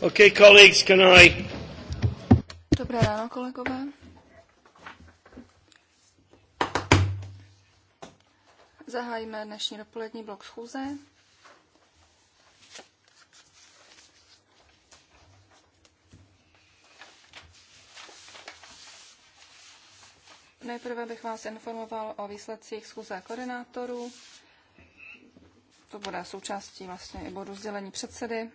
Okay, colleagues, can I... Dobré ráno, kolegové. Zahájíme dnešní dopolední blok schůze. Nejprve bych vás informoval o výsledcích schůze koordinátorů. To bude součástí vlastně i bodu sdělení předsedy.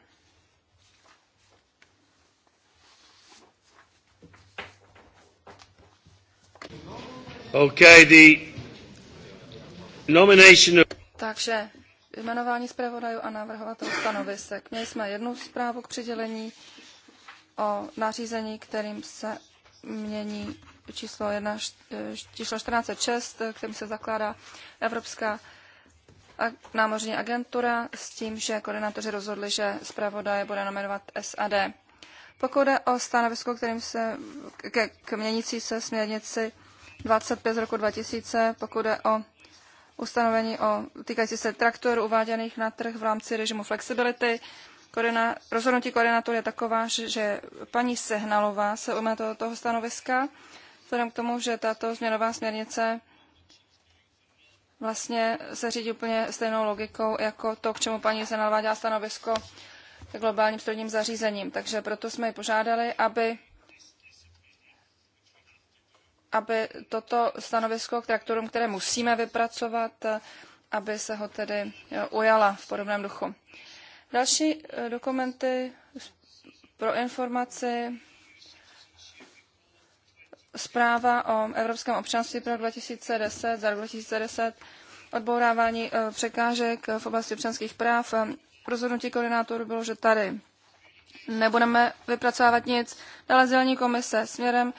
Okay, the nomination of... Takže jmenování zpravodajů a navrhovatelů stanovisek. Měli jsme jednu zprávu k přidělení o nařízení, kterým se mění číslo, jedna, číslo 1406, kterým se zakládá Evropská námořní agentura s tím, že koordinátoři rozhodli, že zpravodaje bude nominovat SAD. Pokud jde o stanovisko, kterým se, k, k měnící se směrnici 25 z roku 2000, pokud je o ustanovení o týkající se traktorů uváděných na trh v rámci režimu flexibility. Koordina, rozhodnutí koordinátor je taková, že paní Sehnalová se ujme toho, toho stanoviska, vzhledem k tomu, že tato změnová směrnice vlastně se řídí úplně stejnou logikou, jako to, k čemu paní Sehnalová dělá stanovisko globálním studijním zařízením. Takže proto jsme ji požádali, aby aby toto stanovisko k traktorům, které musíme vypracovat, eh, aby se ho tedy eh, ujala v podobném duchu. Další eh, dokumenty pro informaci zpráva o evropském občanství pro 2010, za rok 2010, odbourávání překážek v oblasti občanských práv. Rozhodnutí koordinátoru bylo, že tady nebudeme vypracovávat nic. Dále zelení komise směrem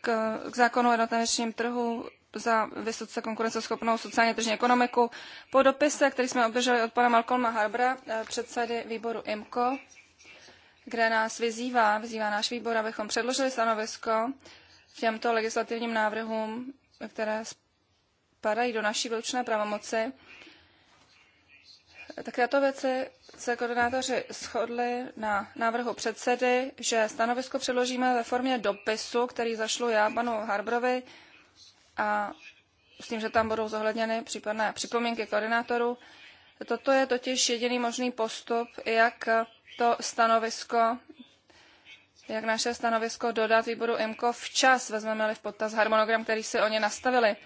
k, k zákonu o jednotném trhu za vysoce konkurenceschopnou sociálně tržní ekonomiku. Po dopise, který jsme obdrželi od pana Malcolma Harbra, eh, předsedy výboru IMCO, kde nás vyzývá, vyzývá náš výbor, abychom předložili stanovisko těmto legislativním návrhům, které spadají do naší vylučné pravomoci, tak tato věci se koordinátoři shodli na návrhu předsedy, že stanovisko předložíme ve formě dopisu, který zašlu já panu Harbrovi a s tím, že tam budou zohledněny případné připomínky koordinátorů. Toto je totiž jediný možný postup, jak to stanovisko, jak naše stanovisko dodat výboru IMCO včas, vezmeme-li v potaz harmonogram, který si oni nastavili.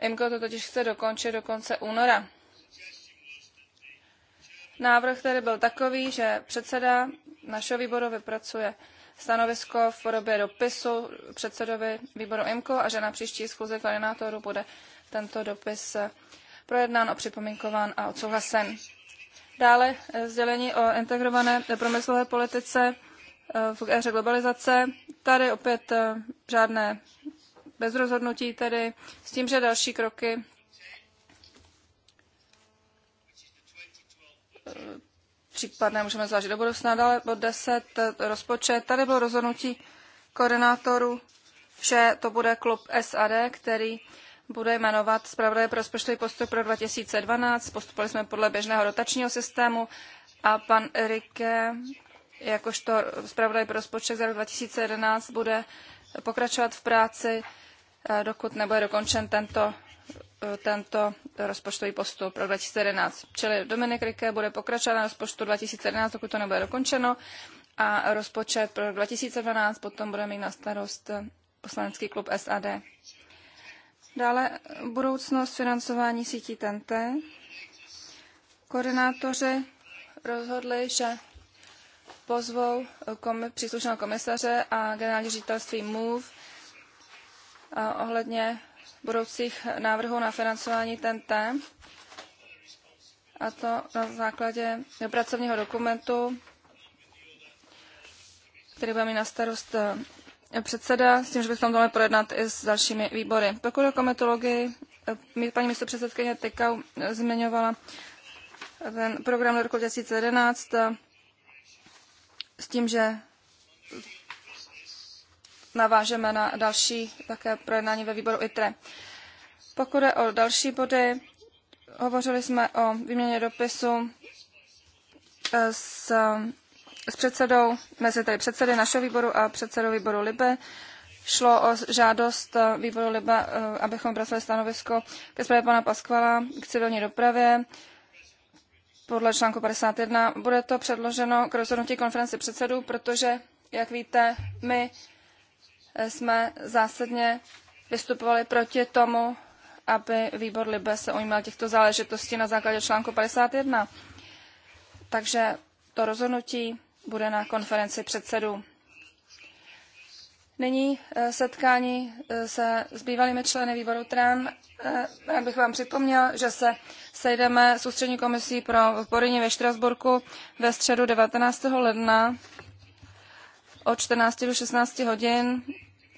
IMCO to totiž chce dokončit do konce února. Návrh tedy byl takový, že předseda našeho výboru vypracuje stanovisko v podobě dopisu předsedovi výboru IMCO a že na příští schůzi koordinátorů bude tento dopis eh, projednán, opřipomínkován a odsouhlasen. Dále eh, sdělení o integrované promyslové politice eh, v éře globalizace. Tady opět žádné bez rozhodnutí tedy s tím, že další kroky případné můžeme zvážit do budoucna. Dále bod 10, eh, rozpočet. Tady bylo rozhodnutí koordinátorů, že to bude klub SAD, který bude jmenovat zpravodaje pro rozpočtový postup pro 2012. Postupili jsme podle běžného dotačního systému a pan Erike, jakožto zpravodaj pro rozpočet za rok 2011, bude pokračovat v práci, eh, dokud nebude dokončen tento Eh, tento rozpočtový postup pro 2011. Čili Dominik Rike bude pokračovat na rozpočtu 2011, dokud to nebude dokončeno a rozpočet pro 2012 potom bude mít na starost poslanecký klub SAD. Dále budoucnost financování sítí TNT. Koordinátoři rozhodli, že pozvou komi- příslušného komisaře a generální ředitelství MOVE eh, ohledně budoucích návrhů na financování TNT, a to na základě pracovního dokumentu, který bude mít na starost eh, předseda, s tím, že bychom to měli projednat i s dalšími výbory. Pokud o kometologii, eh, paní místo předsedkyně Tykau eh, zmiňovala ten program do roku 2011 s tím, že navážeme na další také projednání ve výboru ITRE. Pokud je o další body, hovořili jsme o výměně dopisu eh, s, s předsedou, mezi tedy předsedy našeho výboru a předsedou výboru LIBE. Šlo o žádost eh, výboru LIBE, eh, abychom pracovali stanovisko ke zprávě pana Paskvala k civilní dopravě podle článku 51. Bude to předloženo k rozhodnutí konferenci předsedů, protože, jak víte, my Eh, jsme zásadně vystupovali proti tomu, aby výbor Libe se ujímal těchto záležitostí na základě článku 51. Takže to rozhodnutí bude na konferenci předsedů. Nyní eh, setkání eh, se s bývalými členy výboru TRAN. Já bych vám připomněl, že se sejdeme s ústřední komisí pro Porině ve Štrasburku ve středu 19. ledna od 14 do 16 hodin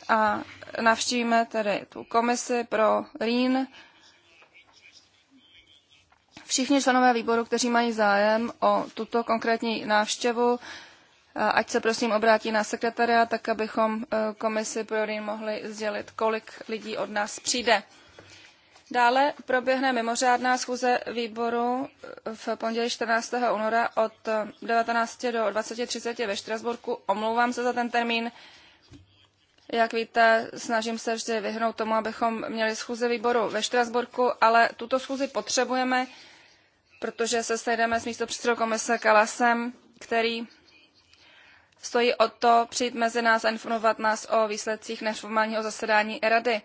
a navštívíme tedy tu komisi pro Rýn. Všichni členové výboru, kteří mají zájem o tuto konkrétní návštěvu, ať se prosím obrátí na sekretaria, tak abychom eh, komisi pro Rýn mohli sdělit, kolik lidí od nás přijde. Dále proběhne mimořádná schůze výboru eh, v pondělí 14. února od 19 eh, do 20.30 ve Štrasburku. Omlouvám se za ten termín. Jak víte, snažím se vždy vyhnout tomu, abychom měli schůzi výboru ve Štrasburku, ale tuto schůzi potřebujeme, protože se sejdeme s místopředsedou komise Kalasem, který stojí o to přijít mezi nás a informovat nás o výsledcích neformálního zasedání Rady,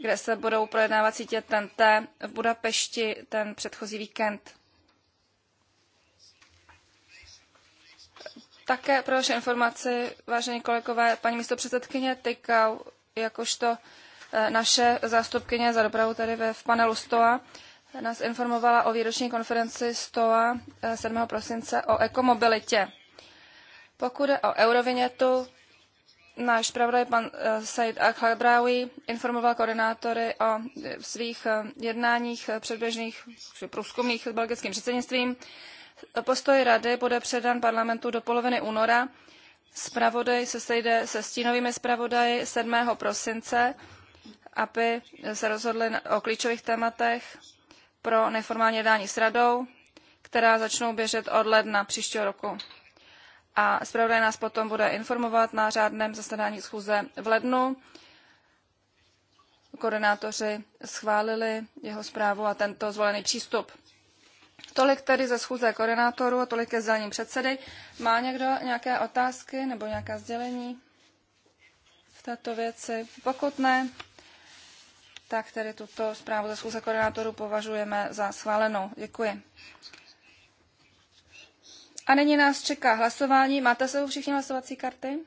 kde se budou projednávat sítě TNT v Budapešti ten předchozí víkend. Také pro vaše informaci, vážení kolegové, paní místo předsedkyně Tykau, jakožto eh, naše zástupkyně za dopravu tady ve, v panelu STOA, nás informovala o výroční konferenci STOA 7. Eh, prosince o ekomobilitě. Pokud je o Eurovinětu, náš pravdaj pan eh, Said Akhlebraoui informoval koordinátory o svých jednáních předběžných průzkumných s belgickým předsednictvím. Postoj rady bude předán parlamentu do poloviny února. Spravodaj se sejde se stínovými zpravodaji 7. prosince, aby se rozhodli o klíčových tématech pro neformální jednání s radou, která začnou běžet od ledna příštího roku. A zpravodaj nás potom bude informovat na řádném zasedání schůze v lednu. Koordinátoři schválili jeho zprávu a tento zvolený přístup. Tolik tedy ze schůze koordinátorů a tolik je sdělení předsedy. Má někdo nějaké otázky nebo nějaká sdělení v této věci? Pokud ne, tak tedy tuto zprávu ze schůze koordinátorů považujeme za schválenou. Děkuji. A nyní nás čeká hlasování. Máte se všichni hlasovací karty?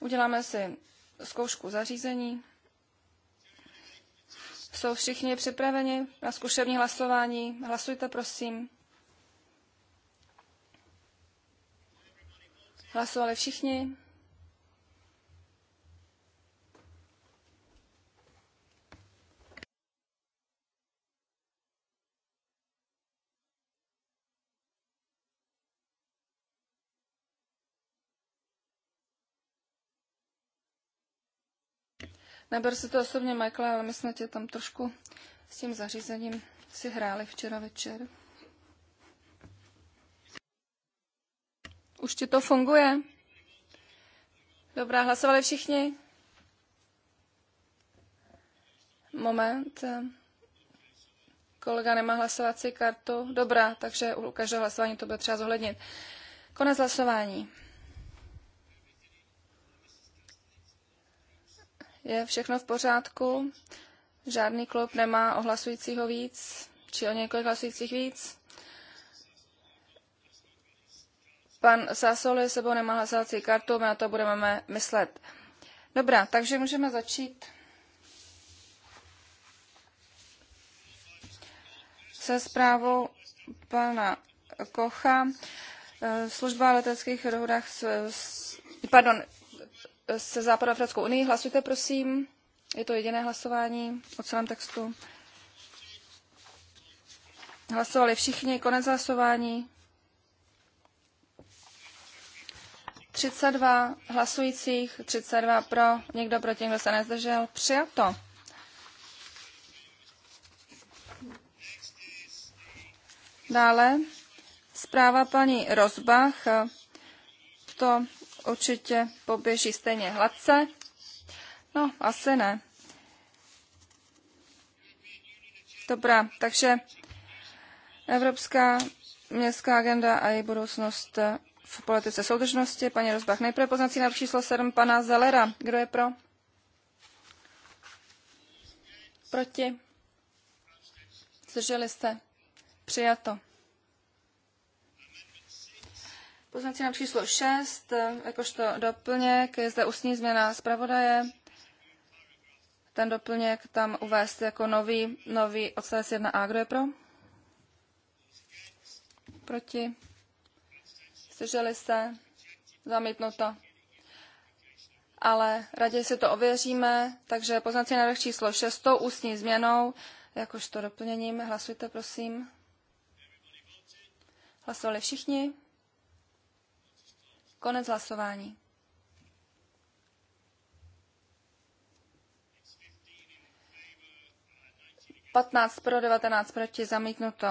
Uděláme si zkoušku zařízení. Jsou všichni připraveni na zkušební hlasování? Hlasujte, prosím. Hlasovali všichni? Neber si to osobně, Michael, ale my jsme tě tam trošku s tím zařízením si hráli včera večer. Už ti to funguje? Dobrá, hlasovali všichni? Moment. Kolega nemá hlasovací kartu. Dobrá, takže u každého hlasování to bude třeba zohlednit. Konec hlasování. Je všechno v pořádku? Žádný klub nemá ohlasujícího víc, či o několik hlasujících víc. Pan Sasoli sebou nemá hlasovací kartu, my na to budeme myslet. Dobrá, takže můžeme začít se zprávou pana Kocha. Eh, Služba leteckých dohodách s, s, pardon, se Západoafrickou unii. Hlasujte, prosím. Je to jediné hlasování o celém textu. Hlasovali všichni, konec hlasování. 32 hlasujících, 32 pro, někdo proti, Někdo se nezdržel. Přijato. Dále zpráva paní Rozbach. To určitě poběží stejně hladce? No, asi ne. Dobrá, takže Evropská městská agenda a její budoucnost v politice soudržnosti. Paní Rozbach, nejprve poznací na číslo 7 pana Zelera. Kdo je pro? Proti? Zdrželi jste? Přijato. Poznací nám číslo 6, eh, jakožto doplněk, je zde ústní změna zpravodaje. Ten doplněk tam uvést jako nový, nový odstavec 1a. Kdo je pro? Proti? Zdrželi se? Zamítnuto. Ale raději si to ověříme, takže poznací návrh číslo 6 ústní změnou, jakožto doplněním. Hlasujte, prosím. Hlasovali všichni. Konec hlasování. Patnáct pro, 19 proti, zamítnuto.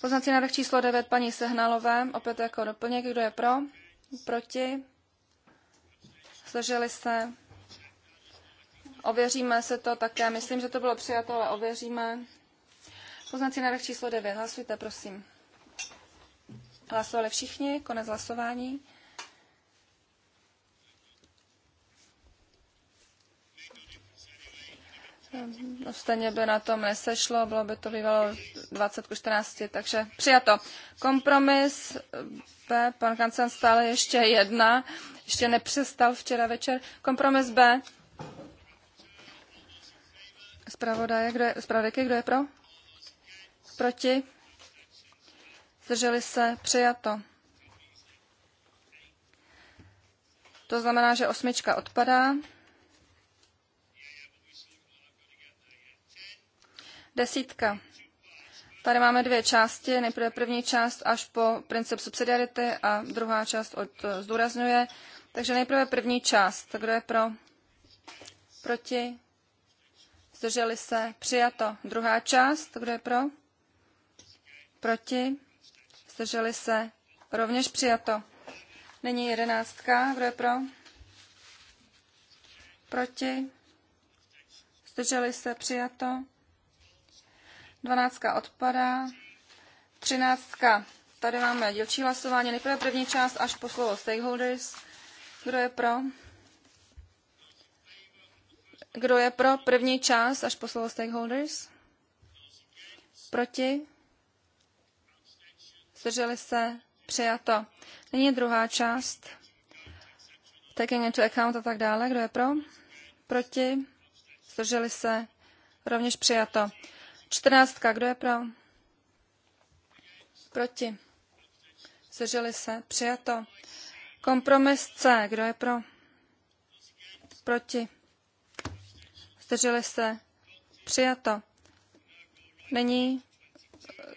Poznací návrh číslo 9 paní Sehnalové, opět jako doplněk, kdo je pro, proti, zdrželi se, ověříme se to také, myslím, že to bylo přijato, ale ověříme. Poznací návrh číslo 9, hlasujte, prosím. Hlasovali všichni, konec hlasování. No, stejně by na tom nesešlo, bylo by to bývalo 20 ku 14, takže přijato. Kompromis B, pan Kancan stále ještě jedna, ještě nepřestal včera večer. Kompromis B. Zpravodaje, kdo je, zpravodajky, kdo je pro? Proti? Zdrželi se, přijato. To znamená, že osmička odpadá. Desítka. Tady máme dvě části. Nejprve první část až po princip subsidiarity a druhá část od, eh, zdůrazňuje. Takže nejprve první část. Kdo je pro? Proti? Zdrželi se? Přijato. Druhá část. Kdo je pro? Proti? Zdrželi se? Rovněž přijato. Není jedenáctka. Kdo je pro? Proti? Zdrželi se? Přijato. Dvanáctka odpadá. Třináctka. Tady máme dělčí hlasování. Nejprve první část až po slovo stakeholders. Kdo je pro? Kdo je pro první část až po slovo stakeholders? Proti? Zdrželi se? Přijato. Nyní druhá část. Taking into account a tak dále. Kdo je pro? Proti? Zdrželi se? Rovněž přijato. Čtrnáctka, kdo je pro? Proti. Zdrželi se. Přijato. Kompromis C, kdo je pro? Proti. Zdrželi se. Přijato. Není.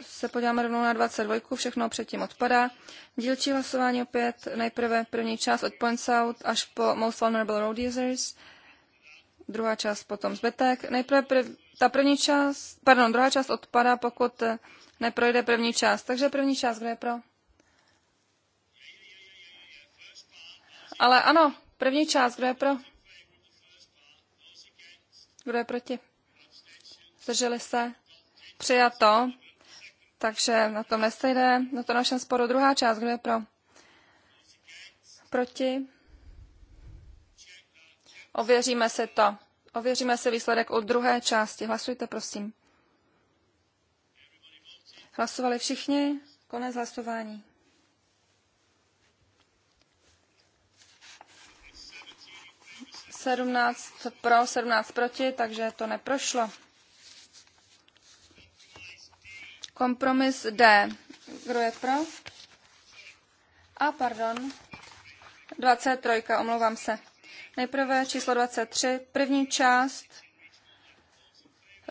se podíváme rovnou na 22, všechno předtím odpadá. Dílčí hlasování opět, nejprve první část od Points Out až po Most Vulnerable Road Users, druhá část potom zbytek. Nejprve prv, ta první část, pardon, druhá část odpadá, pokud eh, neprojde první část. Takže první část, kdo je pro? Ale ano, první část, kdo je pro? Kdo je proti? Zdrželi se? Přijato. Takže na tom nestejde, na to našem sporu druhá část, kdo je pro? Proti? Ověříme si to. Ověříme si výsledek od druhé části. Hlasujte, prosím. Hlasovali všichni? Konec hlasování. Sedmnáct pro, sedmnáct proti, takže to neprošlo. Kompromis D. Kdo je pro? A pardon, 23, omlouvám se. Nejprve číslo 23, první část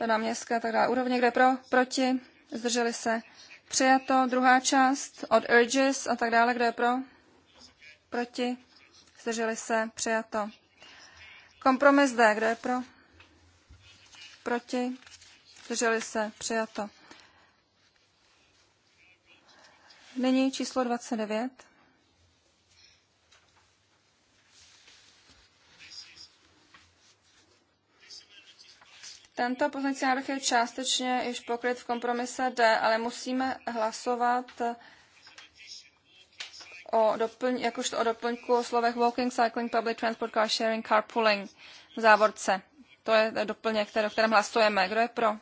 na městské tak dále úrovně, kde pro, proti, zdrželi se přijato. Druhá část od urges a tak dále, kde je pro, proti, zdrželi se přijato. Kompromis D, kde je pro, proti, zdrželi se přijato. Nyní číslo 29. Tento pozměňovací návrh je částečně již pokryt v kompromise D, ale musíme hlasovat o doplň, jakožto o doplňku o slovech walking, cycling, public transport, car sharing, carpooling v závorce. To je doplněk, o kterém hlasujeme. Kdo je pro?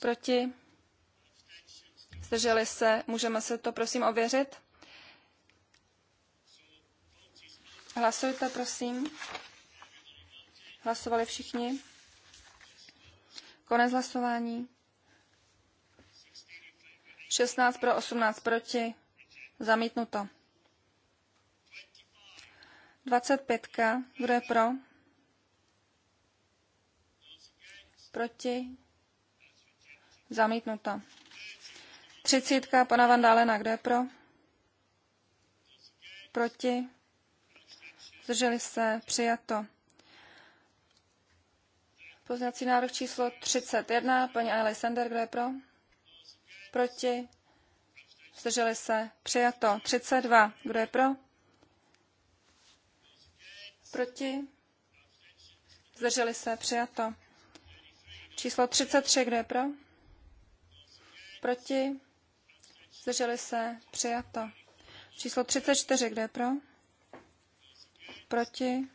Proti? Zdrželi se? Můžeme se to prosím ověřit? Hlasujte, prosím. Hlasovali všichni. Konec hlasování. 16 pro, 18 proti. Zamítnuto. 25. Kdo je pro? Proti? Zamítnuto. 30. Pana Vandálena. Kdo je pro? Proti? Zdrželi se. Přijato. Pozměňovací návrh číslo 31, paní Ailey Sender, kdo je pro? Proti? Zdrželi se? Přijato. 32, kdo je pro? Proti? Zdrželi se? Přijato. Číslo 33, kdo je pro? Proti? Zdrželi se? Přijato. Číslo 34, kdo je pro? Proti?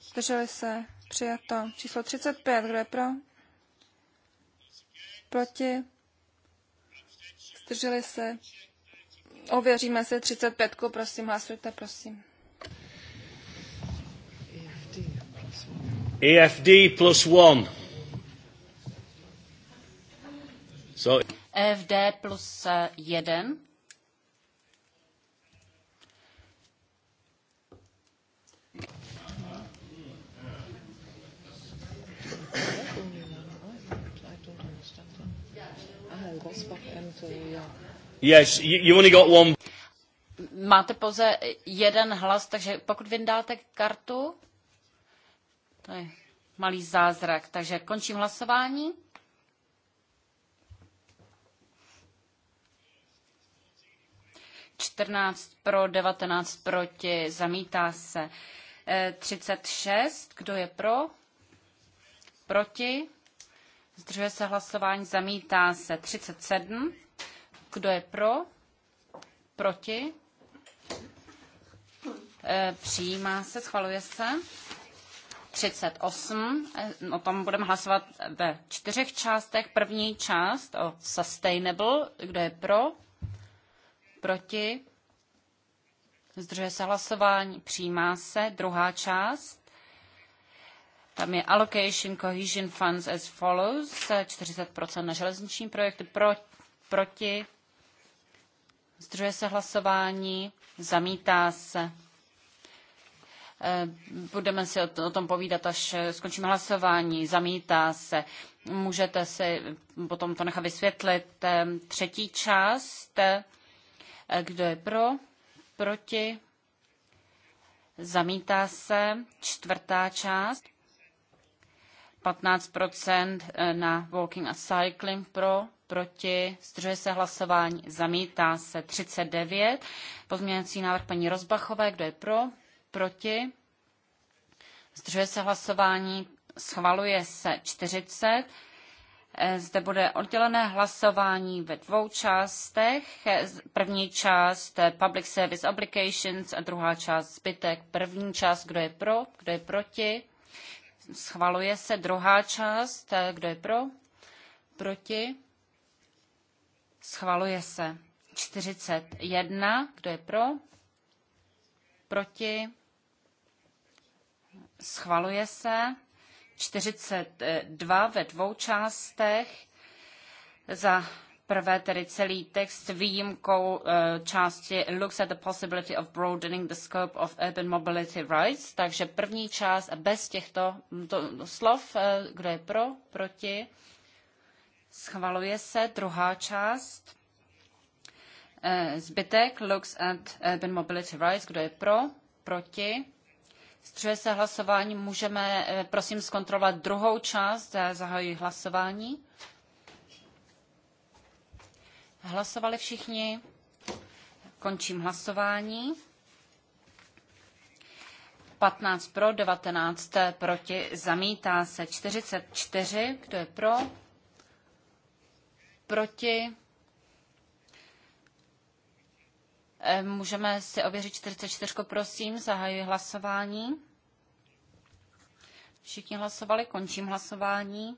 Zdrželi se? Přijato. Číslo 35. Kdo je pro? Proti? Zdrželi se? Ověříme se 35. Prosím, hlasujte, prosím. EFD plus one. So... EFD plus eh, jeden. Yes, you, only got one. Máte pouze jeden hlas, takže pokud vyndáte kartu, to je malý zázrak. Takže končím hlasování. Čtrnáct pro, devatenáct proti, zamítá se. 36, eh, kdo je pro? Proti? Zdržuje se hlasování, zamítá se 37. Kdo je pro? Proti? E, přijímá se, schvaluje se. 38. E, o tom budeme hlasovat ve čtyřech částech. První část o sustainable. Kdo je pro? Proti? Zdržuje se hlasování, přijímá se. Druhá část. Tam je Allocation Cohesion Funds as follows, 40% eh, na železniční projekty, pro, proti, zdržuje se hlasování, zamítá se. Eh, budeme si o tom povídat, až eh, skončíme hlasování. Zamítá se. Můžete si potom to nechat vysvětlit. Třetí část. Kdo je pro? Proti? Zamítá se. Čtvrtá část. 15 na walking a cycling pro, proti, zdržuje se hlasování, zamítá se 39. Pozměňovací návrh paní Rozbachové, kdo je pro, proti, zdržuje se hlasování, schvaluje se 40. Zde bude oddělené hlasování ve dvou částech. První část Public Service Obligations a druhá část zbytek. První část, kdo je pro, kdo je proti, Schvaluje se druhá část. Eh, kdo je pro? Proti? Schvaluje se. 41. Kdo je pro? Proti? Schvaluje se. 42 ve dvou částech. Za Nejprve tedy celý text výjimkou eh, části Looks at the possibility of broadening the scope of urban mobility rights. Takže první část bez těchto to, slov, eh, kdo je pro, proti, schvaluje se. Druhá část, eh, zbytek Looks at urban mobility rights, kdo je pro, proti, Střeje se hlasování, můžeme prosím zkontrolovat druhou část, zahajuji hlasování. Hlasovali všichni? Končím hlasování. 15 pro, 19 proti, zamítá se 44. Kdo je pro? Proti? Eh, můžeme si ověřit 44, prosím, zahajuji hlasování. Všichni hlasovali, končím hlasování.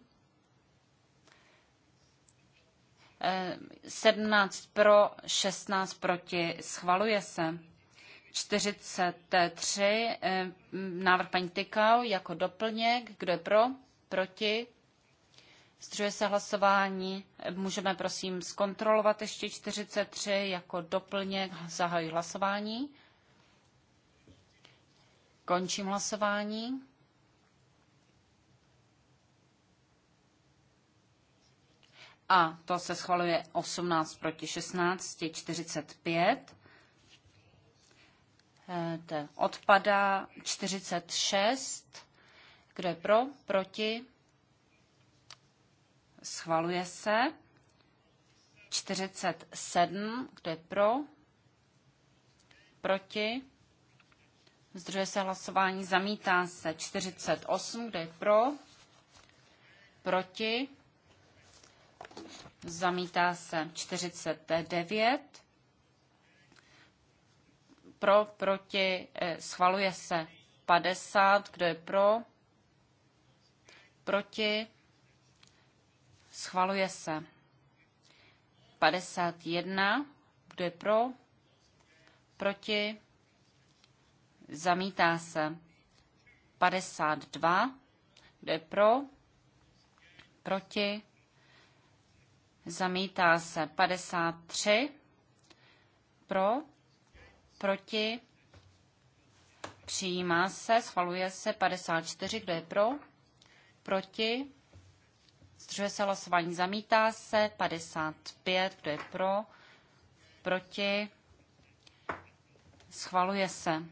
17 pro, 16 proti, schvaluje se. 43, eh, návrh paní Tykau jako doplněk, kdo je pro, proti, Zdržuje se hlasování. Můžeme prosím zkontrolovat ještě 43 jako doplněk. Zahajuji hlasování. Končím hlasování. a to se schvaluje 18 proti 16, 45. Ten odpadá 46. Kdo je pro? Proti? Schvaluje se. 47. Kdo je pro? Proti? Zdržuje se hlasování. Zamítá se 48. Kdo je pro? Proti? zamítá se 49, pro, proti, eh, schvaluje se 50, kdo je pro, proti, schvaluje se 51, kdo je pro, proti, zamítá se 52, kdo je pro, proti, zamítá se 53 pro, proti, přijímá se, schvaluje se 54, kdo je pro, proti, zdržuje se hlasování, zamítá se 55, kdo je pro, proti, schvaluje se.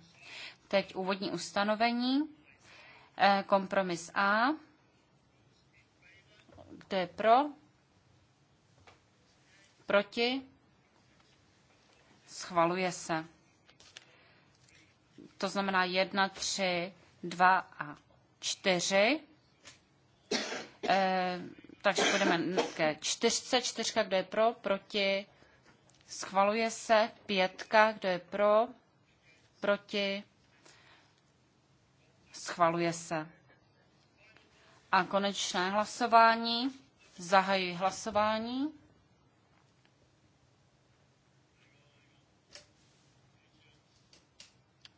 Teď úvodní ustanovení, eh, kompromis A, kdo je pro, Proti? Schvaluje se. To znamená 1, 3, 2 a 4. E, eh, takže půjdeme ke čtyřce. Čtyřka, kdo je pro, proti, schvaluje se. Pětka, kdo je pro, proti, schvaluje se. A konečné hlasování. Zahajuji hlasování.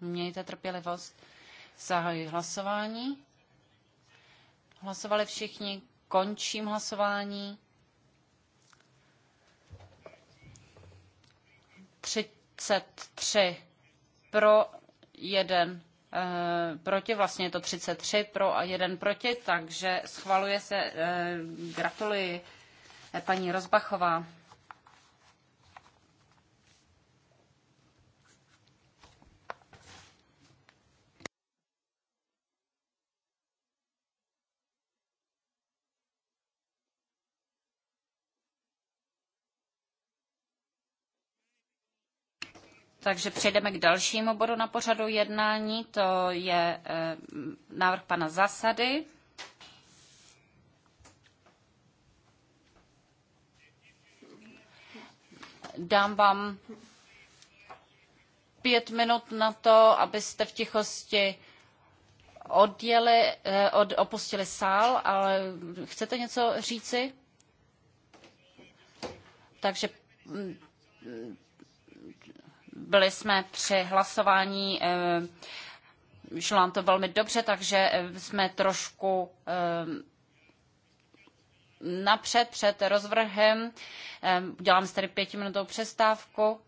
Mějte trpělivost. Zahajuji hlasování. Hlasovali všichni. Končím hlasování. tři pro, 1 e, eh, proti, vlastně je to 33 pro a 1 proti, takže schvaluje se, e, gratuluji eh, paní Rozbachová. Takže přejdeme k dalšímu bodu na pořadu jednání, to je eh, návrh pana Zasady. Dám vám pět minut na to, abyste v tichosti odjeli, eh, od, opustili sál, ale chcete něco říci? Takže mm, byli jsme při hlasování, eh, šlo nám to velmi dobře, takže eh, jsme trošku eh, napřed před rozvrhem. Dělám si tady pětiminutovou přestávku.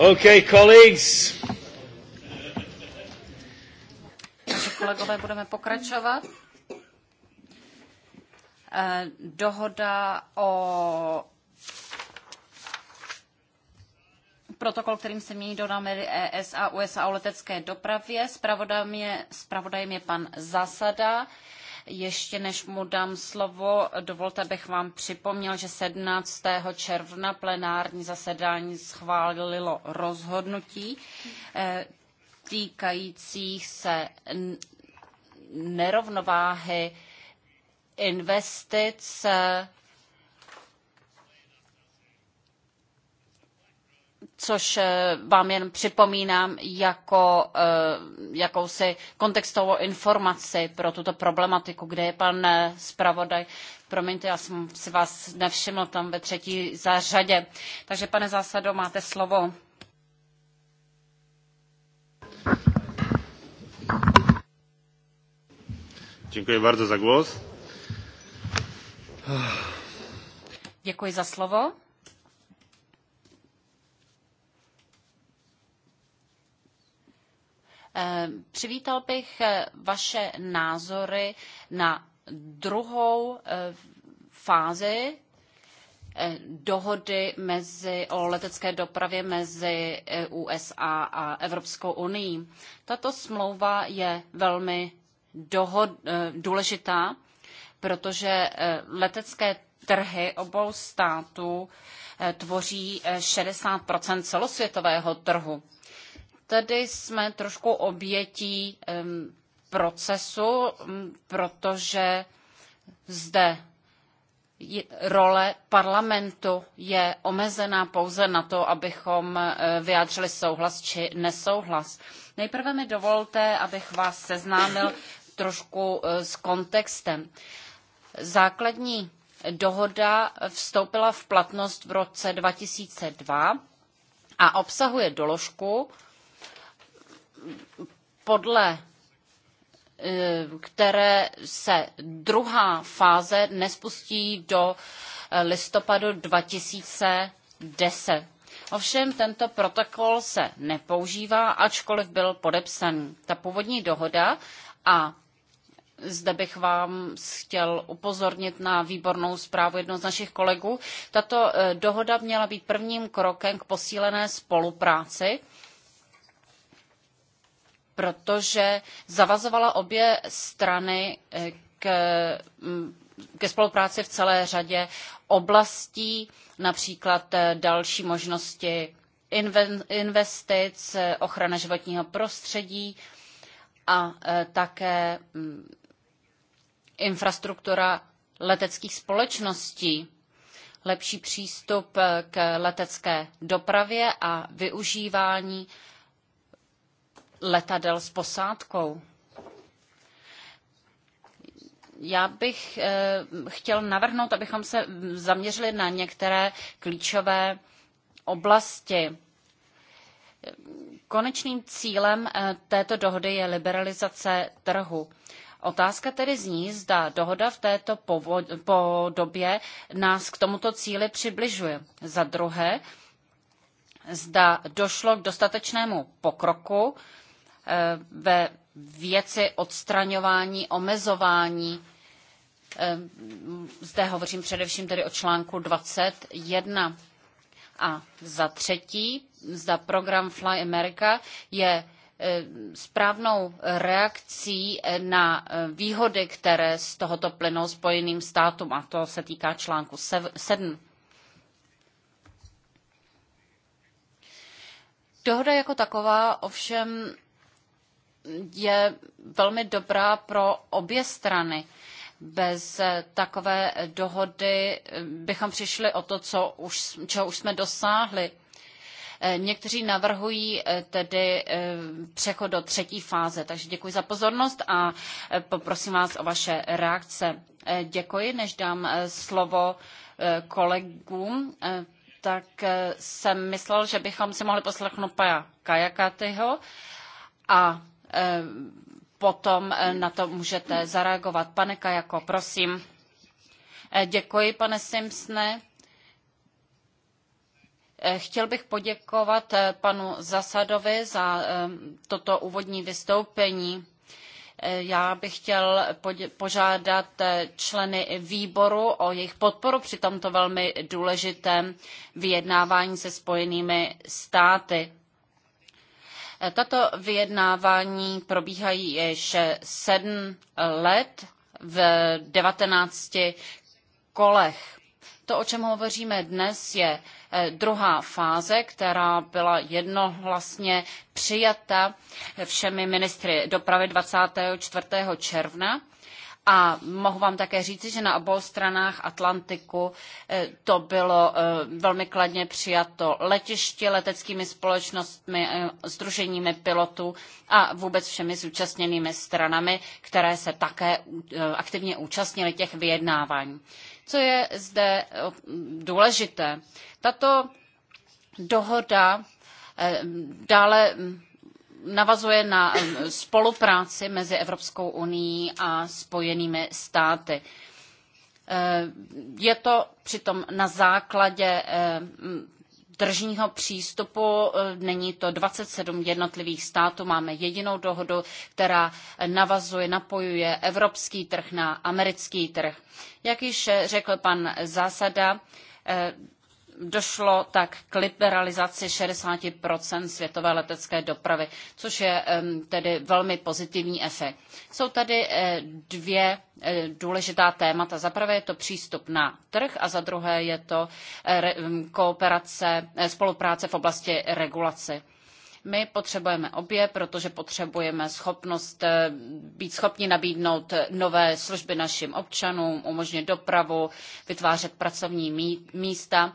Okay, colleagues. Takže kolegové, budeme pokračovat. Eh, dohoda o protokol, kterým se mění dohody ES a USA o letecké dopravě. Spravodajem je, spravodajem je pan Zasada ještě než mu dám slovo, dovolte, abych vám připomněl, že 17. června plenární zasedání schválilo rozhodnutí eh, týkajících se nerovnováhy investic eh, což eh, vám jen připomínám jako eh, jakousi kontextovou informaci pro tuto problematiku, kde je pan eh, zpravodaj. Promiňte, já jsem si vás nevšiml tam ve třetí zařadě. Takže pane zásado, máte slovo. Děkuji bardzo za głos. Děkuji za slovo. Eh, přivítal bych eh, vaše názory na druhou eh, fázi dohody mezi, o letecké dopravě mezi USA a Evropskou unii. Tato smlouva je velmi dohod, důležitá, protože letecké trhy obou států tvoří 60 celosvětového trhu. Tedy jsme trošku obětí procesu, protože zde role parlamentu je omezená pouze na to, abychom e, vyjádřili souhlas či nesouhlas. Nejprve mi dovolte, abych vás seznámil trošku e, s kontextem. Základní dohoda vstoupila v platnost v roce 2002 a obsahuje doložku, podle eh, které se druhá fáze nespustí do eh, listopadu 2010. Ovšem tento protokol se nepoužívá, ačkoliv byl podepsan Ta původní dohoda a zde bych vám chtěl upozornit na výbornou zprávu jednoho z našich kolegů. Tato eh, dohoda měla být prvním krokem k posílené spolupráci protože zavazovala obě strany eh, k, mm, ke spolupráci v celé řadě oblastí, například eh, další možnosti investic, eh, ochrana životního prostředí a také mm, infrastruktura leteckých společností, lepší přístup k letecké dopravě a využívání letadel s posádkou. Já bych eh, chtěl navrhnout, abychom se zaměřili na některé klíčové oblasti. Konečným cílem eh, této dohody je liberalizace trhu. Otázka tedy zní, zda dohoda v této podobě nás k tomuto cíli přibližuje. Za druhé, zda došlo k dostatečnému pokroku Eh, ve věci odstraňování, omezování. Eh, zde hovořím především tedy o článku 21. A za třetí, zda program Fly America je eh, správnou reakcí na výhody, které z tohoto plynou spojeným státům, a to se týká článku 7. Dohoda jako taková ovšem je velmi dobrá pro obě strany. Bez takové dohody eh, bychom přišli o to, co už, čeho už jsme dosáhli. Eh, někteří navrhují eh, tedy přechod do třetí fáze. Takže děkuji za pozornost a poprosím vás o vaše reakce. Děkuji, než dám slovo kolegům, tak jsem myslel, že bychom si mohli poslechnout Paja Kajakatyho a Eh, potom eh, na to můžete zareagovat. Pane Kajako, prosím. Eh, děkuji, pane Simpsone. Chtěl bych poděkovat panu Zasadovi za toto úvodní vystoupení. Já bych chtěl požádat členy výboru o jejich podporu při tomto velmi důležitém vyjednávání se spojenými státy. Tato vyjednávání probíhají již sedm let v 19 kolech. To, o čem hovoříme dnes, je eh, druhá fáze, která byla jednohlasně přijata všemi ministry dopravy 24. června. A mohu vám také říci, že na obou stranách Atlantiku eh, to bylo eh, velmi kladně přijato letiště, leteckými společnostmi, združeními eh, pilotů a vůbec všemi zúčastněnými stranami, které se také aktivně účastnily těch vyjednávání. Co je zde důležité? Tato dohoda dále hm, navazuje na eh, spolupráci mezi Evropskou unii a spojenými státy. Eh, je to přitom na základě eh, tržního přístupu. Není to 27 jednotlivých států, máme jedinou dohodu, která navazuje, napojuje evropský trh na americký trh. Jak již řekl pan Zásada, došlo tak k liberalizaci 60 světové letecké dopravy, což je tedy velmi pozitivní efekt. Jsou tady eh, dvě eh, důležitá témata. Za prvé je to přístup na trh a za druhé je to eh, kooperace, spolupráce v oblasti regulace. My potřebujeme obě, protože potřebujeme schopnost být schopni nabídnout nové služby našim občanům, umožnit dopravu, vytvářet pracovní místa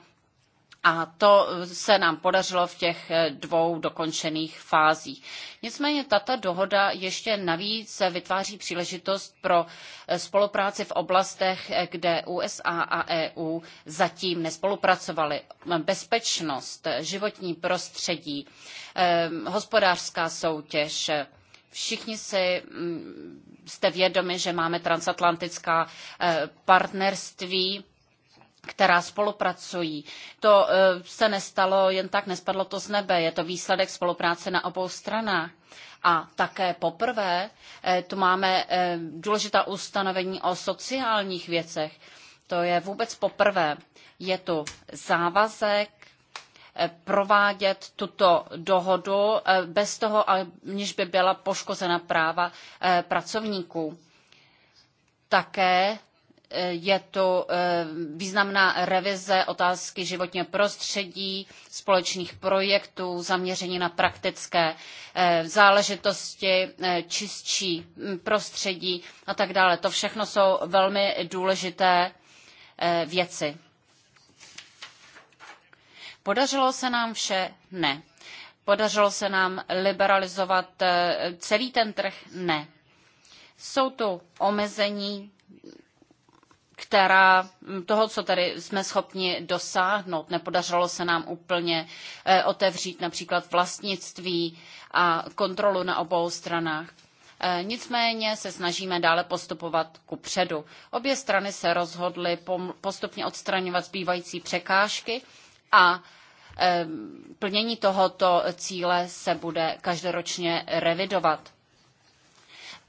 a to eh, se nám podařilo v těch eh, dvou dokončených fázích. Nicméně tato dohoda ještě navíc vytváří příležitost pro eh, spolupráci v oblastech, kde USA a EU zatím nespolupracovaly. Bezpečnost, životní prostředí, hospodářská soutěž, všichni si mm, jste vědomi, že máme transatlantická partnerství která spolupracují. To eh, se nestalo jen tak, nespadlo to z nebe. Je to výsledek spolupráce na obou stranách. A také poprvé eh, tu máme eh, důležitá ustanovení o sociálních věcech. To je vůbec poprvé. Je tu závazek provádět tuto dohodu bez toho, aniž by byla poškozena práva pracovníků. Také je to eh, významná revize otázky životního prostředí, společných projektů, zaměření na praktické eh, záležitosti, eh, čistší hm, prostředí a tak dále. To všechno jsou velmi důležité věci. Podařilo se nám vše? Ne. Podařilo se nám liberalizovat celý ten trh? Ne. Jsou tu omezení, která mm, toho, co tady jsme schopni dosáhnout, nepodařilo se nám úplně eh, otevřít například vlastnictví a kontrolu na obou stranách. Eh, nicméně se snažíme dále postupovat ku předu. Obě strany se rozhodly postupně odstraňovat zbývající překážky a eh, plnění tohoto cíle se bude každoročně revidovat.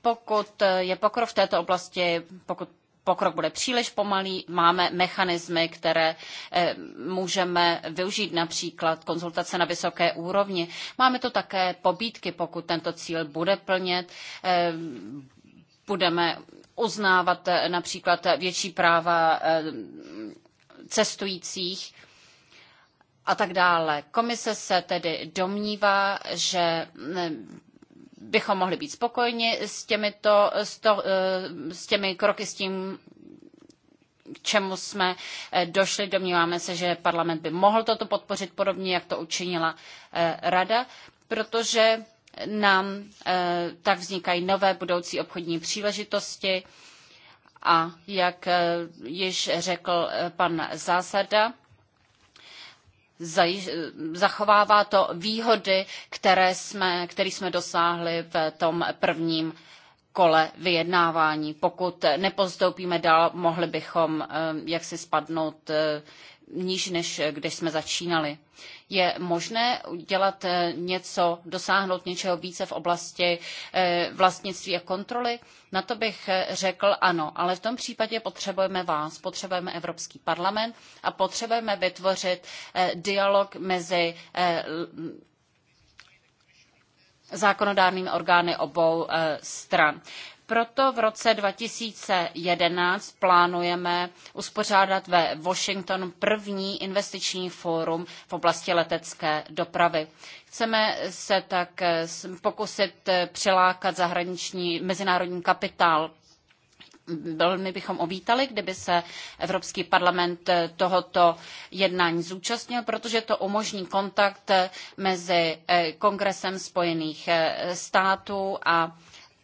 Pokud je pokrok v této oblasti, pokud pokrok bude příliš pomalý. Máme mechanismy, které eh, můžeme využít, například konzultace na vysoké úrovni. Máme to také pobídky, pokud tento cíl bude plnit. Eh, budeme uznávat eh, například větší práva cestujících a tak dále. Komise se tedy domnívá, že bychom mohli být spokojeni s, těmito, s, to, eh, s těmi kroky, s tím, k čemu jsme eh, došli. Domníváme se, že parlament by mohl toto podpořit podobně, jak to učinila eh, rada, protože nám tak vznikají nové budoucí obchodní příležitosti a jak již řekl pan Zásada, zachovává to výhody, které jsme, který jsme dosáhli v tom prvním kole vyjednávání. Pokud nepostoupíme dál, mohli bychom eh, jaksi spadnout eh, níž, než eh, když jsme začínali. Je možné dělat eh, něco, dosáhnout něčeho více v oblasti eh, vlastnictví a kontroly? Na to bych eh, řekl ano, ale v tom případě potřebujeme vás, potřebujeme Evropský parlament a potřebujeme vytvořit dialog mezi zákonodárnými orgány obou stran. Proto v roce 2011 plánujeme uspořádat ve Washingtonu první investiční fórum v oblasti letecké dopravy. Chceme se tak eh, pokusit eh, přilákat zahraniční mezinárodní kapitál velmi bychom ovítali, kdyby se Evropský parlament eh, tohoto jednání zúčastnil, protože to umožní kontakt mezi Kongresem Spojených států a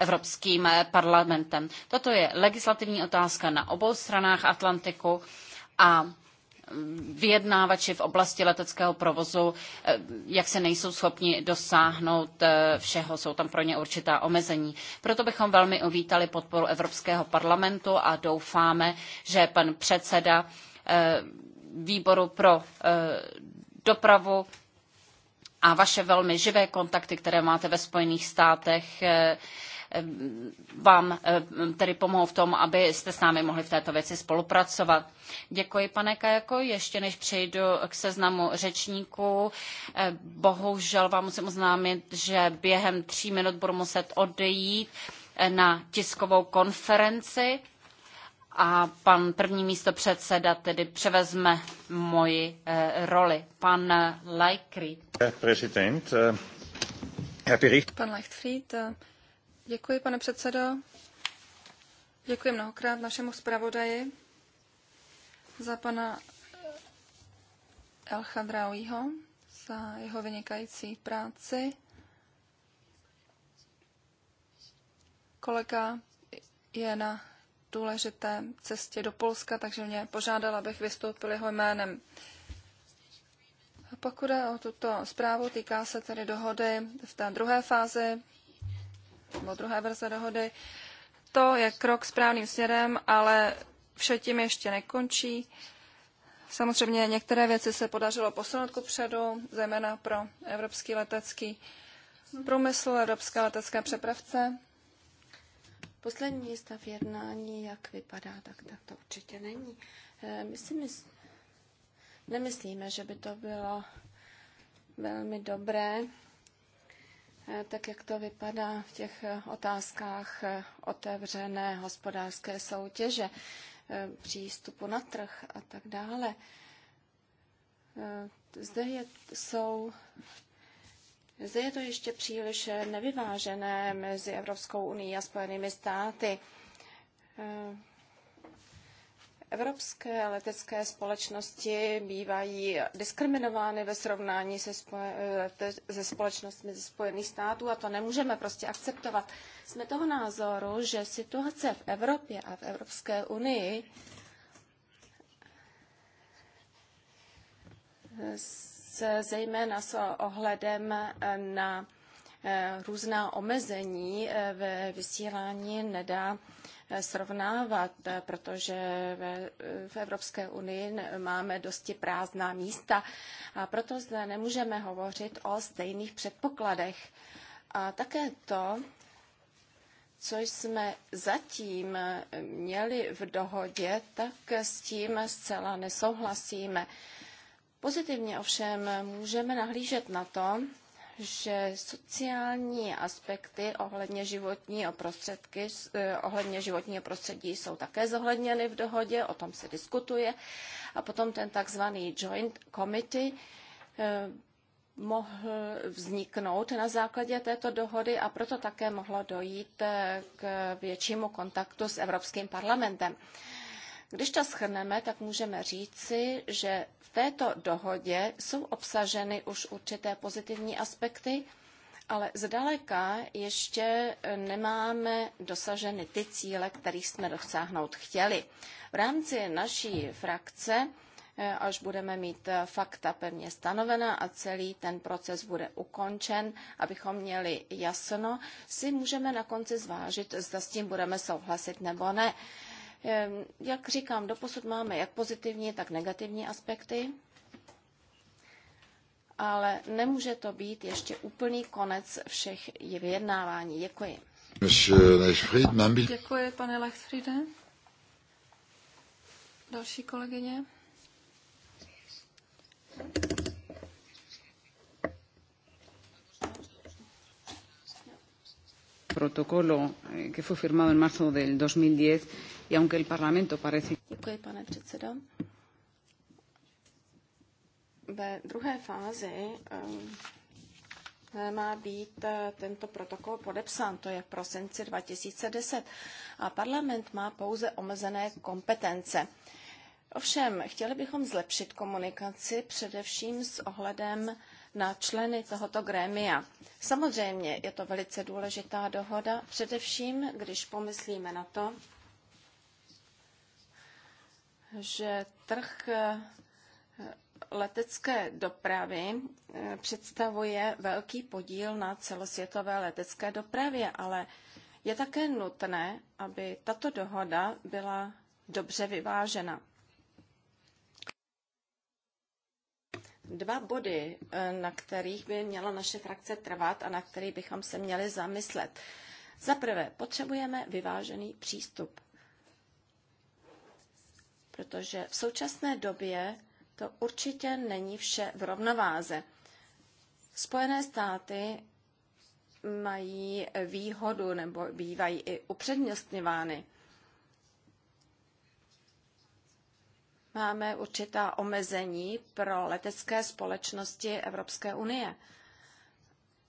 Evropským eh, parlamentem. Toto je legislativní otázka na obou stranách Atlantiku a mm, vyjednávači v oblasti leteckého provozu, eh, jak se nejsou schopni dosáhnout eh, všeho, jsou tam pro ně určitá omezení. Proto bychom velmi uvítali podporu Evropského parlamentu a doufáme, že pan předseda výboru pro dopravu a vaše velmi živé kontakty, které máte ve Spojených státech, vám eh, tedy pomohou v tom, abyste s námi mohli v této věci spolupracovat. Děkuji, pane Kajako. Ještě než přejdu k seznamu řečníků, eh, bohužel vám musím oznámit, že během tří minut budu muset odejít eh, na tiskovou konferenci a pan první místo předseda tedy převezme moji roli. Pan Leichtfried. Pan Leichtfried. Děkuji, pane předsedo. Děkuji mnohokrát našemu zpravodaji za pana Elchadrauího, za jeho vynikající práci. Kolega je na důležité cestě do Polska, takže mě požádala, abych vystoupil jeho jménem. A pokud je o tuto zprávu, týká se tedy dohody v té druhé fázi nebo druhé verze dohody. To je krok správným směrem, ale vše tím ještě nekončí. Samozřejmě některé věci se podařilo posunout ku předu, zejména pro evropský letecký průmysl, evropské letecké přepravce. Poslední stav jednání, jak vypadá, tak, tak to určitě není. Eh, my si mysl... nemyslíme, že by to bylo velmi dobré Eh, tak jak to vypadá v těch eh, otázkách eh, otevřené hospodářské soutěže, přístupu na trh a tak dále. Zde je, jsou zde je to ještě příliš nevyvážené mezi Evropskou unii a Spojenými státy. Evropské letecké společnosti bývají diskriminovány ve srovnání se, se společnostmi ze Spojených států a to nemůžeme prostě akceptovat. Jsme toho názoru, že situace v Evropě a v Evropské unii se zejména s ohledem na eh, různá omezení eh, ve vysílání nedá srovnávat, protože v Evropské unii máme dosti prázdná místa a proto zde nemůžeme hovořit o stejných předpokladech. A také to, co jsme zatím měli v dohodě, tak s tím zcela nesouhlasíme. Pozitivně ovšem můžeme nahlížet na to, že sociální aspekty ohledně životního, prostředky, eh, ohledně životního prostředí jsou také zohledněny v dohodě, o tom se diskutuje. A potom ten takzvaný joint committee eh, mohl vzniknout na základě této dohody a proto také mohlo dojít eh, k většímu kontaktu s Evropským parlamentem. Když to schrneme, tak můžeme říci, že v této dohodě jsou obsaženy už určité pozitivní aspekty, ale zdaleka ještě nemáme dosaženy ty cíle, kterých jsme dosáhnout chtěli. V rámci naší frakce, eh, až budeme mít fakta pevně stanovena a celý ten proces bude ukončen, abychom měli jasno, si můžeme na konci zvážit, zda s tím budeme souhlasit nebo ne. Jak říkám, doposud máme jak pozitivní, tak negativní aspekty, ale nemůže to být ještě úplný konec všech vyjednávání. Děkuji. Děkuji, pane Lechfriede. Další kolegyně. Protokolo, eh, que fue firmado en marzo del 2010 y aunque el Parlamento parece. Děkuji, pane předsedo. Ve druhé fázi eh, má být eh, tento protokol podepsán, to je v prosinci 2010, a parlament má pouze omezené kompetence. Ovšem, chtěli bychom zlepšit komunikaci především s ohledem na členy tohoto grémia. Samozřejmě je to velice důležitá dohoda, především když pomyslíme na to, že trh eh, letecké dopravy eh, představuje velký podíl na celosvětové letecké dopravě, ale je také nutné, aby tato dohoda byla dobře vyvážena. Dva body, eh, na kterých by měla naše frakce trvat a na kterých bychom se měli zamyslet. Za prvé, potřebujeme vyvážený přístup protože v současné době to určitě není vše v rovnováze. Spojené státy mají výhodu nebo bývají i upřednostňovány. Máme určitá omezení pro letecké společnosti Evropské unie.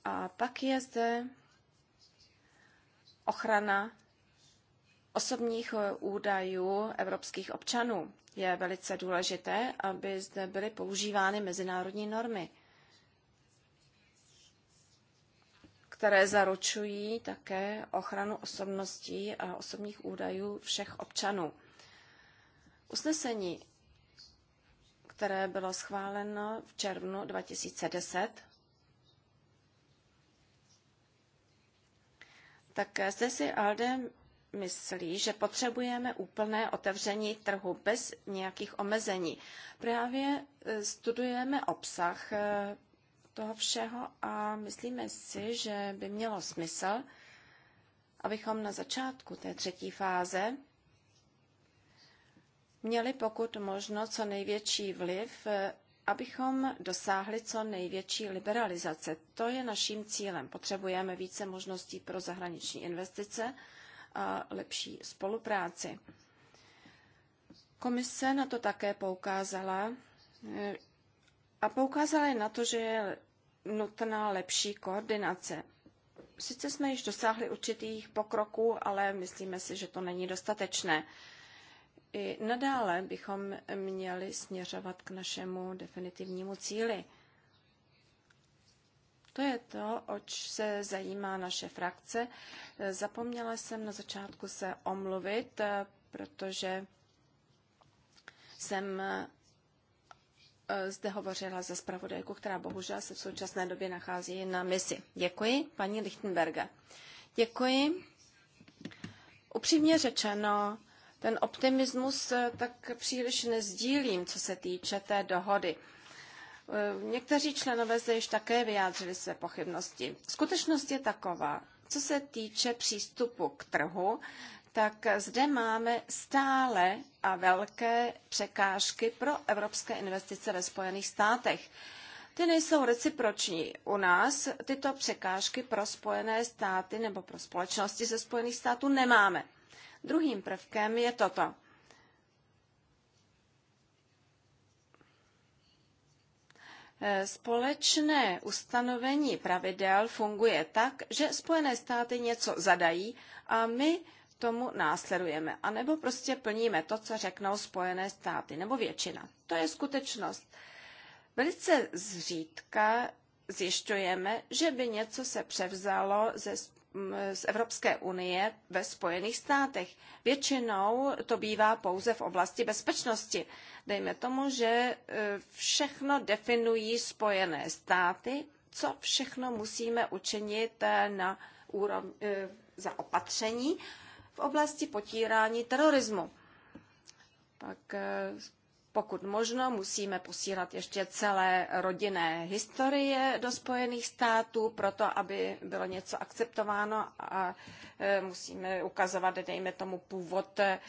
A pak je zde ochrana osobních eh, údajů evropských občanů. Je velice důležité, aby zde byly používány mezinárodní normy, které zaručují také ochranu osobností a osobních údajů všech občanů. Usnesení, které bylo schváleno v červnu 2010, tak zde si Alde myslí, že potřebujeme úplné otevření trhu bez nějakých omezení. Právě e, studujeme obsah e, toho všeho a myslíme si, že by mělo smysl, abychom na začátku té třetí fáze měli pokud možno co největší vliv, e, abychom dosáhli co největší liberalizace. To je naším cílem. Potřebujeme více možností pro zahraniční investice, a lepší spolupráci. Komise na to také poukázala eh, a poukázala je na to, že je nutná lepší koordinace. Sice jsme již dosáhli určitých pokroků, ale myslíme si, že to není dostatečné. I nadále bychom měli směřovat k našemu definitivnímu cíli – to je to, oč se zajímá naše frakce. Zapomněla jsem na začátku se omluvit, eh, protože jsem eh, zde hovořila ze zpravodajku, která bohužel se v současné době nachází na misi. Děkuji, paní Lichtenberger. Děkuji. Upřímně řečeno, ten optimismus eh, tak příliš nezdílím, co se týče té dohody. Eh, někteří členové se již také vyjádřili své pochybnosti. Skutečnost je taková, co se týče přístupu k trhu, tak zde máme stále a velké překážky pro evropské investice ve Spojených státech. Ty nejsou reciproční. U nás tyto překážky pro Spojené státy nebo pro společnosti ze Spojených států nemáme. Druhým prvkem je toto. Eh, společné ustanovení pravidel funguje tak, že Spojené státy něco zadají a my tomu následujeme. A nebo prostě plníme to, co řeknou Spojené státy, nebo většina. To je skutečnost. Velice zřídka zjišťujeme, že by něco se převzalo ze z Evropské unie ve Spojených státech. Většinou to bývá pouze v oblasti bezpečnosti. Dejme tomu, že e, všechno definují Spojené státy, co všechno musíme učinit e, na úrovni, e, za opatření v oblasti potírání terorismu. Pak pokud možno, musíme posílat ještě celé rodinné historie do Spojených států, proto aby bylo něco akceptováno a e, musíme ukazovat, dejme tomu, původ e,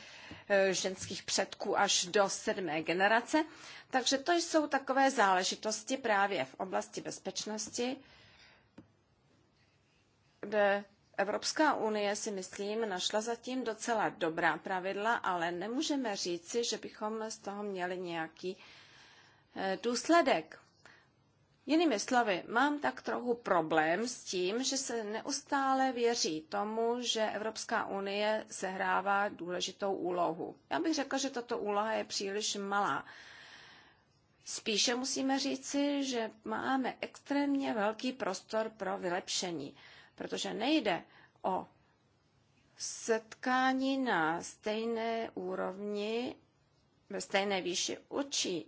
ženských předků až do sedmé generace. Takže to jsou takové záležitosti právě v oblasti bezpečnosti, kde Evropská unie si myslím našla zatím docela dobrá pravidla, ale nemůžeme říci, že bychom z toho měli nějaký eh, důsledek. Jinými slovy, mám tak trochu problém s tím, že se neustále věří tomu, že Evropská unie sehrává důležitou úlohu. Já bych řekla, že tato úloha je příliš malá. Spíše musíme říci, že máme extrémně velký prostor pro vylepšení protože nejde o setkání na stejné úrovni, ve stejné výši učí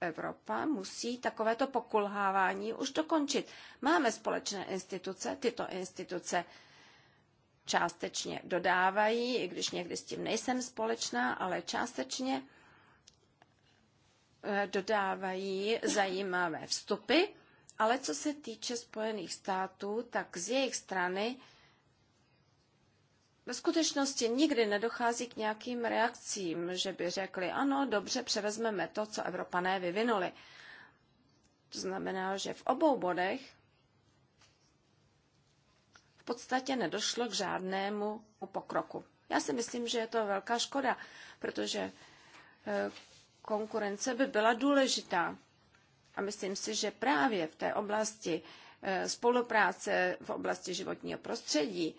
Evropa, musí takovéto pokulhávání už dokončit. Máme společné instituce, tyto instituce částečně dodávají, i když někdy s tím nejsem společná, ale částečně eh, dodávají zajímavé vstupy ale co se týče Spojených států, tak z jejich strany ve skutečnosti nikdy nedochází k nějakým reakcím, že by řekli, ano, dobře, převezmeme to, co Evropané vyvinuli. To znamená, že v obou bodech v podstatě nedošlo k žádnému pokroku. Já si myslím, že je to velká škoda, protože eh, konkurence by byla důležitá. A myslím si, že právě v té oblasti eh, spolupráce v oblasti životního prostředí,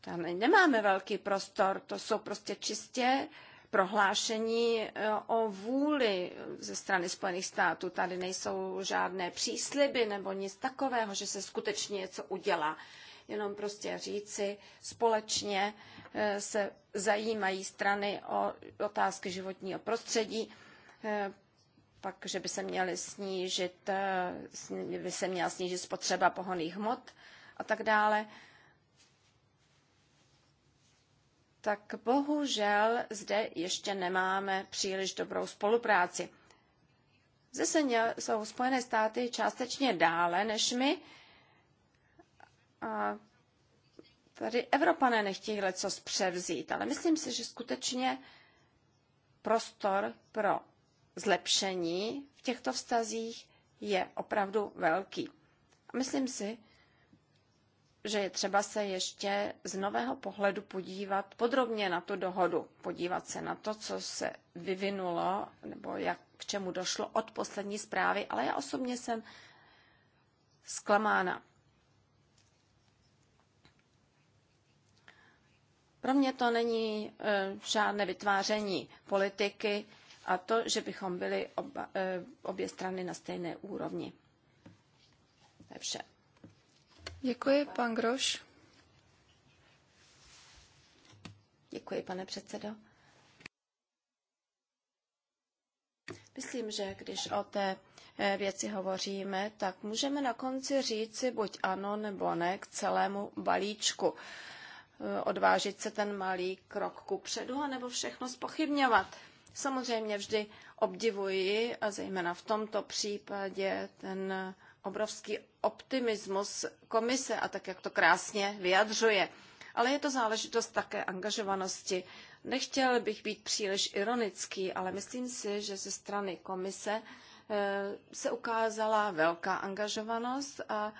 tam nemáme velký prostor, to jsou prostě čistě prohlášení eh, o vůli ze strany Spojených států. Tady nejsou žádné přísliby nebo nic takového, že se skutečně něco udělá. Jenom prostě říci, společně eh, se zajímají strany o otázky životního prostředí, pak, že by se, měly snížit, eh, by se měla snížit spotřeba pohoných hmot a tak dále. Tak bohužel zde ještě nemáme příliš dobrou spolupráci. Zde se měl, jsou Spojené státy částečně dále než my. A tady Evropané nechtějí lecos převzít, ale myslím si, že skutečně prostor pro zlepšení v těchto vztazích je opravdu velký. A myslím si, že je třeba se ještě z nového pohledu podívat podrobně na tu dohodu, podívat se na to, co se vyvinulo nebo jak k čemu došlo od poslední zprávy, ale já osobně jsem zklamána. Pro mě to není e, žádné vytváření politiky, a to, že bychom byli oba, eh, obě strany na stejné úrovni. To je vše. Děkuji, pan Groš. Děkuji, pane předsedo. Myslím, že když o té eh, věci hovoříme, tak můžeme na konci říci buď ano nebo ne k celému balíčku. Eh, odvážit se ten malý krok ku předu, anebo všechno spochybňovat. Samozřejmě vždy obdivuji, a zejména v tomto případě, ten obrovský optimismus komise a tak, jak to krásně vyjadřuje. Ale je to záležitost také angažovanosti. Nechtěl bych být příliš ironický, ale myslím si, že ze strany komise eh, se ukázala velká angažovanost a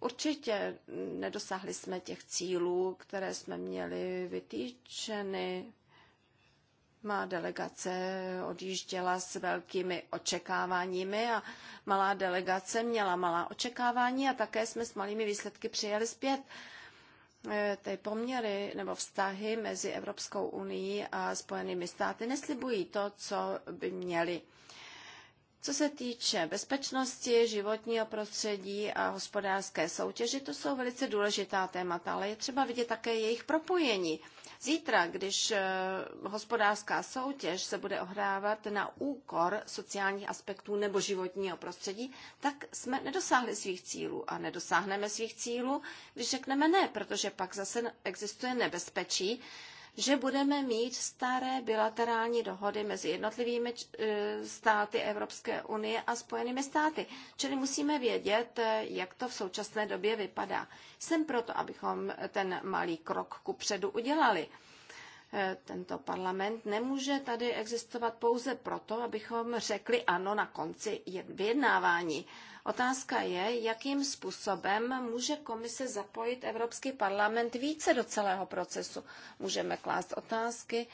určitě nedosáhli jsme těch cílů, které jsme měli vytýčeny má delegace odjížděla s velkými očekáváními a malá delegace měla malá očekávání a také jsme s malými výsledky přijeli zpět. Eh, ty poměry nebo vztahy mezi Evropskou unii a Spojenými státy neslibují to, co by měly. Co se týče bezpečnosti, životního prostředí a hospodářské soutěže, to jsou velice důležitá témata, ale je třeba vidět také jejich propojení. Zítra, když eh, hospodářská soutěž se bude ohrávat na úkor sociálních aspektů nebo životního prostředí, tak jsme nedosáhli svých cílů. A nedosáhneme svých cílů, když řekneme ne, protože pak zase existuje nebezpečí, že budeme mít staré bilaterální dohody mezi jednotlivými e, státy Evropské unie a Spojenými státy. Čili musíme vědět, e, jak to v současné době vypadá. Jsem proto, abychom ten malý krok ku předu udělali e, tento parlament nemůže tady existovat pouze proto, abychom řekli ano na konci vyjednávání. Otázka je, jakým způsobem může komise zapojit Evropský parlament více do celého procesu. Můžeme klást otázky,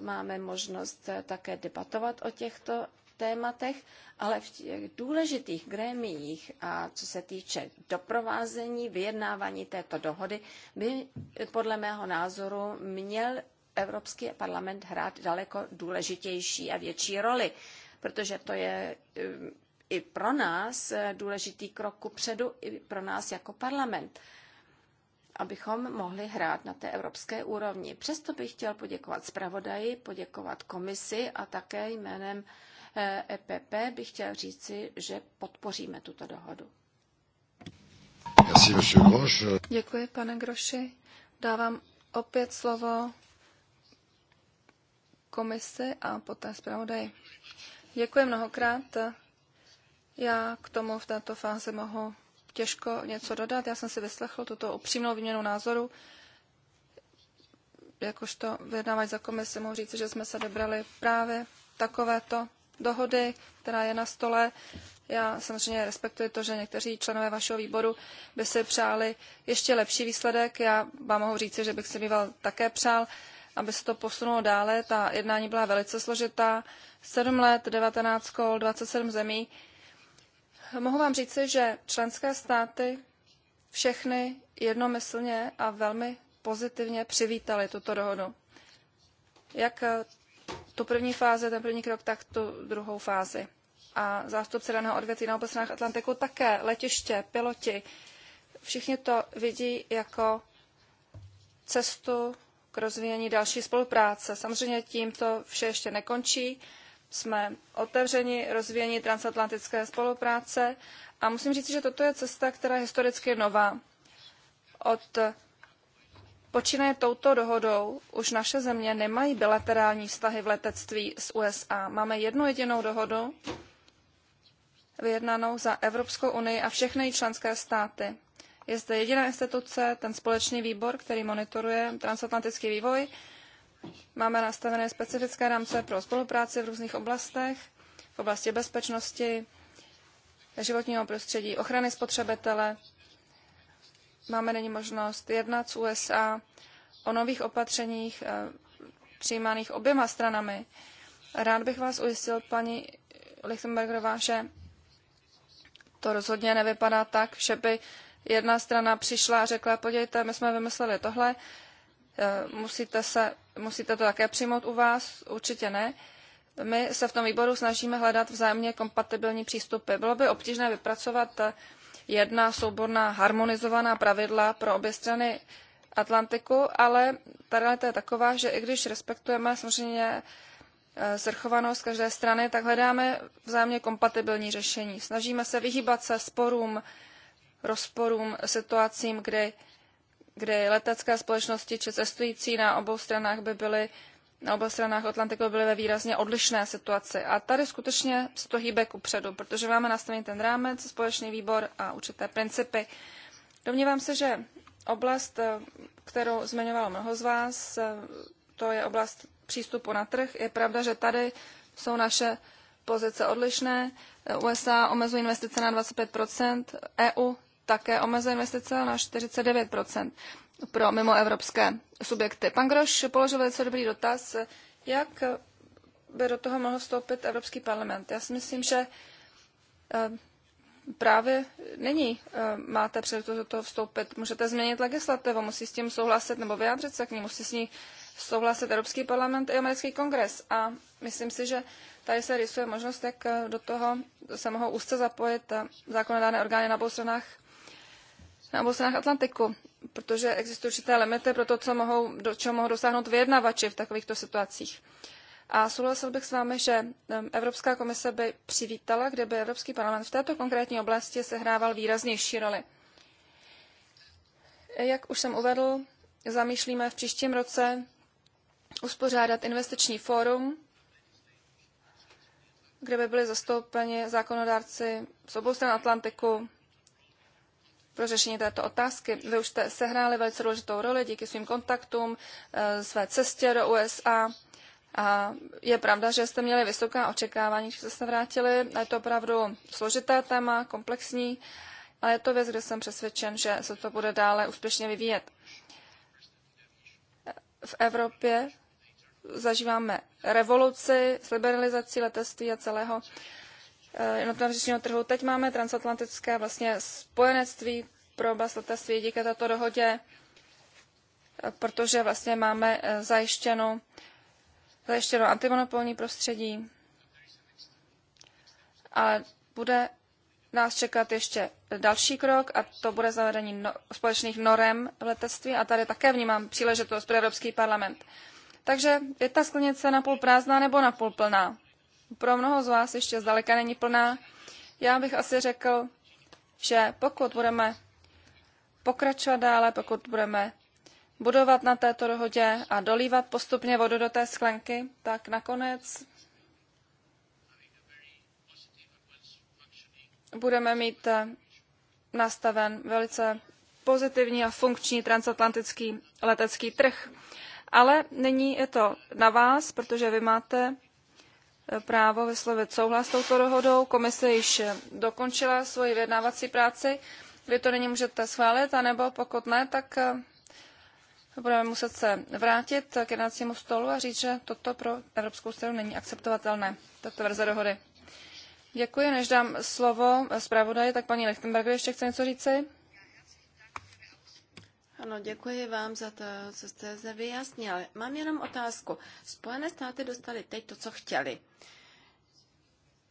máme možnost také debatovat o těchto tématech, ale v těch důležitých grémiích a co se týče doprovázení, vyjednávání této dohody, by podle mého názoru měl Evropský parlament hrát daleko důležitější a větší roli, protože to je i pro nás důležitý krok ku předu, i pro nás jako parlament, abychom mohli hrát na té evropské úrovni. Přesto bych chtěl poděkovat zpravodaji, poděkovat komisi a také jménem EPP eh, e bych chtěl říci, že podpoříme tuto dohodu. Děkuji, pane Groši. Dávám opět slovo komisi a poté zpravodaji. Děkuji mnohokrát. Já k tomu v této fázi mohu těžko něco dodat. Já jsem si vyslechl tuto upřímnou výměnu názoru. Jakožto vyjednávač za komisi mohu říct, že jsme se dobrali právě takovéto dohody, která je na stole. Já samozřejmě respektuji to, že někteří členové vašeho výboru by si přáli ještě lepší výsledek. Já vám mohu říct, že bych si býval také přál, aby se to posunulo dále. Ta jednání byla velice složitá. 7 let, 19 kol, 27 zemí mohu vám říci, že členské státy všechny jednomyslně a velmi pozitivně přivítali tuto dohodu. Jak eh, tu první fázi, ten první krok, tak tu druhou fázi. A zástupci daného odvětví na obou stranách Atlantiku také, letiště, piloti, všichni to vidí jako cestu k rozvíjení další spolupráce. Samozřejmě tím to vše ještě nekončí jsme otevřeni rozvíjení transatlantické spolupráce a musím říct, že toto je cesta, která je historicky nová. Od počínaje touto dohodou už naše země nemají bilaterální vztahy v letectví s USA. Máme jednu jedinou dohodu, vyjednanou za Evropskou unii a všechny její členské státy. Je zde jediná instituce, ten společný výbor, který monitoruje transatlantický vývoj, Máme nastavené specifické rámce pro spolupráci v různých oblastech, v oblasti bezpečnosti, životního prostředí, ochrany spotřebitele. Máme není možnost jednat s USA o nových opatřeních eh, přijímaných oběma stranami. Rád bych vás ujistil, paní Lichtenbergerová, že to rozhodně nevypadá tak, že by jedna strana přišla a řekla, podívejte, my jsme vymysleli tohle, eh, musíte se Musíte to také přijmout u vás? Určitě ne. My se v tom výboru snažíme hledat vzájemně kompatibilní přístupy. Bylo by obtížné vypracovat jedna souborná harmonizovaná pravidla pro obě strany Atlantiku, ale ta realita je taková, že i když respektujeme samozřejmě zrchovanost eh, každé strany, tak hledáme vzájemně kompatibilní řešení. Snažíme se vyhýbat se sporům, rozporům, situacím, kdy kdy letecké společnosti či cestující na obou stranách by byly na obou stranách Atlantiku byly ve výrazně odlišné situaci. A tady skutečně se to hýbe kupředu, protože máme nastavený ten rámec, společný výbor a určité principy. Domnívám se, že oblast, eh, kterou zmiňovalo mnoho z vás, eh, to je oblast přístupu na trh. Je pravda, že tady jsou naše pozice odlišné. Eh, USA omezují investice na 25 EU také omezil investice na 49 pro mimoevropské subjekty. Pan Groš položil velice dobrý dotaz, jak by do toho mohl vstoupit Evropský parlament. Já si myslím, že eh, právě není eh, máte před to, do toho vstoupit. Můžete změnit legislativu, musí s tím souhlasit nebo vyjádřit se k ní, musí s ní souhlasit Evropský parlament i americký kongres. A myslím si, že tady se rysuje možnost, jak eh, do toho se mohou úzce zapojit zákonodárné orgány na obou stranách na obou stranách Atlantiku, protože existují určité limity pro to, co mohou, do čeho mohou dosáhnout vyjednavači v takovýchto situacích. A souhlasil bych s vámi, že Evropská komise by přivítala, kdyby Evropský parlament v této konkrétní oblasti sehrával výraznější roli. Jak už jsem uvedl, zamýšlíme v příštím roce uspořádat investiční fórum, kde by byli zastoupeni zákonodárci z obou stran Atlantiku, pro řešení této otázky. Vy už jste sehráli velice důležitou roli díky svým kontaktům, eh, své cestě do USA. A je pravda, že jste měli vysoká očekávání, když jste se vrátili. A je to opravdu složité téma, komplexní, ale je to věc, kde jsem přesvědčen, že se to bude dále úspěšně vyvíjet. V Evropě zažíváme revoluci s liberalizací letectví a celého Eh, na tom vnitřního trhu. Teď máme transatlantické vlastně spojenectví pro oblast letectví díky této dohodě, eh, protože vlastně máme eh, zajištěno, zajištěno antimonopolní prostředí. A bude nás čekat ještě další krok a to bude zavedení no, společných norem v letectví a tady také vnímám příležitost pro Evropský parlament. Takže je ta sklenice napůl prázdná nebo napůl plná? pro mnoho z vás ještě zdaleka není plná. Já bych asi řekl, že pokud budeme pokračovat dále, pokud budeme budovat na této dohodě a dolívat postupně vodu do té sklenky, tak nakonec budeme mít eh, nastaven velice pozitivní a funkční transatlantický letecký trh. Ale nyní je to na vás, protože vy máte právo vyslovit souhlas s touto dohodou. Komise již dokončila svoji vyjednávací práci. Vy to nyní můžete schválit, anebo pokud ne, tak eh, budeme muset se vrátit k jednacímu stolu a říct, že toto pro Evropskou stranu není akceptovatelné, tato verze dohody. Děkuji, než dám slovo zpravodaji, tak paní Lichtenberger ještě chce něco říci. Ano, děkuji vám za to, co jste se vyjasnil. Mám jenom otázku. Spojené státy dostali teď to, co chtěli.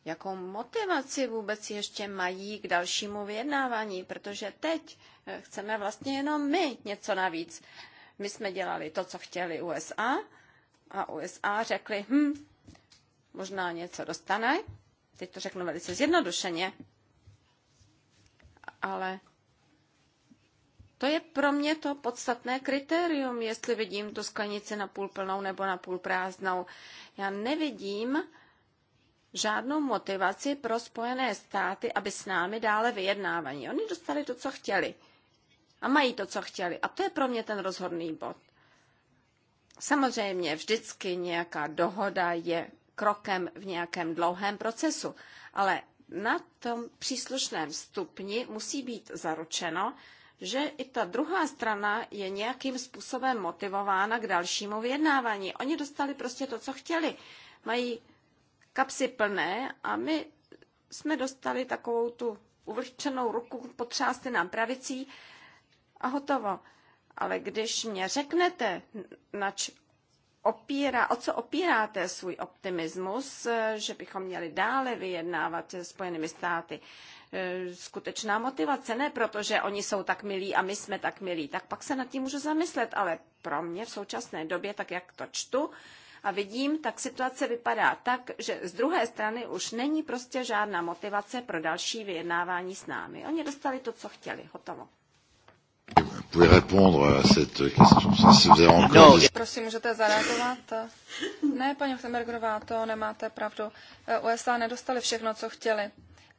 Jakou motivaci vůbec ještě mají k dalšímu vyjednávání? Protože teď eh, chceme vlastně jenom my něco navíc. My jsme dělali to, co chtěli USA a USA řekli, hm, možná něco dostane. Teď to řeknu velice zjednodušeně. Ale to je pro mě to podstatné kritérium, jestli vidím tu sklenici na půl plnou nebo na půl prázdnou. Já nevidím žádnou motivaci pro Spojené státy, aby s námi dále vyjednávali. Oni dostali to, co chtěli. A mají to, co chtěli. A to je pro mě ten rozhodný bod. Samozřejmě vždycky nějaká dohoda je krokem v nějakém dlouhém procesu, ale na tom příslušném stupni musí být zaručeno, že i ta druhá strana je nějakým způsobem motivována k dalšímu vyjednávání. Oni dostali prostě to, co chtěli. Mají kapsy plné a my jsme dostali takovou tu uvlhčenou ruku, potřásty nám pravicí a hotovo. Ale když mě řeknete, nač opírá, o co opíráte svůj optimismus, eh, že bychom měli dále vyjednávat se Spojenými státy? Eh, skutečná motivace, ne protože oni jsou tak milí a my jsme tak milí, tak pak se nad tím můžu zamyslet, ale pro mě v současné době, tak jak to čtu a vidím, tak situace vypadá tak, že z druhé strany už není prostě žádná motivace pro další vyjednávání s námi. Oni dostali to, co chtěli, hotovo pouvez répondre à cette question, si vous avez encore... No. Prosím, můžete zareagovat? Ne, paní Chtenbergerová, to nemáte pravdu. Eh, USA nedostali všechno, co chtěli.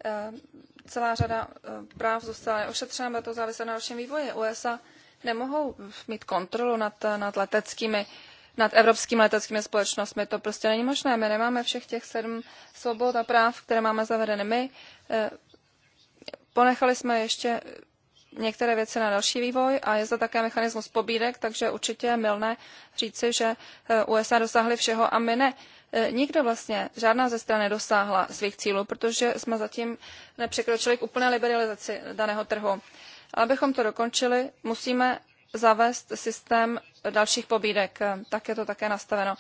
Eh, celá řada eh, práv zůstala ošetřena, bylo to závisle na dalším vývoji. USA nemohou mít kontrolu nad, nad leteckými nad evropskými leteckými společnostmi. To prostě není možné. My nemáme všech těch sedm svobod a práv, které máme zavedeny my. Ponechali jsme ještě některé věci na další vývoj a je zde také mechanismus pobídek, takže určitě je milné říci, že eh, USA dosáhly všeho a my ne. Eh, nikdo vlastně, žádná ze stran nedosáhla svých cílů, protože jsme zatím nepřekročili k úplné liberalizaci daného trhu. Ale abychom to dokončili, musíme zavést systém dalších pobídek. Eh, tak je to také nastaveno.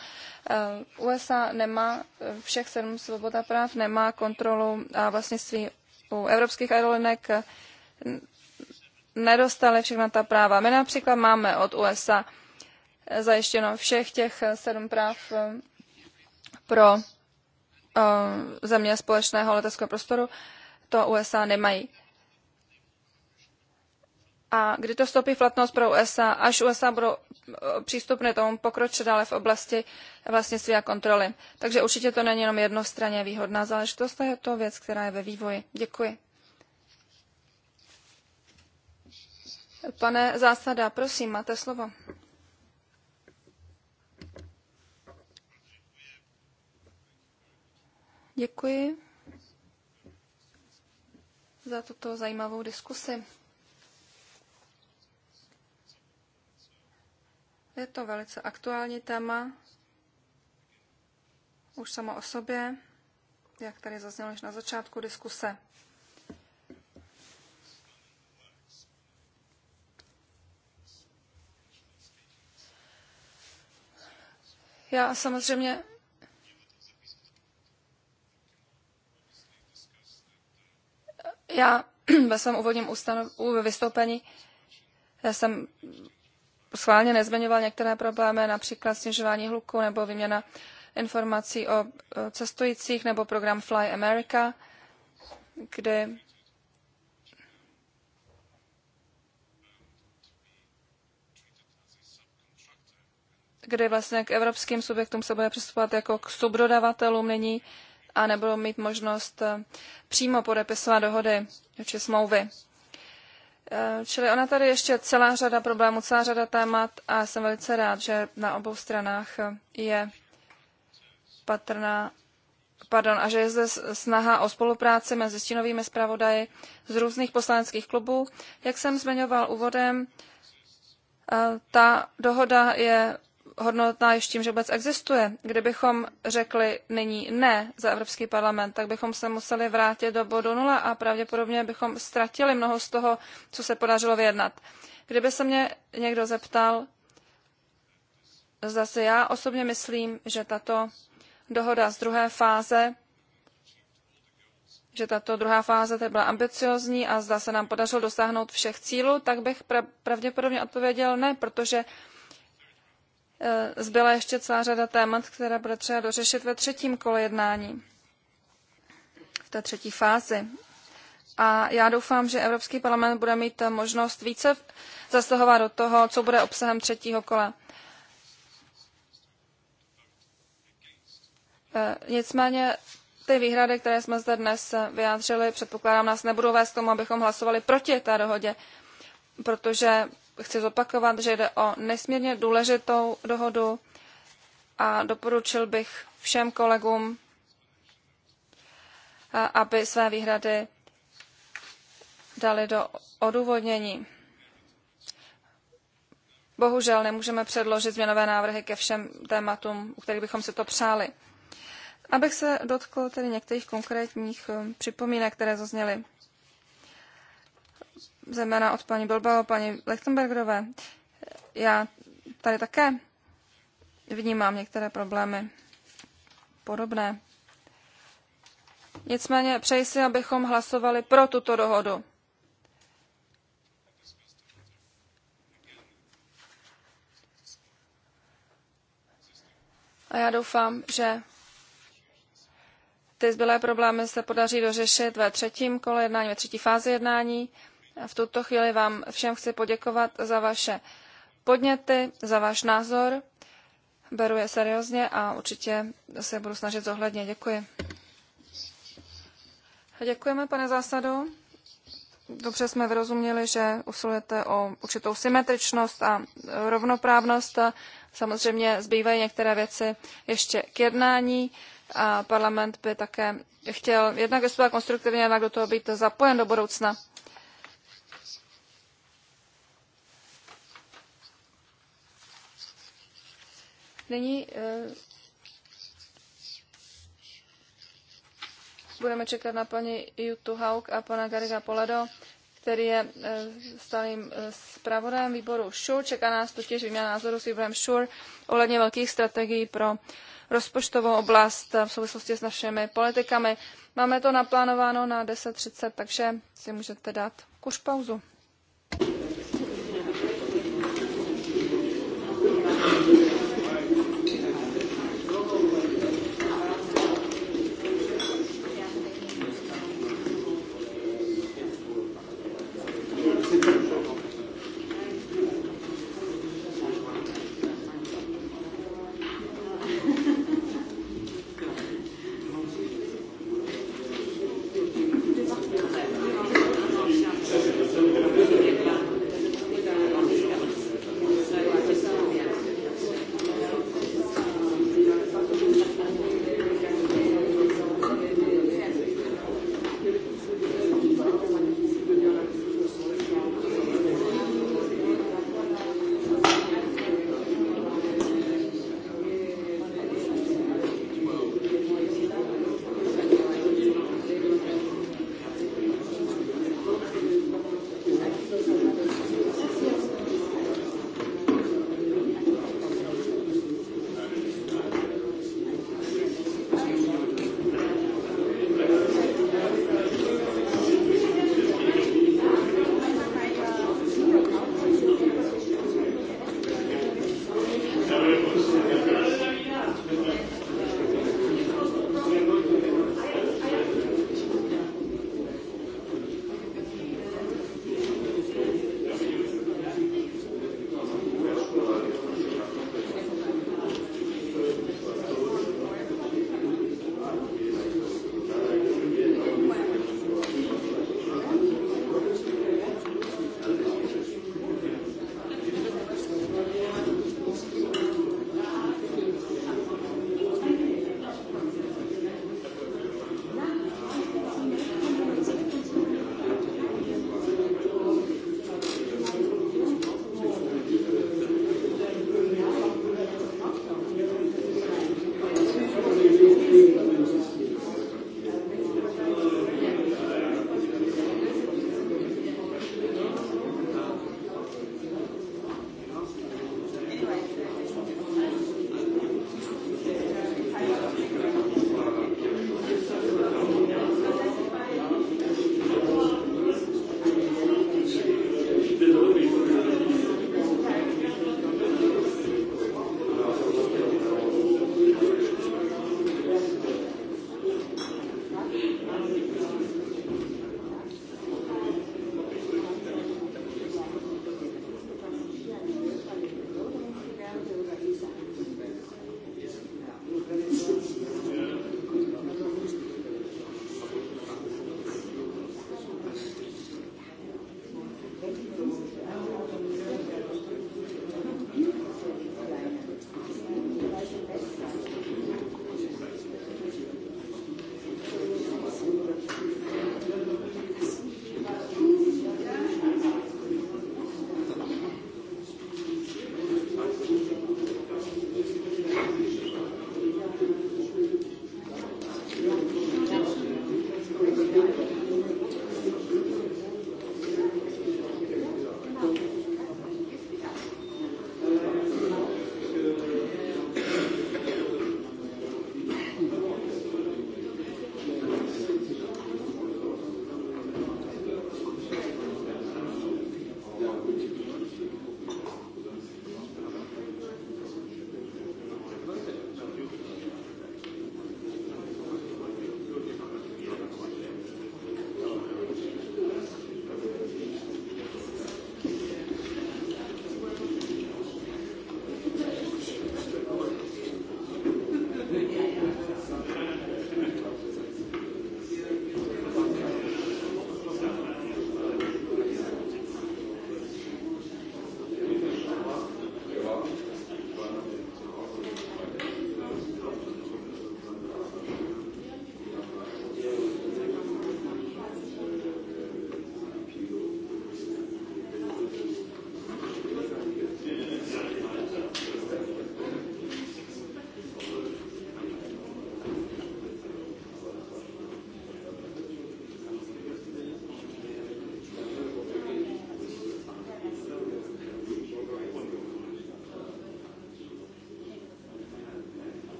USA nemá všech sedm svobod a práv, nemá kontrolu a vlastnictví u evropských aerolinek, nedostali všechna ta práva. My například máme od USA zajištěno všech těch sedm práv eh, pro eh, země společného leteckého prostoru. To USA nemají. A kdy to vstoupí v platnost pro USA, až USA budou eh, přístupné tomu pokročit dále v oblasti vlastnictví a kontroly. Takže určitě to není jenom jednostranně výhodná záležitost, to je to věc, která je ve vývoji. Děkuji. Pane Zásada, prosím, máte slovo. Děkuji za tuto zajímavou diskusi. Je to velice aktuální téma, už samo o sobě, jak tady zaznělo již na začátku diskuse. Já samozřejmě já ve svém úvodním ustano- vystoupení já jsem schválně nezmiňoval některé problémy, například snižování hluku nebo výměna informací o cestujících nebo program Fly America, kdy kdy vlastně k evropským subjektům se bude přistupovat jako k subdodavatelům nyní a nebudou mít možnost eh, přímo podepisovat dohody či smlouvy. Eh, čili ona tady ještě celá řada problémů, celá řada témat a jsem velice rád, že na obou stranách eh, je patrná pardon, a že je zde snaha o spolupráci mezi stínovými zpravodaji z různých poslaneckých klubů. Jak jsem zmiňoval úvodem, ta dohoda je hodnotná ještě tím, že vůbec existuje. Kdybychom řekli nyní ne za Evropský parlament, tak bychom se museli vrátit do bodu nula a pravděpodobně bychom ztratili mnoho z toho, co se podařilo vyjednat. Kdyby se mě někdo zeptal, zase já osobně myslím, že tato dohoda z druhé fáze že tato druhá fáze byla ambiciozní a zda se nám podařilo dosáhnout všech cílů, tak bych pra- pravděpodobně odpověděl ne, protože Eh, zbyla ještě celá řada témat, která bude třeba dořešit ve třetím kole jednání, v té třetí fázi. A já doufám, že Evropský parlament bude mít možnost více zasahovat do toho, co bude obsahem třetího kola. Eh, nicméně ty výhrady, které jsme zde dnes vyjádřili, předpokládám, nás nebudou vést k tomu, abychom hlasovali proti té dohodě, protože chci zopakovat, že jde o nesmírně důležitou dohodu a doporučil bych všem kolegům, aby své výhrady dali do odůvodnění. Bohužel nemůžeme předložit změnové návrhy ke všem tématům, u kterých bychom si to přáli. Abych se dotkl tedy některých konkrétních eh, připomínek, které zazněly zejména od paní Bilbao, paní Lechtenbergerové. Já tady také vnímám některé problémy podobné. Nicméně přeji si, abychom hlasovali pro tuto dohodu. A já doufám, že ty zbylé problémy se podaří dořešit ve třetím kole jednání, ve třetí fázi jednání v tuto chvíli vám všem chci poděkovat za vaše podněty, za váš názor. Beru je seriózně a určitě se budu snažit zohledně. Děkuji. Děkujeme, pane zásadu. Dobře jsme vyrozuměli, že usilujete o určitou symetričnost a rovnoprávnost. Samozřejmě zbývají některé věci ještě k jednání a parlament by také chtěl jednak vystupovat konstruktivně, jednak do toho být zapojen do budoucna. Nyní eh, budeme čekat na paní Jutu Hauk a pana Gariga Poledo, který je eh, stálým eh, zpravodajem výboru SURE. Čeká nás totiž výměna názoru s výborem SURE ohledně velkých strategií pro rozpočtovou oblast v souvislosti s našimi politikami. Máme to naplánováno na 10.30, takže si můžete dát kuš pauzu.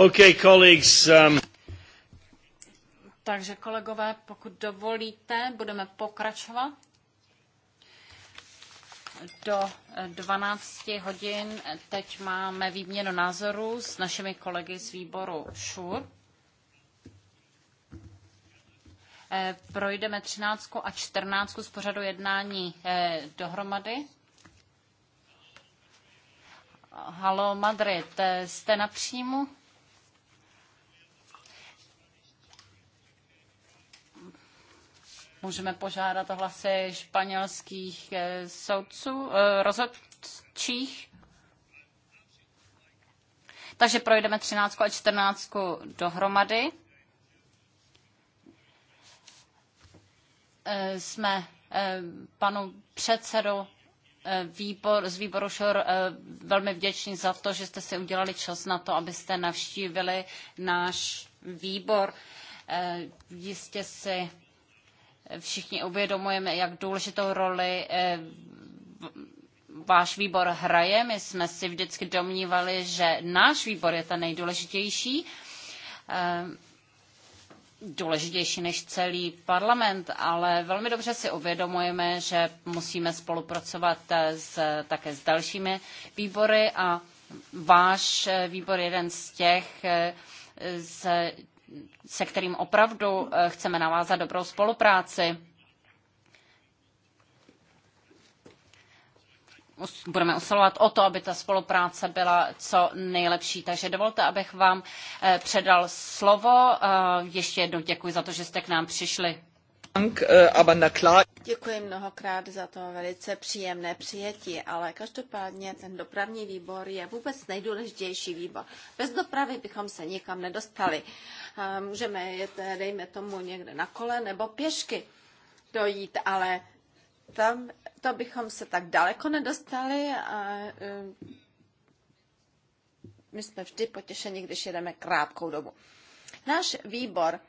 Okay, colleagues, um... Takže kolegové, pokud dovolíte, budeme pokračovat do 12 eh, hodin. Teď máme výměnu názorů s našimi kolegy z výboru ŠUR. Eh, projdeme 13 a 14 z pořadu jednání eh, dohromady. Halo Madrid, jste na příjmu? můžeme požádat o hlasy španělských eh, soudců, eh, rozhodčích. Takže projdeme 13 a 14 dohromady. Eh, jsme panu předsedu výbor, z výboru ŠOR velmi vděční za to, že jste si udělali čas na to, abyste navštívili náš výbor. Jistě si všichni uvědomujeme, jak důležitou roli eh, váš výbor hraje. My jsme si vždycky domnívali, že náš výbor je ten nejdůležitější, eh, důležitější než celý parlament, ale velmi dobře si uvědomujeme, že musíme spolupracovat eh, s, také s dalšími výbory a váš výbor je jeden z těch, z se kterým opravdu eh, chceme navázat dobrou spolupráci. budeme usilovat o to, aby ta spolupráce byla co nejlepší. Takže dovolte, abych vám eh, předal slovo. Eh, ještě jednou děkuji za to, že jste k nám přišli. Děkuji mnohokrát za to velice příjemné přijetí, ale každopádně ten dopravní výbor je vůbec nejdůležitější výbor. Bez dopravy bychom se nikam nedostali můžeme jet, dejme tomu, někde na kole nebo pěšky dojít, ale tam to bychom se tak daleko nedostali a e, my jsme vždy potěšeni, když jedeme krátkou dobu. Náš výbor,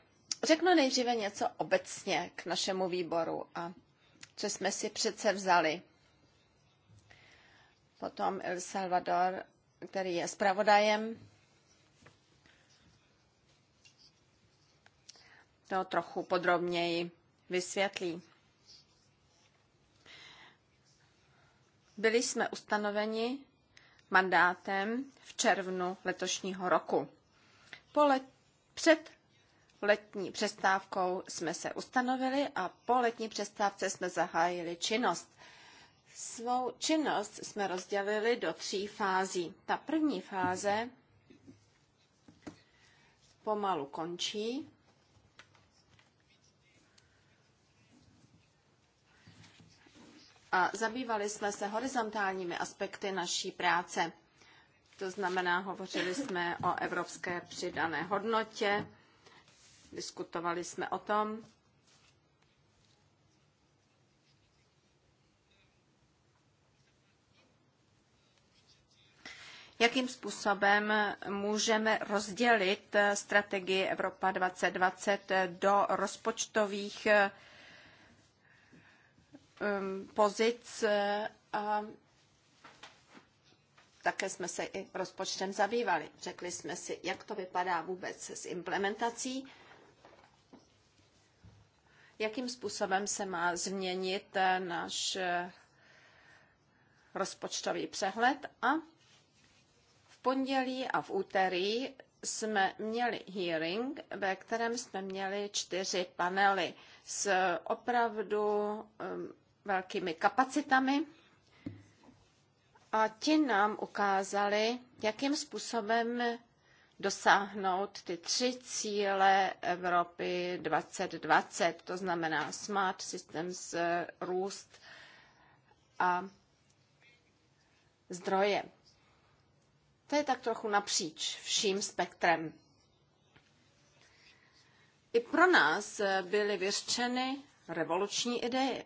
řeknu nejdříve něco obecně k našemu výboru a co jsme si přece vzali. Potom El Salvador, který je zpravodajem, to trochu podrobněji vysvětlí. Byli jsme ustanoveni mandátem v červnu letošního roku. Po let, před letní přestávkou jsme se ustanovili a po letní přestávce jsme zahájili činnost. Svou činnost jsme rozdělili do tří fází. Ta první fáze pomalu končí. a zabývali jsme se horizontálními aspekty naší práce. To znamená, hovořili jsme o evropské přidané hodnotě, diskutovali jsme o tom, jakým způsobem můžeme rozdělit strategii Evropa 2020 do rozpočtových Um, pozic eh, a také jsme se i rozpočtem zabývali. Řekli jsme si, jak to vypadá vůbec s implementací, jakým způsobem se má změnit eh, náš eh, rozpočtový přehled a v pondělí a v úterý jsme měli hearing, ve kterém jsme měli čtyři panely s opravdu um, velkými kapacitami a ti nám ukázali, jakým způsobem dosáhnout ty tři cíle Evropy 2020, to znamená Smart Systems, růst a zdroje. To je tak trochu napříč vším spektrem. I pro nás byly vyřčeny revoluční ideje.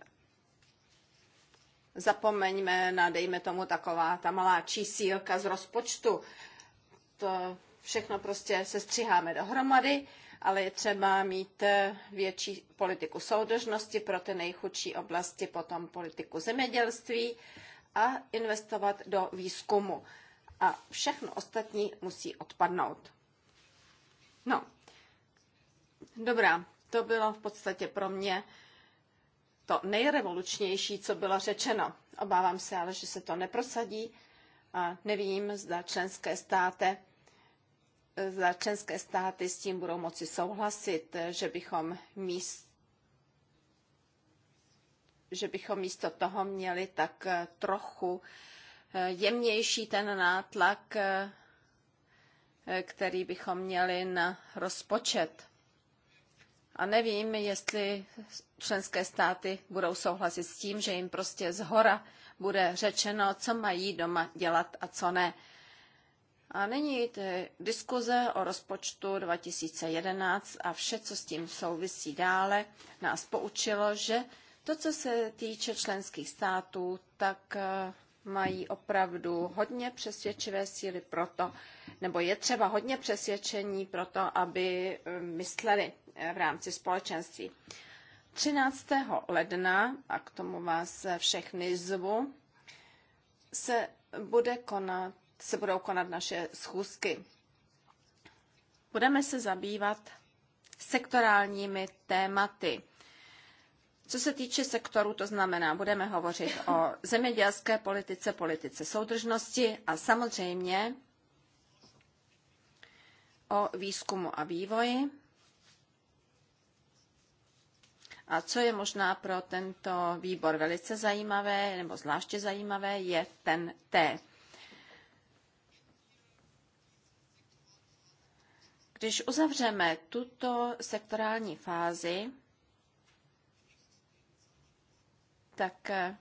Zapomeňme na, dejme tomu, taková ta malá čísílka z rozpočtu. To všechno prostě se střiháme dohromady, ale je třeba mít eh, větší politiku soudržnosti pro ty nejchudší oblasti, potom politiku zemědělství a investovat do výzkumu. A všechno ostatní musí odpadnout. No, dobrá, to bylo v podstatě pro mě to nejrevolučnější, co bylo řečeno. Obávám se ale, že se to neprosadí a nevím, zda členské státy, zda členské státy s tím budou moci souhlasit, že bychom míst že bychom místo toho měli tak eh, trochu eh, jemnější ten nátlak, eh, který bychom měli na rozpočet. A nevím, jestli členské státy budou souhlasit s tím, že jim prostě z hora bude řečeno, co mají doma dělat a co ne. A nyní diskuze o rozpočtu 2011 a vše, co s tím souvisí dále, nás poučilo, že to, co se týče členských států, tak eh, mají opravdu hodně přesvědčivé síly proto, nebo je třeba hodně přesvědčení proto, aby eh, mysleli Eh, v rámci společenství. 13. ledna, a k tomu vás všechny zvu, se, bude konat, se budou konat naše schůzky. Budeme se zabývat sektorálními tématy. Co se týče sektoru, to znamená, budeme hovořit o zemědělské politice, politice soudržnosti a samozřejmě o výzkumu a vývoji a co je možná pro tento výbor velice zajímavé, nebo zvláště zajímavé, je ten T. Když uzavřeme tuto sektorální fázi, tak eh,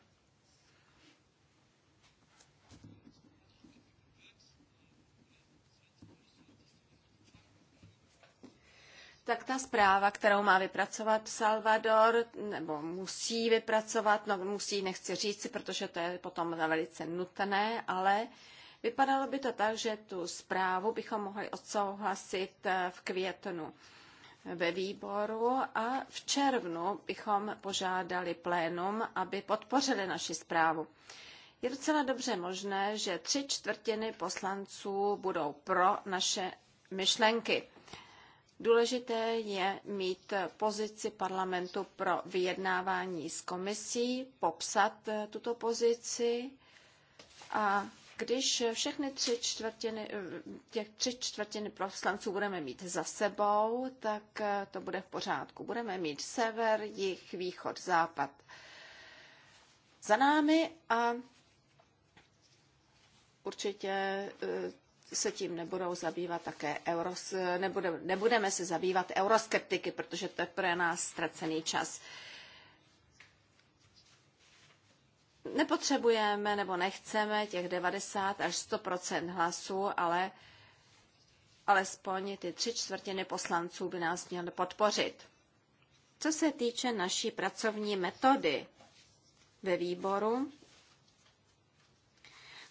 tak ta zpráva, kterou má vypracovat Salvador, nebo musí vypracovat, no musí, nechci říci, protože to je potom velice nutné, ale vypadalo by to tak, že tu zprávu bychom mohli odsouhlasit eh, v květnu ve výboru a v červnu bychom požádali plénum, aby podpořili naši zprávu. Je docela dobře možné, že tři čtvrtiny poslanců budou pro naše myšlenky. Důležité je mít pozici parlamentu pro vyjednávání s komisí, popsat tuto pozici a když všechny tři čtvrtiny, těch tři čtvrtiny poslanců budeme mít za sebou, tak to bude v pořádku. Budeme mít sever, jih, východ, západ za námi a určitě eh, se tím nebudou zabývat také euros, nebudeme, nebudeme se zabývat euroskeptiky, protože to je pro nás ztracený čas. Nepotřebujeme nebo nechceme těch 90 až 100 hlasů, ale alespoň ty tři čtvrtiny poslanců by nás měly podpořit. Co se týče naší pracovní metody ve výboru,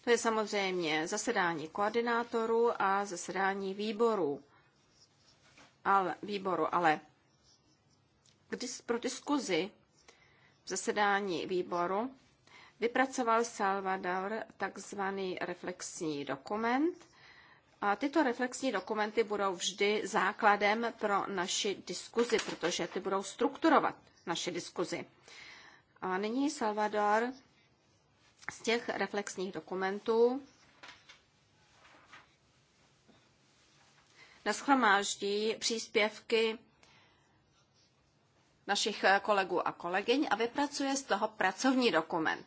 to je samozřejmě zasedání koordinátorů a zasedání výborů. Ale, výboru, ale když pro diskuzi v zasedání výboru vypracoval Salvador takzvaný reflexní dokument. A tyto reflexní dokumenty budou vždy základem pro naši diskuzi, protože ty budou strukturovat naše diskuzi. A nyní Salvador z těch reflexních dokumentů naschromáždí příspěvky našich kolegů a kolegyň a vypracuje z toho pracovní dokument.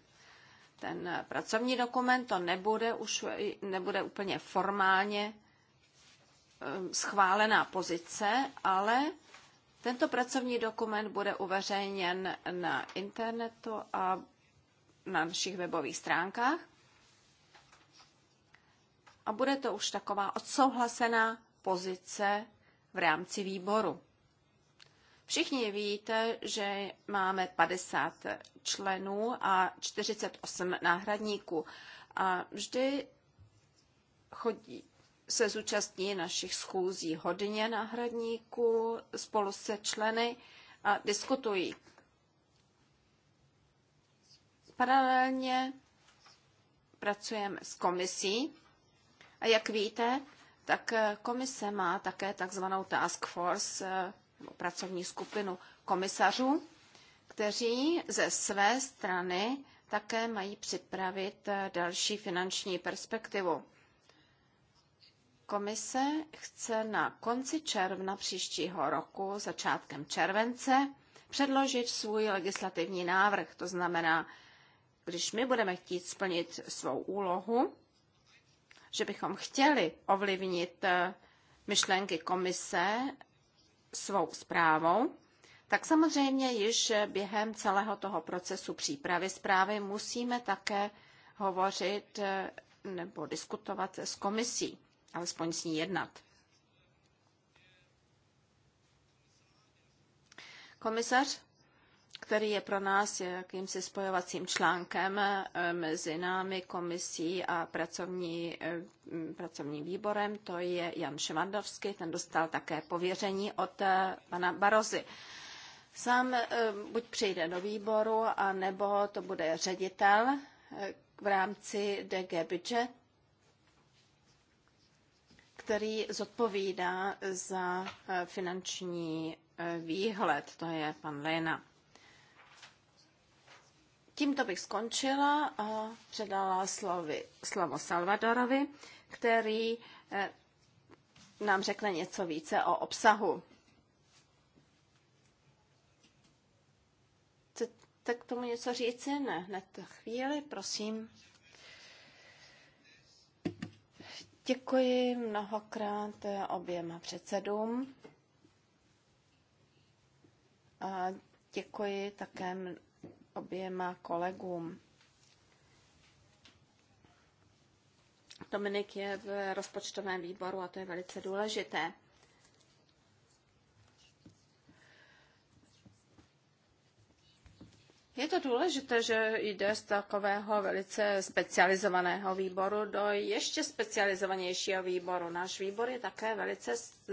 Ten pracovní dokument to nebude už nebude úplně formálně um, schválená pozice, ale tento pracovní dokument bude uveřejněn na internetu a na našich webových stránkách. A bude to už taková odsouhlasená pozice v rámci výboru. Všichni víte, že máme 50 členů a 48 náhradníků. A vždy chodí, se zúčastní našich schůzí hodně náhradníků spolu se členy a diskutují. Paralelně pracujeme s komisí a jak víte, tak komise má také takzvanou task force, eh, nebo pracovní skupinu komisařů, kteří ze své strany také mají připravit eh, další finanční perspektivu. Komise chce na konci června příštího roku, začátkem července, předložit svůj legislativní návrh, to znamená když my budeme chtít splnit svou úlohu, že bychom chtěli ovlivnit eh, myšlenky komise svou zprávou, tak samozřejmě již eh, během celého toho procesu přípravy zprávy musíme také hovořit eh, nebo diskutovat s komisí, alespoň s ní jednat. Komisař který je pro nás jakýmsi spojovacím článkem eh, mezi námi, komisí a pracovní, eh, pracovním výborem. To je Jan Ševandovský, ten dostal také pověření od eh, pana Barozy. Sám buď přijde do výboru, a nebo to bude ředitel v rámci DG Budget, který zodpovídá za finanční výhled, to je pan Lena. Tímto bych skončila a předala slovy, slovo Salvadorovi, který eh, nám řekne něco více o obsahu. Chcete k tomu něco říci? Ne, hned chvíli, prosím. Děkuji mnohokrát eh, oběma předsedům. A děkuji také oběma kolegům. Dominik je v rozpočtovém výboru a to je velice důležité. Je to důležité, že jde z takového velice specializovaného výboru do ještě specializovanějšího výboru. Náš výbor je také velice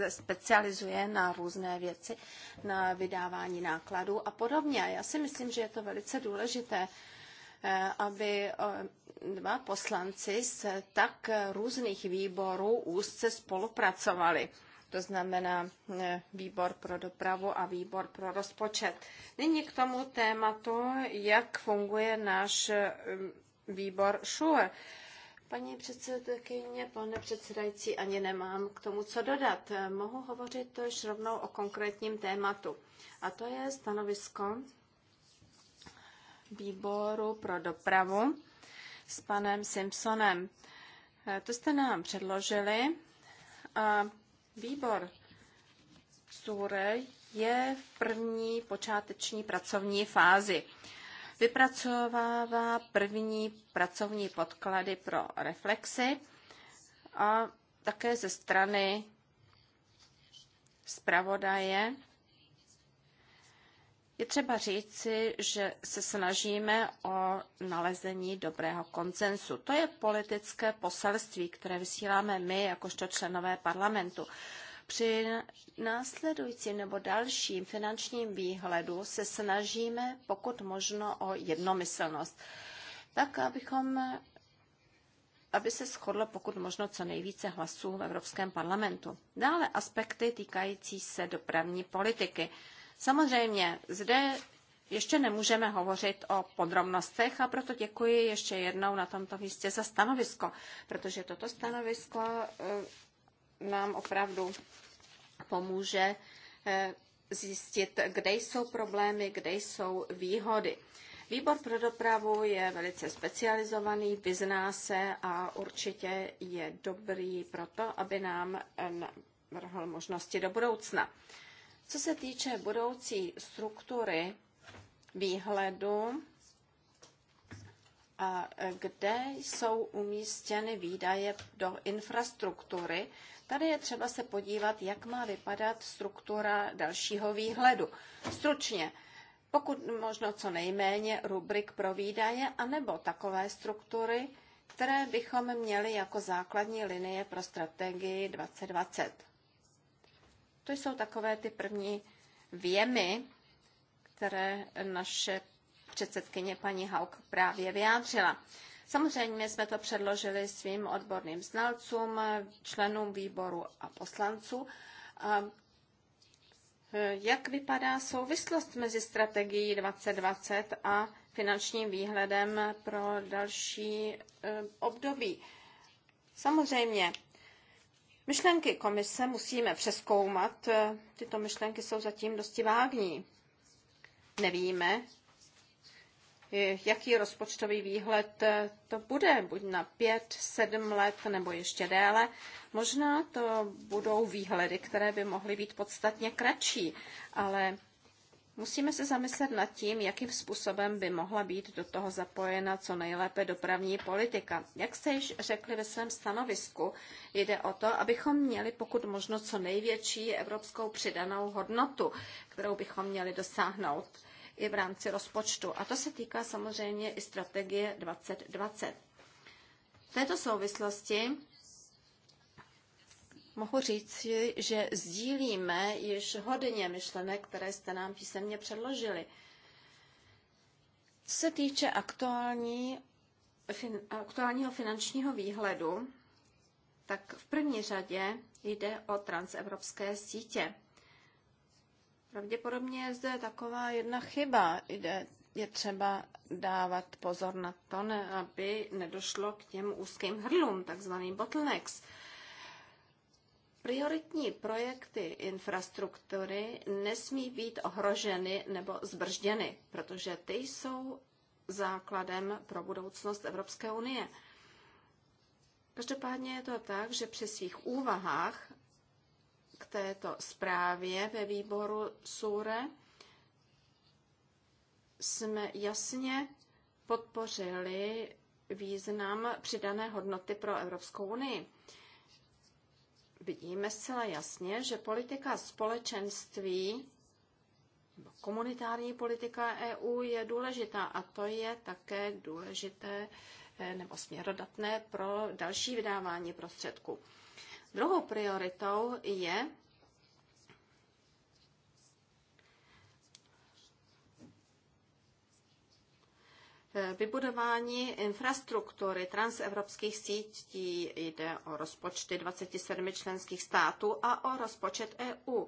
specializuje na různé věci, na vydávání nákladů a podobně. Já si myslím, že je to velice důležité, eh, aby eh, dva poslanci z tak různých výborů úzce spolupracovali to znamená eh, výbor pro dopravu a výbor pro rozpočet. Nyní k tomu tématu, jak funguje náš eh, výbor ŠUR. Paní předsedkyně, pane předsedající, ani nemám k tomu co dodat. Eh, mohu hovořit tož rovnou o konkrétním tématu. A to je stanovisko výboru pro dopravu s panem Simpsonem. To jste nám předložili a Výbor SURE je v první počáteční pracovní fázi. Vypracovává první pracovní podklady pro reflexy a také ze strany zpravodaje je třeba říci, že se snažíme o nalezení dobrého koncensu. To je politické poselství, které vysíláme my, jakožto členové parlamentu. Při následujícím nebo dalším finančním výhledu se snažíme pokud možno o jednomyslnost, tak abychom, aby se shodlo pokud možno co nejvíce hlasů v Evropském parlamentu. Dále aspekty týkající se dopravní politiky. Samozřejmě zde ještě nemůžeme hovořit o podrobnostech a proto děkuji ještě jednou na tomto místě za stanovisko, protože toto stanovisko e, nám opravdu pomůže e, zjistit, kde jsou problémy, kde jsou výhody. Výbor pro dopravu je velice specializovaný, vyzná se a určitě je dobrý pro to, aby nám e, navrhl možnosti do budoucna. Co se týče budoucí struktury výhledu, a kde jsou umístěny výdaje do infrastruktury. Tady je třeba se podívat, jak má vypadat struktura dalšího výhledu. Stručně, pokud možno co nejméně rubrik pro výdaje, anebo takové struktury, které bychom měli jako základní linie pro strategii 2020. To jsou takové ty první věmy, které naše předsedkyně paní Hauk právě vyjádřila. Samozřejmě jsme to předložili svým odborným znalcům, členům výboru a poslanců. A eh, jak vypadá souvislost mezi strategií 2020 a finančním výhledem pro další eh, období? Samozřejmě Myšlenky komise musíme přeskoumat. Eh, tyto myšlenky jsou zatím dosti vágní. Nevíme, eh, jaký rozpočtový výhled eh, to bude, buď na pět, sedm let nebo ještě déle. Možná to budou výhledy, které by mohly být podstatně kratší, ale Musíme se zamyslet nad tím, jakým způsobem by mohla být do toho zapojena co nejlépe dopravní politika. Jak jste již řekli ve svém stanovisku, jde o to, abychom měli pokud možno co největší evropskou přidanou hodnotu, kterou bychom měli dosáhnout i v rámci rozpočtu. A to se týká samozřejmě i strategie 2020. V této souvislosti Mohu říct, že sdílíme již hodně myšlenek, které jste nám písemně předložili. Co se týče aktuální, fin, aktuálního finančního výhledu, tak v první řadě jde o transevropské sítě. Pravděpodobně je zde taková jedna chyba. Jde, je třeba dávat pozor na to, aby nedošlo k těm úzkým hrdlům, takzvaným bottlenecks. Prioritní projekty infrastruktury nesmí být ohroženy nebo zbržděny, protože ty jsou základem pro budoucnost Evropské unie. Každopádně je to tak, že při svých úvahách k této zprávě ve výboru SURE jsme jasně podpořili význam přidané hodnoty pro Evropskou unii vidíme zcela jasně, že politika společenství, komunitární politika EU je důležitá a to je také důležité eh, nebo směrodatné pro další vydávání prostředků. Druhou prioritou je Eh, vybudování infrastruktury transevropských sítí jde o rozpočty 27 členských států a o rozpočet EU.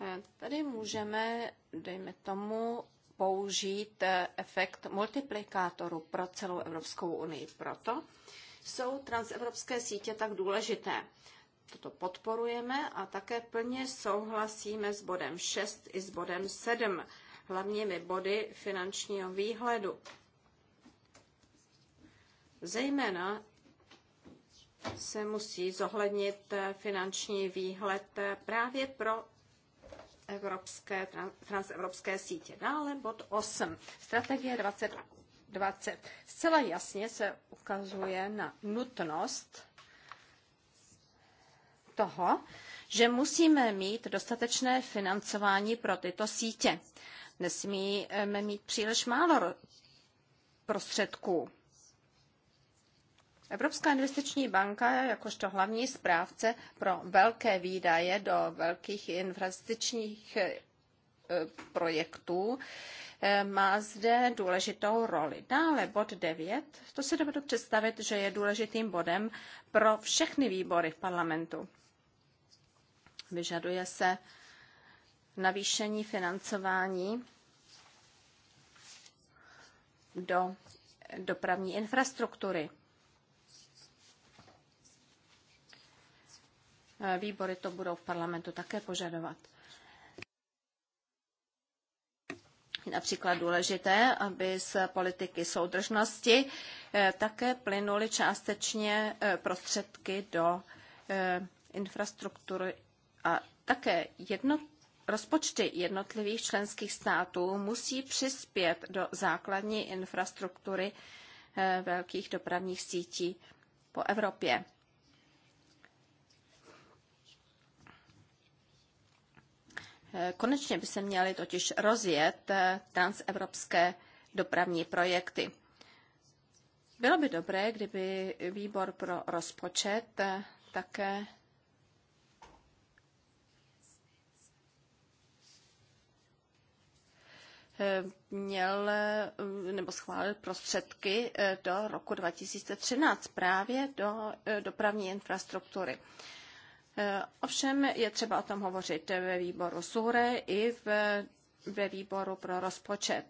Eh, tady můžeme, dejme tomu, použít eh, efekt multiplikátoru pro celou Evropskou unii. Proto jsou transevropské sítě tak důležité. Toto podporujeme a také plně souhlasíme s bodem 6 i s bodem 7, hlavními body finančního výhledu. Zejména se musí zohlednit finanční výhled právě pro evropské, transevropské sítě. Dále bod 8. Strategie 2020. Zcela jasně se ukazuje na nutnost toho, že musíme mít dostatečné financování pro tyto sítě. Nesmíme mít příliš málo prostředků Evropská investiční banka jakožto hlavní správce pro velké výdaje do velkých investičních eh, projektů eh, má zde důležitou roli. Dále bod 9, to si dovedu představit, že je důležitým bodem pro všechny výbory v parlamentu. Vyžaduje se navýšení financování do dopravní infrastruktury. Eh, výbory to budou v parlamentu také požadovat. Je například důležité, aby z politiky soudržnosti eh, také plynuly částečně eh, prostředky do infrastruktury a také jedno rozpočty jednotlivých členských států musí přispět do základní infrastruktury velkých dopravních sítí po Evropě. Eh, konečně by se měly totiž rozjet eh, transevropské dopravní projekty. Bylo by dobré, kdyby výbor pro rozpočet eh, také měl nebo schválil prostředky do roku 2013 právě do dopravní infrastruktury. Eh, ovšem je třeba o tom hovořit ve výboru SURE i ve výboru pro rozpočet.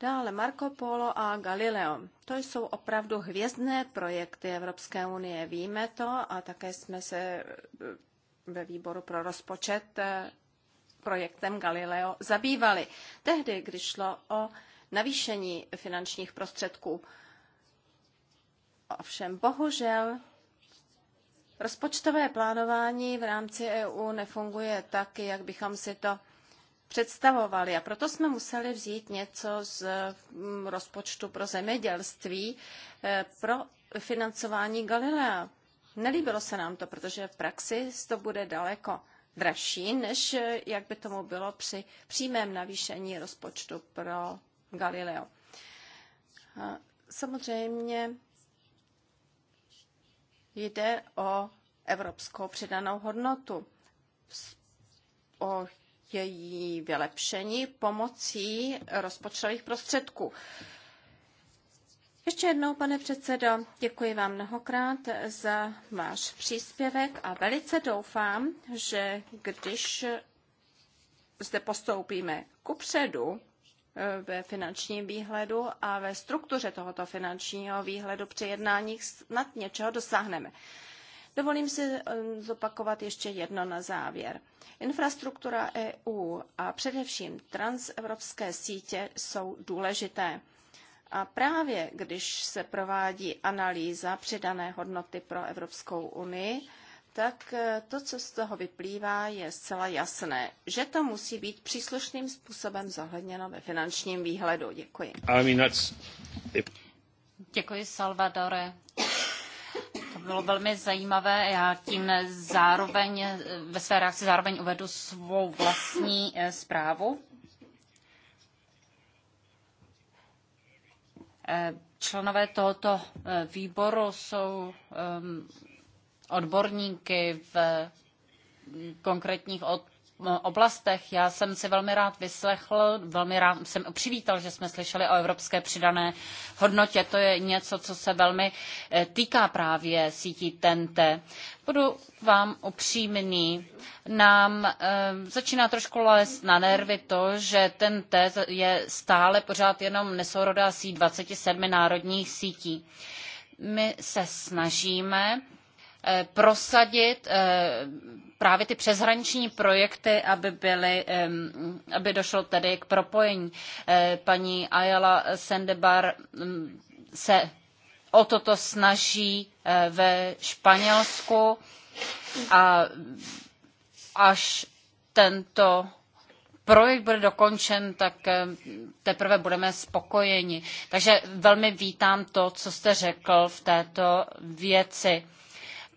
Dále Marco Polo a Galileo. To jsou opravdu hvězdné projekty Evropské unie. Víme to a také jsme se eh, ve výboru pro rozpočet eh, projektem Galileo zabývali. Tehdy, když šlo o navýšení finančních prostředků. Ovšem bohužel Rozpočtové plánování v rámci EU nefunguje tak, jak bychom si to představovali. A proto jsme museli vzít něco z mm, rozpočtu pro zemědělství eh, pro financování Galilea. Nelíbilo se nám to, protože v praxi to bude daleko dražší, než eh, jak by tomu bylo při přímém navýšení rozpočtu pro Galileo. Samozřejmě Jde o evropskou přidanou hodnotu, o její vylepšení pomocí rozpočtových prostředků. Ještě jednou, pane předsedo, děkuji vám mnohokrát za váš příspěvek a velice doufám, že když zde postoupíme ku předu, ve finančním výhledu a ve struktuře tohoto finančního výhledu při jednáních snad něčeho dosáhneme. Dovolím si eh, zopakovat ještě jedno na závěr. Infrastruktura EU a především transevropské sítě jsou důležité. A právě když se provádí analýza přidané hodnoty pro Evropskou unii, tak eh, to, co z toho vyplývá, je zcela jasné, že to musí být příslušným způsobem zohledněno ve finančním výhledu. Děkuji. I mean, that's... Děkuji, Salvadore. To bylo velmi zajímavé. Já tím zároveň eh, ve své reakci zároveň uvedu svou vlastní eh, zprávu. Členové tohoto výboru jsou ehm, odborníky v konkrétních oblastech. Já jsem si velmi rád vyslechl, velmi rád jsem přivítal, že jsme slyšeli o evropské přidané hodnotě. To je něco, co se velmi eh, týká právě sítí TNT. Budu vám upřímný. Nám e, začíná trošku lézt na nervy to, že ten T je stále pořád jenom nesourodá síť 27 národních sítí. My se snažíme Eh, prosadit eh, právě ty přeshraniční projekty, aby, byly, aby došlo tedy k propojení. Eh, paní Ayala Sendebar mm, se o toto snaží ve Španělsku a až tento projekt bude dokončen, tak teprve budeme spokojeni. Takže velmi vítám to, co jste řekl v této věci.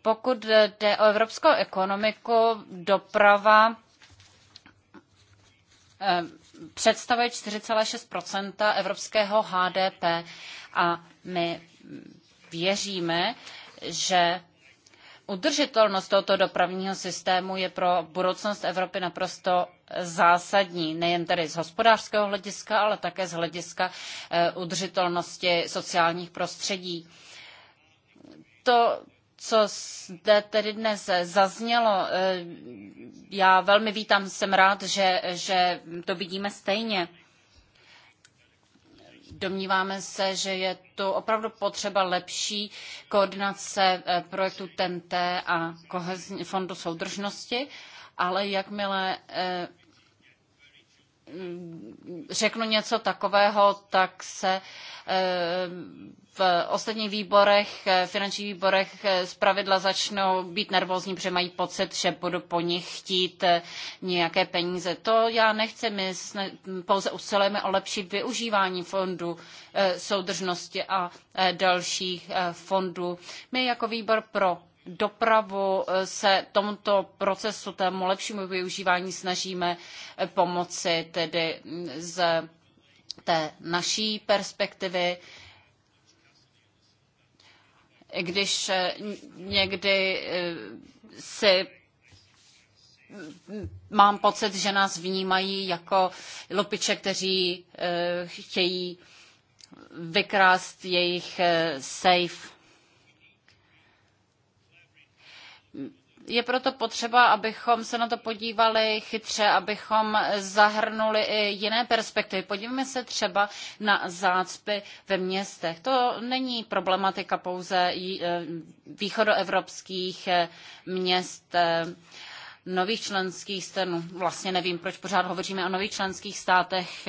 Pokud jde o evropskou ekonomiku, doprava eh, představuje 4,6 evropského HDP a my věříme, že udržitelnost tohoto dopravního systému je pro budoucnost Evropy naprosto zásadní, nejen tedy z hospodářského hlediska, ale také z hlediska eh, udržitelnosti sociálních prostředí. To co zde tedy dnes zaznělo, eh, já velmi vítám, jsem rád, že, že to vidíme stejně. Domníváme se, že je to opravdu potřeba lepší koordinace eh, projektu TNT a fondu soudržnosti, ale jakmile eh, Mm, řeknu něco takového, tak se eh, v ostatních výborech, eh, finančních výborech eh, zpravidla začnou být nervózní, protože mají pocit, že budu po nich chtít nějaké peníze. To já nechci, my mm, pouze usilujeme o lepší využívání fondu soudržnosti a dalších fondů. My jako výbor pro dopravu eh, se tomuto procesu, tomu lepšímu využívání snažíme eh, pomoci tedy mm, z té naší perspektivy když eh, někdy si mm, mám pocit, že nás vnímají jako lupiče, kteří chtějí vykrást jejich safe. Je proto potřeba, abychom se na to podívali chytře, abychom zahrnuli i jiné perspektivy. Podívejme se třeba na zácpy ve městech. To není problematika pouze eh, východoevropských eh, měst eh, nových členských států. Vlastně nevím, proč pořád hovoříme o nových členských státech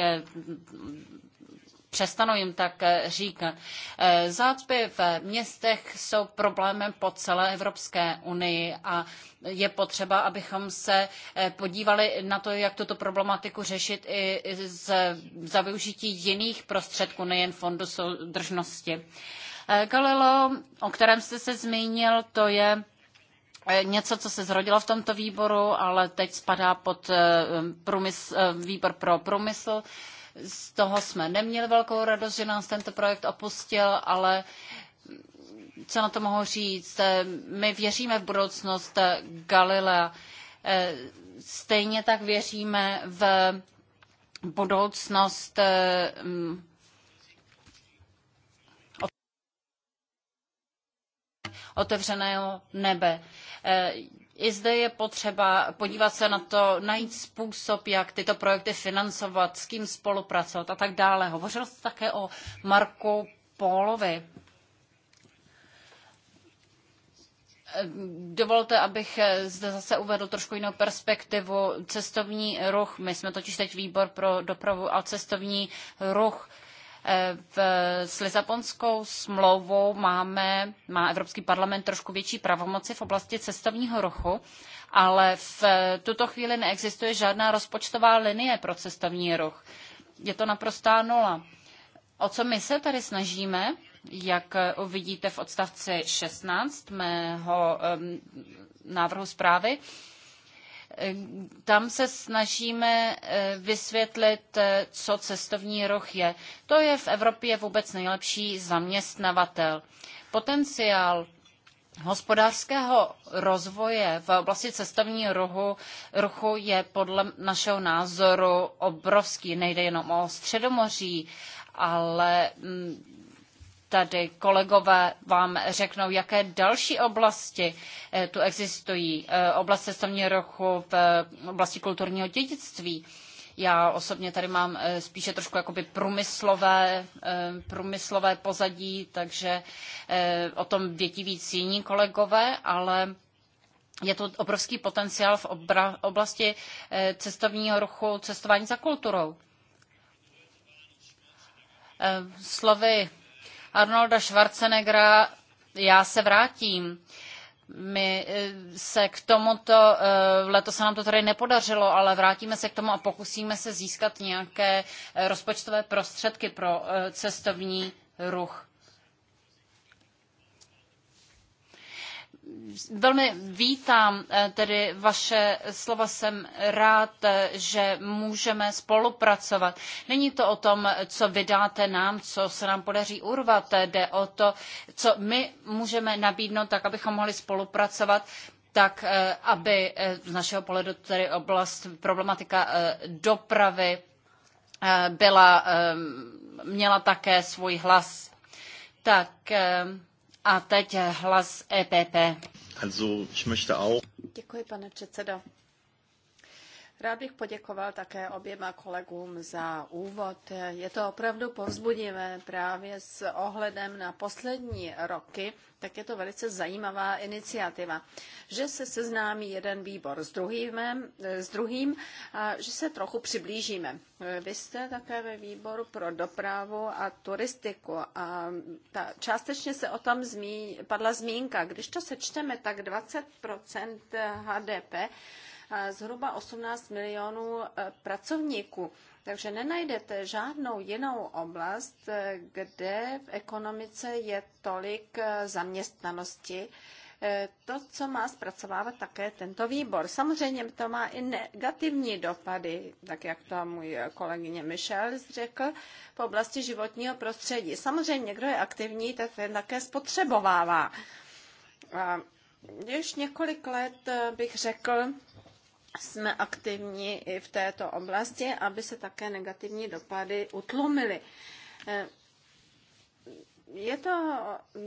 přestanou jim tak eh, říkat. Eh, Zácpy v městech jsou problémem po celé Evropské unii a je potřeba, abychom se eh, podívali na to, jak tuto problematiku řešit i za využití jiných prostředků, nejen fondu soudržnosti. Galileo, o kterém jste se zmínil, to je něco, co se zrodilo v tomto výboru, ale teď spadá pod průmysl, výbor pro průmysl. Z toho jsme neměli velkou radost, že nás tento projekt opustil, ale co na to mohu říct? Eh, my věříme v budoucnost Galilea. Eh, stejně tak věříme v budoucnost eh, otevřeného nebe. I zde je potřeba podívat se na to, najít způsob, jak tyto projekty financovat, s kým spolupracovat a tak dále. Hovořil jste také o Marku Pólovi. Dovolte, abych zde zase uvedl trošku jinou perspektivu. Cestovní ruch, my jsme totiž teď výbor pro dopravu a cestovní ruch Eh, v, s Lizabonskou smlouvou máme, má Evropský parlament trošku větší pravomoci v oblasti cestovního ruchu, ale v tuto chvíli neexistuje žádná rozpočtová linie pro cestovní ruch. Je to naprostá nula. O co my se tady snažíme, jak uvidíte v odstavci 16 mého um, návrhu zprávy, tam se snažíme eh, vysvětlit, eh, co cestovní ruch je. To je v Evropě vůbec nejlepší zaměstnavatel. Potenciál hospodářského rozvoje v oblasti cestovního ruchu, ruchu je podle našeho názoru obrovský. Nejde jenom o středomoří, ale mm, tady kolegové vám řeknou, jaké další oblasti eh, tu existují. Eh, oblast cestovního ruchu v eh, oblasti kulturního dědictví. Já osobně tady mám spíše trošku jakoby průmyslové, průmyslové pozadí, takže o tom vědí víc jiní kolegové, ale je to obrovský potenciál v oblasti cestovního ruchu, cestování za kulturou. Slovy Arnolda Schwarzeneggera Já se vrátím. My eh, se k tomuto, eh, letos se nám to tady nepodařilo, ale vrátíme se k tomu a pokusíme se získat nějaké eh, rozpočtové prostředky pro cestovní ruch. velmi vítám eh, tedy vaše slova, jsem rád, eh, že můžeme spolupracovat. Není to o tom, co vydáte nám, co se nám podaří urvat, eh, jde o to, co my můžeme nabídnout, tak abychom mohli spolupracovat tak aby z našeho pohledu tedy oblast problematika dopravy byla, měla také svůj hlas. Tak a teď hlas EPP. Also, ich möchte auch... Děkuji, pane předsedo. Rád bych poděkoval také oběma kolegům za úvod. Je to opravdu povzbudivé právě s ohledem na poslední roky, tak je to velice zajímavá iniciativa, že se seznámí jeden výbor s druhým, s druhým a že se trochu přiblížíme. Vy jste také ve výboru pro dopravu a turistiku a ta, částečně se o tom zmí, padla zmínka. Když to sečteme, tak 20 HDP zhruba 18 milionů e, pracovníků. Takže nenajdete žádnou jinou oblast, e, kde v ekonomice je tolik e, zaměstnanosti, to, co má zpracovávat také tento výbor. Samozřejmě to má i negativní dopady, tak jak to můj kolegyně Michel řekl, v oblasti životního prostředí. Samozřejmě, kdo je aktivní, tak ten také spotřebovává. A už několik let bych řekl, jsme aktivní i v této oblasti, aby se také negativní dopady utlumily. Eh, je to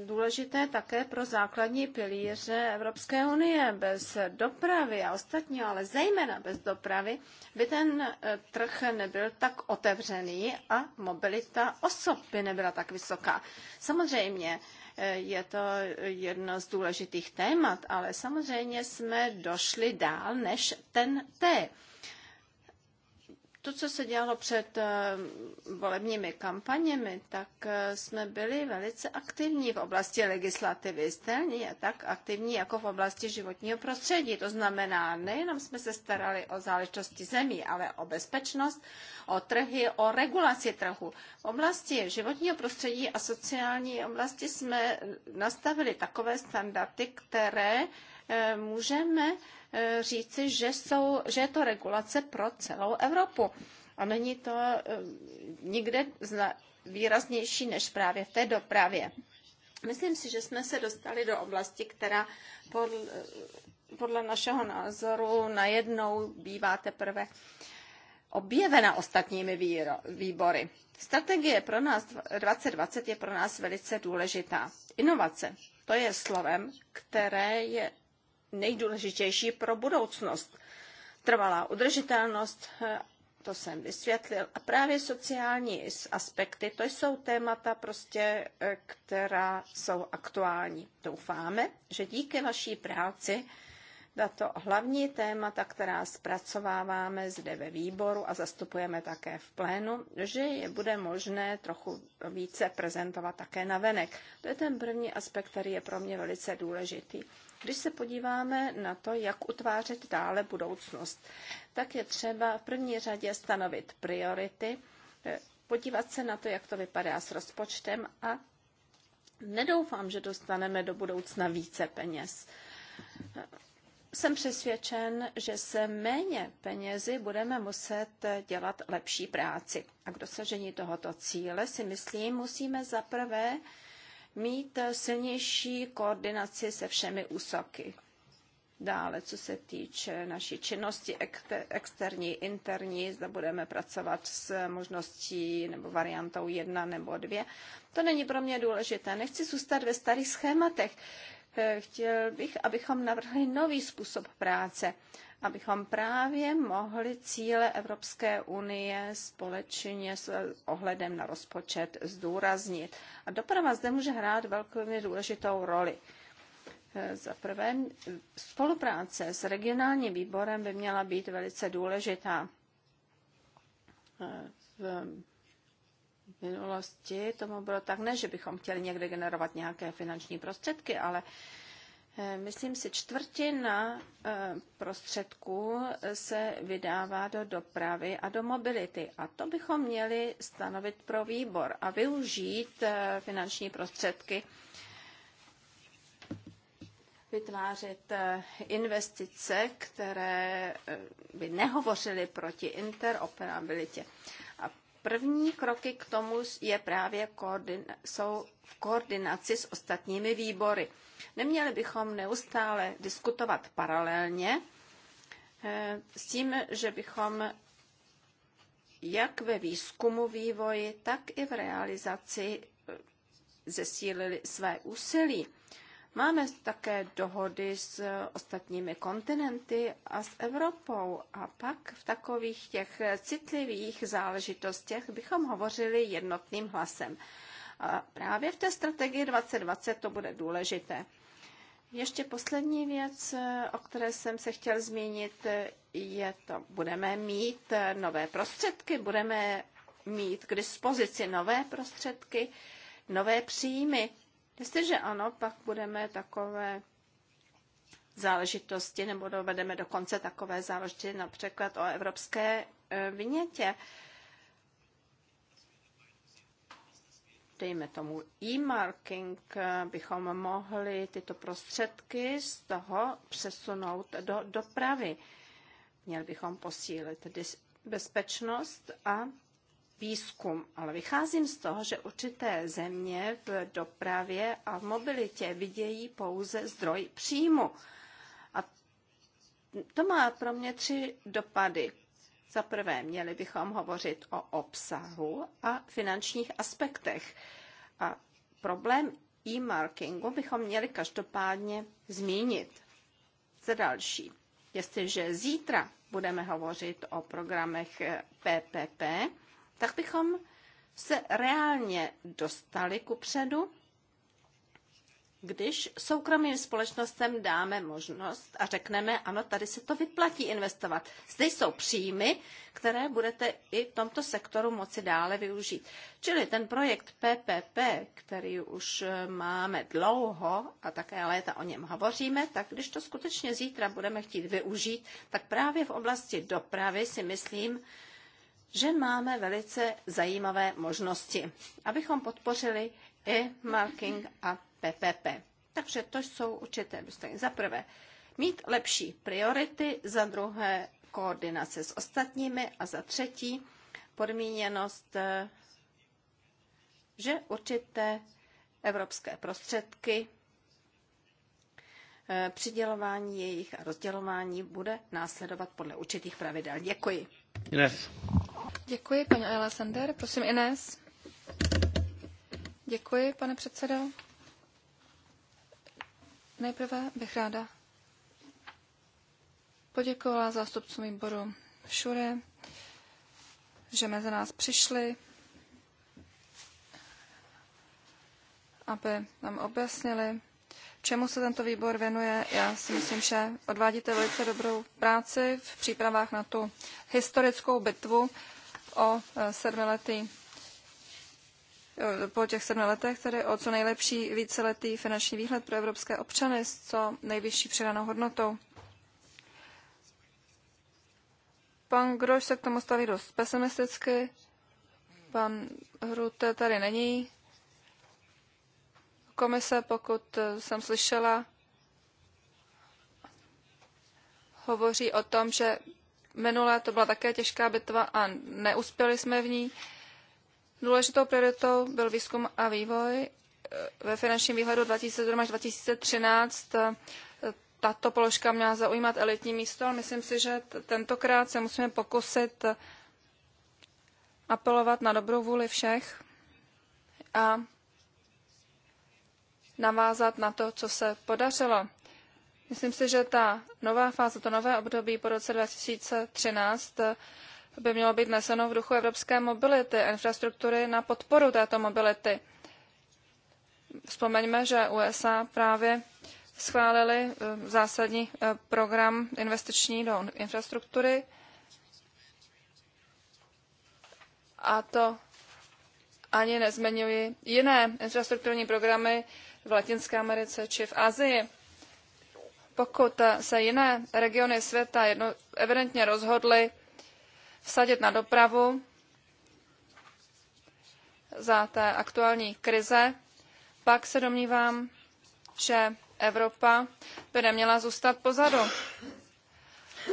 důležité také pro základní pilíře Evropské unie. Bez dopravy a ostatního, ale zejména bez dopravy, by ten eh, trh nebyl tak otevřený a mobilita osob by nebyla tak vysoká. Samozřejmě je to jedno z důležitých témat, ale samozřejmě jsme došli dál než ten T. To, co se dělalo před eh, volebními kampaněmi, tak eh, jsme byli velice aktivní v oblasti legislativy. Stejně tak aktivní jako v oblasti životního prostředí. To znamená, nejenom jsme se starali o záležitosti zemí, ale o bezpečnost, o trhy, o regulaci trhu. V oblasti životního prostředí a sociální oblasti jsme nastavili takové standardy, které eh, můžeme Eh, říci, že, jsou, že je to regulace pro celou Evropu. A není to eh, nikde výraznější než právě v té dopravě. Myslím si, že jsme se dostali do oblasti, která podle, eh, podle našeho názoru najednou bývá teprve objevena ostatními výro, výbory. Strategie pro nás 2020 je pro nás velice důležitá. Inovace, to je slovem, které je nejdůležitější pro budoucnost. Trvalá udržitelnost, eh, to jsem vysvětlil. A právě sociální aspekty, to jsou témata, prostě, eh, která jsou aktuální. Doufáme, že díky vaší práci tato hlavní témata, která zpracováváme zde ve výboru a zastupujeme také v plénu, že je bude možné trochu více prezentovat také na venek. To je ten první aspekt, který je pro mě velice důležitý. Když se podíváme na to, jak utvářet dále budoucnost, tak je třeba v první řadě stanovit priority, eh, podívat se na to, jak to vypadá s rozpočtem a nedoufám, že dostaneme do budoucna více peněz. Eh, jsem přesvědčen, že se méně penězi budeme muset eh, dělat lepší práci. A k dosažení tohoto cíle si myslím, musíme zaprvé mít silnější koordinaci se všemi úsoky. Dále, co se týče naší činnosti externí, interní, zda budeme pracovat s možností nebo variantou jedna nebo dvě, to není pro mě důležité. Nechci zůstat ve starých schématech. Eh, chtěl bych, abychom navrhli nový způsob práce abychom právě mohli cíle Evropské unie společně s ohledem na rozpočet zdůraznit. A doprava zde může hrát velmi důležitou roli. Za prvé, spolupráce s regionálním výborem by měla být velice důležitá. V minulosti tomu bylo tak, ne, že bychom chtěli někde generovat nějaké finanční prostředky, ale Eh, myslím si, čtvrtina eh, prostředků eh, se vydává do dopravy a do mobility. A to bychom měli stanovit pro výbor a využít finanční prostředky, vytvářet investice, které by nehovořily proti interoperabilitě první kroky k tomu je právě koordina- jsou v koordinaci s ostatními výbory. Neměli bychom neustále diskutovat paralelně eh, s tím, že bychom jak ve výzkumu vývoji, tak i v realizaci eh, zesílili své úsilí. Máme také dohody s ostatními kontinenty a s Evropou a pak v takových těch citlivých záležitostech bychom hovořili jednotným hlasem. A právě v té strategii 2020 to bude důležité. Ještě poslední věc, o které jsem se chtěl zmínit, je to, budeme mít nové prostředky, budeme mít k dispozici nové prostředky, nové příjmy Jestliže ano, pak budeme takové záležitosti nebo dovedeme dokonce takové záležitosti například o evropské e, vynětě. dejme tomu e-marking, e, bychom mohli tyto prostředky z toho přesunout do dopravy. Měli bychom posílit bezpečnost a výzkum, ale vycházím z toho, že určité země v dopravě a v mobilitě vidějí pouze zdroj příjmu. A to má pro mě tři dopady. Za prvé, měli bychom hovořit o obsahu a finančních aspektech. A problém e-markingu bychom měli každopádně zmínit. Za další, jestliže zítra budeme hovořit o programech PPP, tak bychom se reálně dostali ku předu, když soukromým společnostem dáme možnost a řekneme, ano, tady se to vyplatí investovat. Zde jsou příjmy, které budete i v tomto sektoru moci dále využít. Čili ten projekt PPP, který už eh, máme dlouho a také léta o něm hovoříme, tak když to skutečně zítra budeme chtít využít, tak právě v oblasti dopravy si myslím, že máme velice zajímavé možnosti, abychom podpořili i marking a PPP. Takže to jsou určité důstojní. Za prvé, mít lepší priority, za druhé koordinace s ostatními a za třetí podmíněnost, eh, že určité evropské prostředky eh, přidělování jejich a rozdělování bude následovat podle určitých pravidel. Děkuji. Yes. Děkuji, paní Ayala Prosím, Ines. Děkuji, pane předsedo. Nejprve bych ráda poděkovala zástupcům výboru Šure, že mezi nás přišli, aby nám objasnili, čemu se tento výbor věnuje. Já si myslím, že odvádíte velice dobrou práci v přípravách na tu historickou bitvu, o e, sedmiletý po těch sedmi letech, tedy o co nejlepší víceletý finanční výhled pro evropské občany s co nejvyšší přidanou hodnotou. Pan Groš se k tomu staví dost pesimisticky, pan Hrute tady není. Komise, pokud e, jsem slyšela, hovoří o tom, že Minule to byla také těžká bitva a neuspěli jsme v ní. Důležitou prioritou byl výzkum a vývoj. Ve finančním výhledu 2007 až 2013 eh, tato položka měla zaujímat elitní místo, ale myslím si, že tentokrát se musíme pokusit eh, apelovat na dobrou vůli všech a navázat na to, co se podařilo. Myslím si, že ta nová fáze, to nové období po roce 2013 eh, by mělo být neseno v duchu evropské mobility a infrastruktury na podporu této mobility. Vzpomeňme, že USA právě schválili eh, zásadní eh, program investiční do infrastruktury a to ani nezmiňuji jiné infrastrukturní programy v Latinské Americe či v Asii. Pokud eh, se jiné regiony světa jedno, evidentně rozhodly vsadit na dopravu za té aktuální krize, pak se domnívám, že Evropa by neměla zůstat pozadu.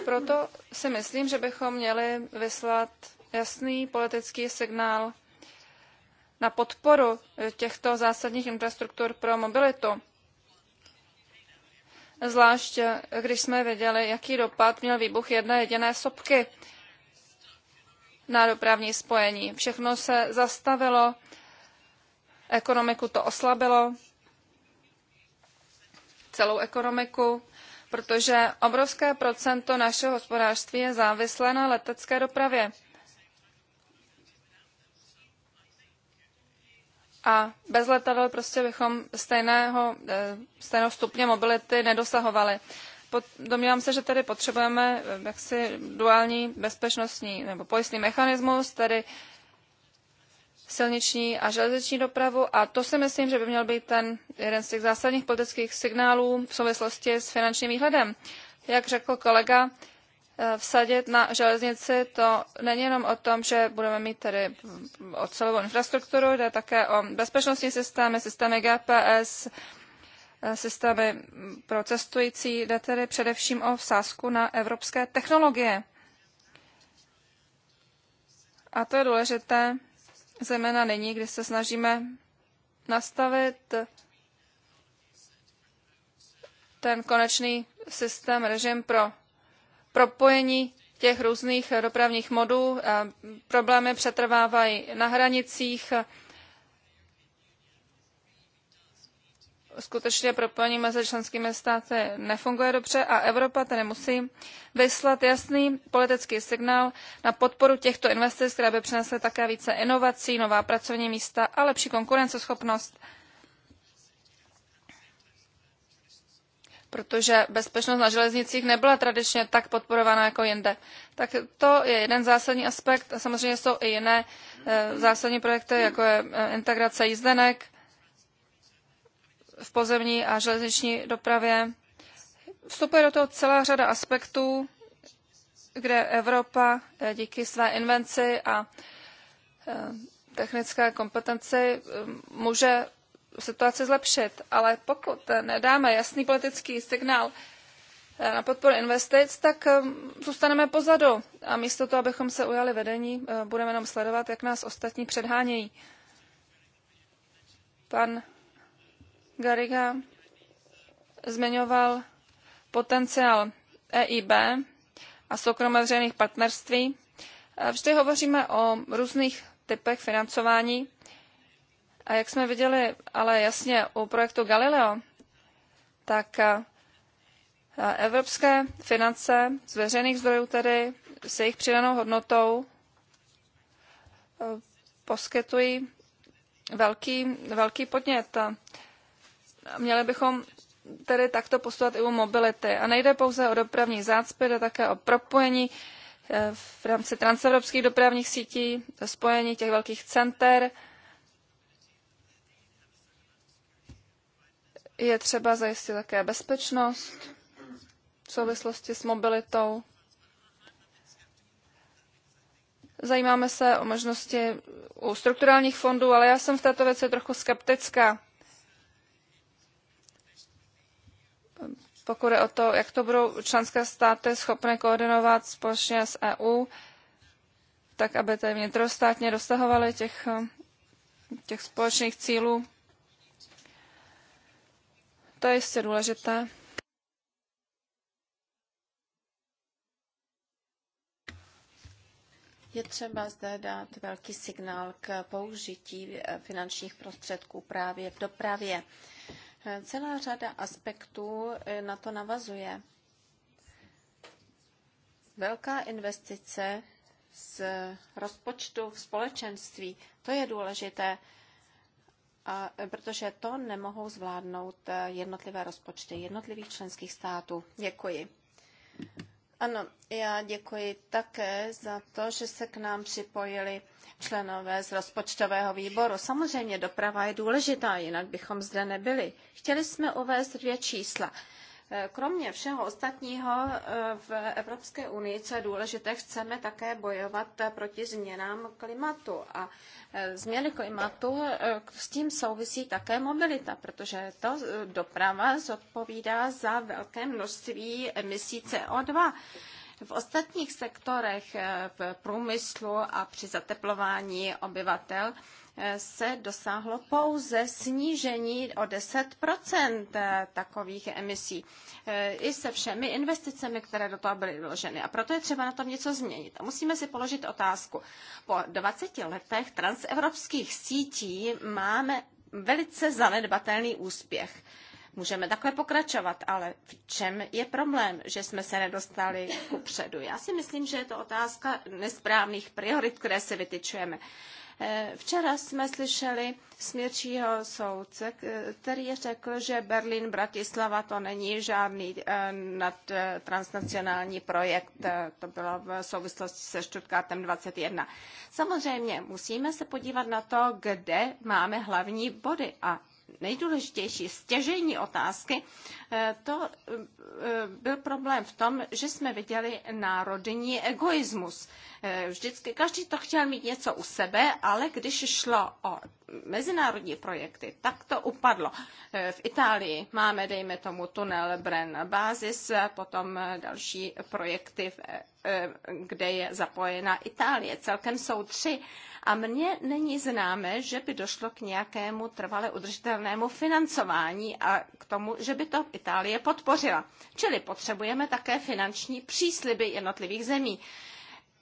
Proto si myslím, že bychom měli vyslat jasný politický signál na podporu těchto zásadních infrastruktur pro mobilitu zvlášť eh, když jsme věděli, jaký dopad měl výbuch jedné jediné sopky na dopravní spojení. Všechno se zastavilo, ekonomiku to oslabilo, celou ekonomiku, protože obrovské procento našeho hospodářství je závislé na letecké dopravě. A bez letadel prostě bychom stejného, eh, stejného stupně mobility nedosahovali. Domnívám se, že tady potřebujeme eh, jaksi duální bezpečnostní nebo pojistný mechanismus, tedy silniční a železniční dopravu a to si myslím, že by měl být ten jeden z těch zásadních politických signálů v souvislosti s finančním výhledem. Jak řekl kolega, Eh, vsadit na železnici, to není jenom o tom, že budeme mít tedy ocelovou infrastrukturu, jde také o bezpečnostní systémy, systémy GPS, eh, systémy pro cestující, jde tedy především o vsázku na evropské technologie. A to je důležité, zejména nyní, kdy se snažíme nastavit ten konečný systém, režim pro propojení těch různých dopravních modů. Problémy přetrvávají na hranicích. Skutečně propojení mezi členskými státy nefunguje dobře a Evropa tedy musí vyslat jasný politický signál na podporu těchto investic, které by přinesly také více inovací, nová pracovní místa a lepší konkurenceschopnost. protože bezpečnost na železnicích nebyla tradičně tak podporovaná jako jinde. Tak to je jeden zásadní aspekt a samozřejmě jsou i jiné eh, zásadní projekty, jako je eh, integrace jízdenek v pozemní a železniční dopravě. Vstupuje do toho celá řada aspektů, kde Evropa eh, díky své invenci a technické kompetenci může situaci zlepšit, ale pokud nedáme jasný politický signál eh, na podporu investic, tak eh, zůstaneme pozadu a místo toho, abychom se ujali vedení, eh, budeme jenom sledovat, jak nás ostatní předhánějí. Pan Gariga zmiňoval potenciál EIB a soukromé veřejných partnerství. Vždy hovoříme o různých typech financování a jak jsme viděli, ale jasně u projektu Galileo, tak eh, evropské finance z veřejných zdrojů tedy se jejich přidanou hodnotou eh, poskytují velký, velký podnět. Měli bychom tedy takto postupovat i u mobility. A nejde pouze o dopravní zácpy, jde také o propojení eh, v rámci transevropských dopravních sítí, spojení těch velkých center, Je třeba zajistit také bezpečnost v souvislosti s mobilitou. Zajímáme se o možnosti u strukturálních fondů, ale já jsem v této věci trochu skeptická. Pokud je o to, jak to budou členské státy schopny koordinovat společně s EU, tak aby ty vnitrostátně dosahovaly těch, těch společných cílů to je jistě důležité. Je třeba zde dát velký signál k použití finančních prostředků právě v dopravě. Celá řada aspektů na to navazuje. Velká investice z rozpočtu v společenství, to je důležité a, e, protože to nemohou zvládnout e, jednotlivé rozpočty jednotlivých členských států. Děkuji. Ano, já děkuji také za to, že se k nám připojili členové z rozpočtového výboru. Samozřejmě doprava je důležitá, jinak bychom zde nebyli. Chtěli jsme uvést dvě čísla. Kromě všeho ostatního eh, v Evropské unii, co je důležité, chceme také bojovat eh, proti změnám klimatu. A eh, změny klimatu s tím souvisí také mobilita, protože to doprava zodpovídá za velké množství emisí CO2. V ostatních sektorech v průmyslu a při zateplování obyvatel se dosáhlo pouze snížení o 10 eh, takových emisí. Eh, I se všemi investicemi, které do toho byly vloženy. A proto je třeba na tom něco změnit. A musíme si položit otázku. Po 20 letech transevropských sítí máme velice zanedbatelný úspěch. Můžeme takhle pokračovat, ale v čem je problém, že jsme se nedostali kupředu? předu? Já si myslím, že je to otázka nesprávných priorit, které si vytyčujeme. Včera jsme slyšeli smírčího soudce, který řekl, že Berlín, Bratislava to není žádný eh, nad eh, transnacionální projekt. Eh, to bylo v souvislosti se Stuttgartem 21. Samozřejmě musíme se podívat na to, kde máme hlavní body a nejdůležitější stěžejní otázky, eh, to eh, eh, byl problém v tom, že jsme viděli národní egoismus. Vždycky každý to chtěl mít něco u sebe, ale když šlo o mezinárodní projekty, tak to upadlo. V Itálii máme, dejme tomu, tunel Brenna Basis, potom další projekty, kde je zapojena Itálie. Celkem jsou tři a mně není známe, že by došlo k nějakému trvale udržitelnému financování a k tomu, že by to Itálie podpořila. Čili potřebujeme také finanční přísliby jednotlivých zemí.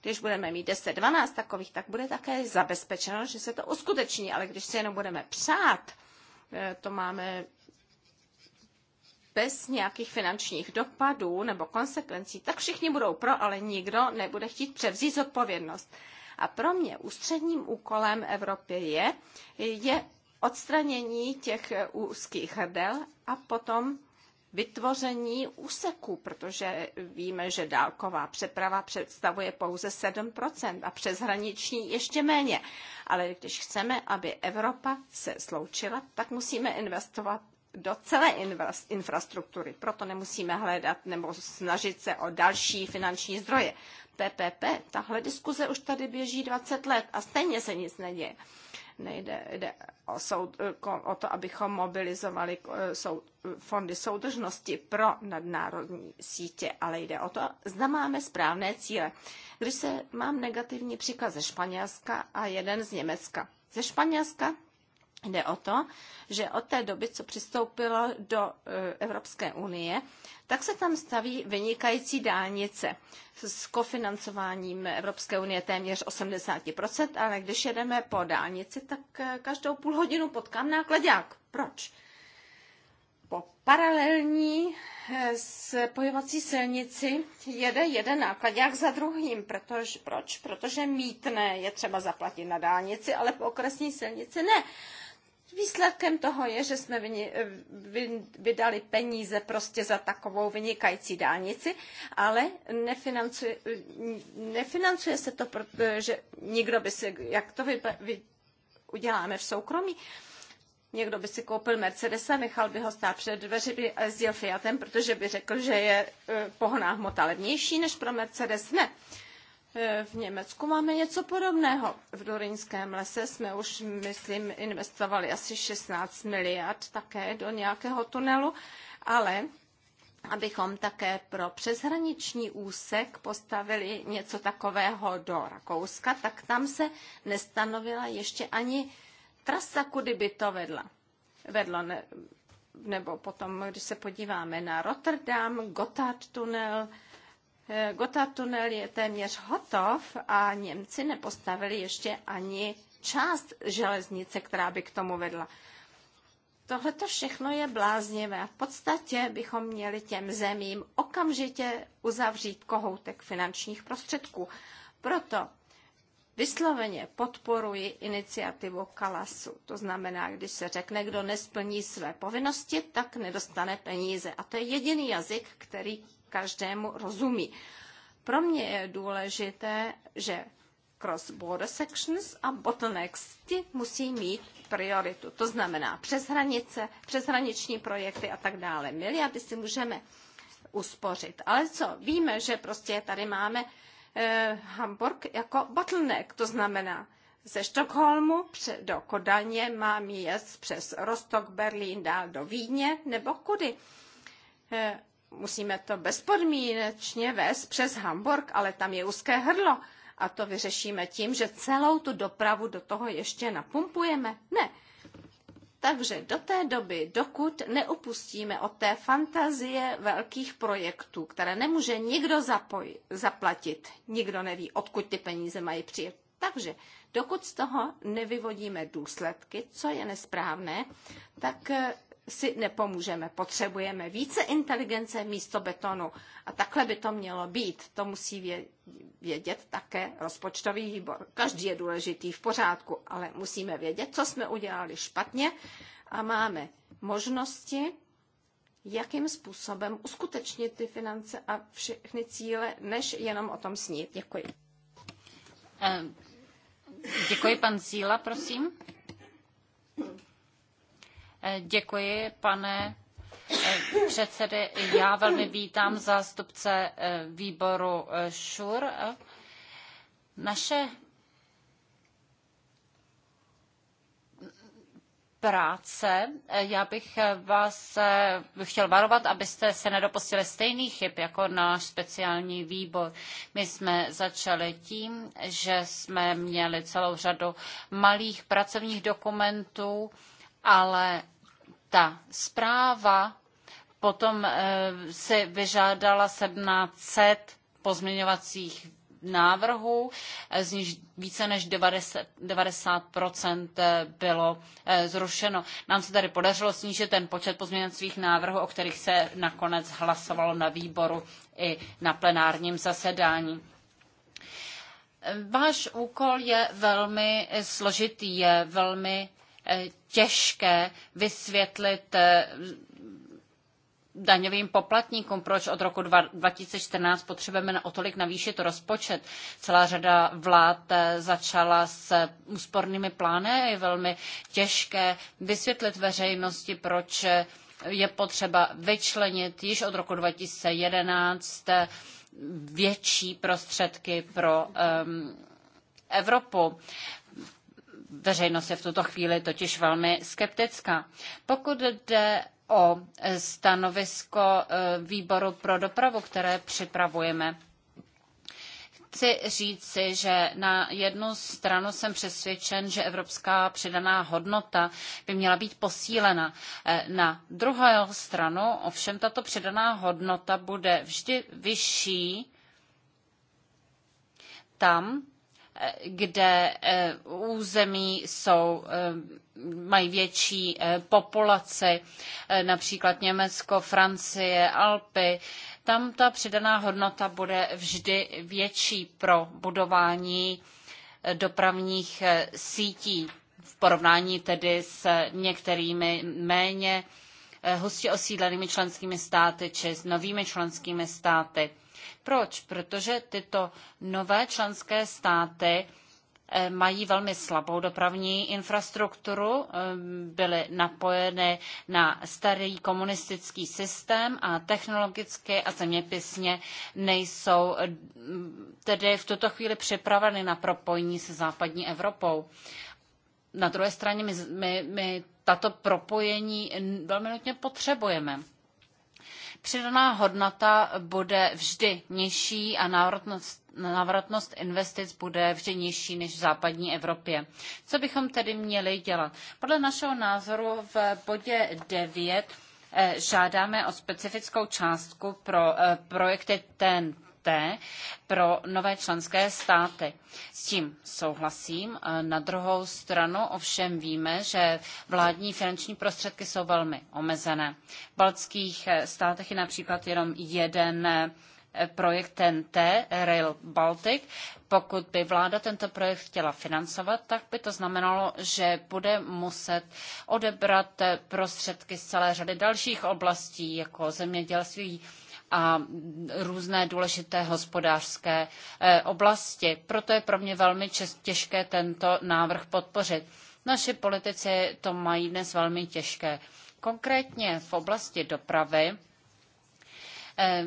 Když budeme mít 10-12 takových, tak bude také zabezpečeno, že se to uskuteční, ale když si jenom budeme přát, eh, to máme bez nějakých finančních dopadů nebo konsekvencí, tak všichni budou pro, ale nikdo nebude chtít převzít zodpovědnost. A pro mě ústředním úkolem Evropy je, je odstranění těch úzkých hrdel a potom vytvoření úseků, protože víme, že dálková přeprava představuje pouze 7 a přeshraniční ještě méně. Ale když chceme, aby Evropa se sloučila, tak musíme investovat do celé infrastruktury. Proto nemusíme hledat nebo snažit se o další finanční zdroje. PPP, tahle diskuze už tady běží 20 let a stejně se nic neděje. Nejde jde o, soud, o to, abychom mobilizovali eh, soud, fondy soudržnosti pro nadnárodní sítě, ale jde o to, zda máme správné cíle. Když se mám negativní příklad ze Španělska a jeden z Německa. Ze Španělska Jde o to, že od té doby, co přistoupilo do e, Evropské unie, tak se tam staví vynikající dálnice s kofinancováním Evropské unie téměř 80%, ale když jedeme po dálnici, tak e, každou půl hodinu potkám nákladňák. Proč? Po paralelní e, spojovací silnici jede jeden nákladňák za druhým. Protože, proč? Protože mítné je třeba zaplatit na dálnici, ale po okresní silnici ne. Výsledkem toho je, že jsme vydali peníze prostě za takovou vynikající dálnici, ale nefinancuje, nefinancuje se to, že nikdo by si, jak to vy, vy, uděláme v soukromí, někdo by si koupil Mercedesa, nechal by ho stát před dveři, by jezdil Fiatem, protože by řekl, že je eh, pohoná hmota levnější než pro Mercedes. Ne, E, v Německu máme něco podobného. V Dorinském lese jsme už, myslím, investovali asi 16 miliard také do nějakého tunelu, ale abychom také pro přeshraniční úsek postavili něco takového do Rakouska, tak tam se nestanovila ještě ani trasa, kudy by to vedla. vedlo. Ne, nebo potom, když se podíváme na Rotterdam, Gotthard tunel, Eh, Gotthard tunel je téměř hotov a Němci nepostavili ještě ani část železnice, která by k tomu vedla. Tohle to všechno je bláznivé. V podstatě bychom měli těm zemím okamžitě uzavřít kohoutek finančních prostředků. Proto vysloveně podporuji iniciativu Kalasu. To znamená, když se řekne, kdo nesplní své povinnosti, tak nedostane peníze. A to je jediný jazyk, který každému rozumí. Pro mě je důležité, že cross-border sections a bottlenecks ti musí mít prioritu. To znamená přes hranice, přeshraniční projekty a tak dále. Miliardy si můžeme uspořit. Ale co? Víme, že prostě tady máme eh, Hamburg jako bottleneck. To znamená, ze Štokholmu do Kodaně mám jet přes Rostok, Berlín, dál do Vídně nebo kudy. Eh, musíme to bezpodmínečně vést přes Hamburg, ale tam je úzké hrdlo. A to vyřešíme tím, že celou tu dopravu do toho ještě napumpujeme. Ne. Takže do té doby, dokud neupustíme od té fantazie velkých projektů, které nemůže nikdo zapoj, zaplatit, nikdo neví, odkud ty peníze mají přijet. Takže dokud z toho nevyvodíme důsledky, co je nesprávné, tak eh, si nepomůžeme. Potřebujeme více inteligence místo betonu. A takhle by to mělo být. To musí vědět také rozpočtový výbor. Každý je důležitý v pořádku, ale musíme vědět, co jsme udělali špatně a máme možnosti, jakým způsobem uskutečnit ty finance a všechny cíle, než jenom o tom snít. Děkuji. Ehm, děkuji, pan Síla, prosím. Eh, děkuji, pane eh, předsedy. Já velmi vítám zástupce eh, výboru ŠUR. Naše práce. Já bych vás chtěl varovat, abyste se nedopustili stejných chyb jako náš speciální výbor. My jsme začali tím, že jsme měli celou řadu malých pracovních dokumentů, ale ta zpráva potom eh, si vyžádala 1700 pozměňovacích návrhů, eh, z nich více než 90, 90% eh, bylo zrušeno. Nám se tady podařilo snížit ten počet pozměňovacích návrhů, o kterých se nakonec hlasovalo na výboru i na plenárním zasedání. Váš úkol je velmi složitý, je velmi Eh, těžké vysvětlit eh, daňovým poplatníkům, proč od roku 2014 potřebujeme na o tolik navýšit rozpočet. Celá řada vlád eh, začala s úspornými plány a je velmi těžké vysvětlit veřejnosti, proč je potřeba vyčlenit již od roku 2011 větší prostředky pro um, Evropu. Veřejnost je v tuto chvíli totiž velmi skeptická. Pokud jde o stanovisko eh, výboru pro dopravu, které připravujeme, chci říci, že na jednu stranu jsem přesvědčen, že evropská přidaná hodnota by měla být posílena. Eh, na druhou stranu ovšem tato přidaná hodnota bude vždy vyšší tam, kde eh, území jsou, eh, mají větší eh, populaci, například Německo, Francie, Alpy, tam ta přidaná hodnota bude vždy větší pro budování dopravních sítí v porovnání tedy s některými méně hustě osídlenými členskými státy či s novými členskými státy. Proč? Protože tyto nové členské státy eh, mají velmi slabou dopravní infrastrukturu, eh, byly napojeny na starý komunistický systém a technologicky a zeměpisně nejsou eh, tedy v tuto chvíli připraveny na propojení se západní Evropou. Na druhé straně my, my, my tato propojení velmi nutně potřebujeme. Přidaná hodnota bude vždy nižší a návratnost návratnost investic bude vždy nižší než v západní Evropě. Co bychom tedy měli dělat? Podle našeho názoru v bodě 9 eh, žádáme o specifickou částku pro eh, projekty TNT e složité pro nové členské státy. S tím souhlasím. Na druhou stranu ovšem víme, že vládní finanční prostředky jsou velmi omezené. V baltských eh, státech je například jenom jeden eh, projekt TNT, Rail Baltic. Pokud by vláda tento projekt chtěla financovat, tak by to znamenalo, že bude muset odebrat eh, prostředky z celé řady dalších oblastí, jako zemědělství, a různé důležité hospodářské eh, oblasti. Proto je pro mě velmi těžké tento návrh podpořit. Naši politici to mají dnes velmi těžké. Konkrétně v oblasti dopravy eh,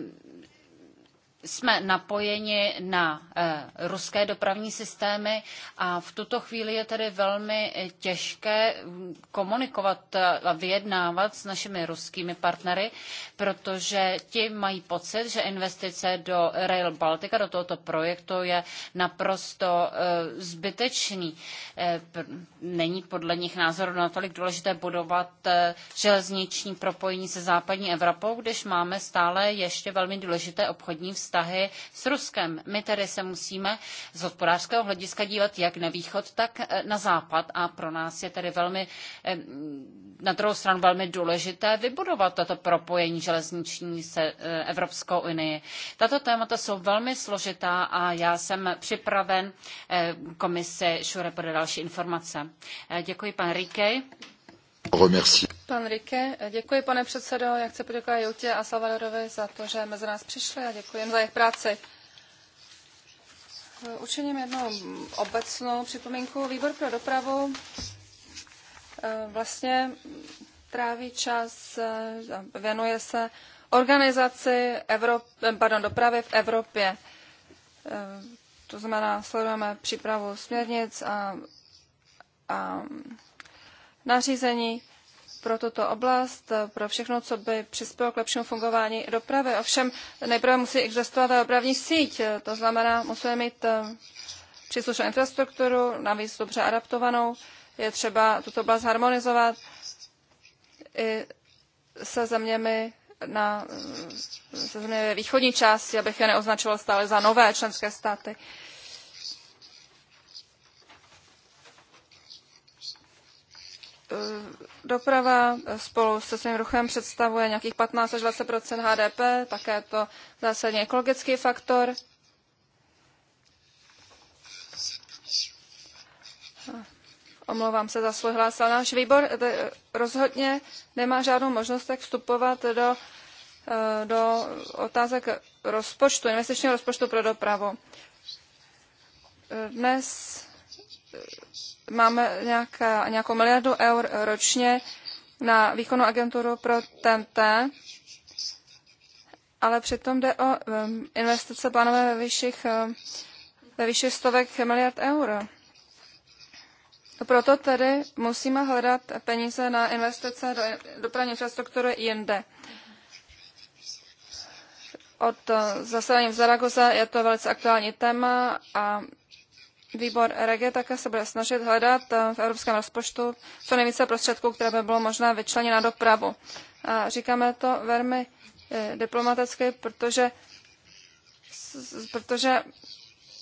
jsme napojeni na eh, ruské dopravní systémy a v tuto chvíli je tedy velmi těžké mm, komunikovat eh, a vyjednávat s našimi ruskými partnery, protože ti mají pocit, že investice do Rail Baltica, do tohoto projektu je naprosto eh, zbytečný. Není podle nich názoru natolik důležité budovat železniční propojení se západní Evropou, když máme stále ještě velmi důležité obchodní vztahy vztahy s Ruskem. My tedy se musíme z hospodářského hlediska dívat jak na východ, tak eh, na západ a pro nás je tedy velmi, eh, na druhou stranu velmi důležité vybudovat toto propojení železniční se eh, Evropskou unii. Tato témata jsou velmi složitá a já jsem připraven komise Šure pro další informace. Děkuji, pan Ríkej. Remercie. Pan Rike, děkuji, pane předsedo. Já chci poděkovat Jutě a Salvadorovi za to, že mezi nás přišli a děkuji jim za jejich práci. Učiním jednu obecnou připomínku. Výbor pro dopravu eh, vlastně tráví čas, eh, věnuje se organizaci Evrop, eh, pardon, dopravy v Evropě. To znamená, sledujeme přípravu směrnic a, a nařízení pro tuto oblast, pro všechno, co by přispělo k lepšímu fungování dopravy. Ovšem nejprve musí existovat dopravní síť, to znamená, musíme mít eh, příslušnou infrastrukturu, navíc dobře adaptovanou. Je třeba tuto oblast harmonizovat i se zeměmi na eh, se zeměmi východní části, abych je neoznačoval stále za nové členské státy. Uh, Eh, doprava eh, spolu se svým ruchem představuje nějakých 15 až 20 HDP, také je to zásadně ekologický faktor. Eh, omlouvám se za svůj hlas, ale náš výbor rozhodně nemá žádnou možnost tak vstupovat do, do otázek rozpočtu, investičního rozpočtu pro dopravu. Dnes máme nějaká, nějakou miliardu eur ročně na výkonu agenturu pro TNT, ale přitom jde o um, investice plánové ve vyšších, um, ve vyšších stovek miliard eur. Proto tedy musíme hledat peníze na investice do dopravní infrastruktury jinde. Od uh, zasedání v Zaragoze je to velice aktuální téma a Výbor regie také se bude snažit hledat eh, v evropském rozpočtu co nejvíce prostředků, které by bylo možné vyčlenit na dopravu. A říkáme to velmi eh, diplomaticky, protože, protože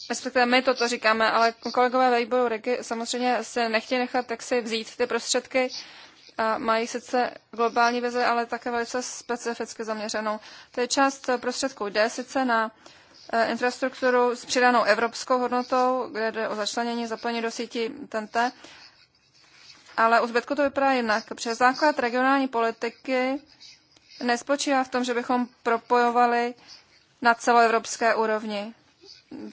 respektive my toto říkáme, ale kolegové ve výboru regie samozřejmě se nechtějí nechat tak si vzít ty prostředky, a mají sice globální vize, ale také velice specificky zaměřenou. To je část eh, prostředků jde sice na Eh, infrastrukturu s přidanou evropskou hodnotou, kde jde o začlenění zapojení do sítí TNT, ale u zbytku to vypadá jinak. Přes základ regionální politiky nespočívá v tom, že bychom propojovali na celoevropské úrovni.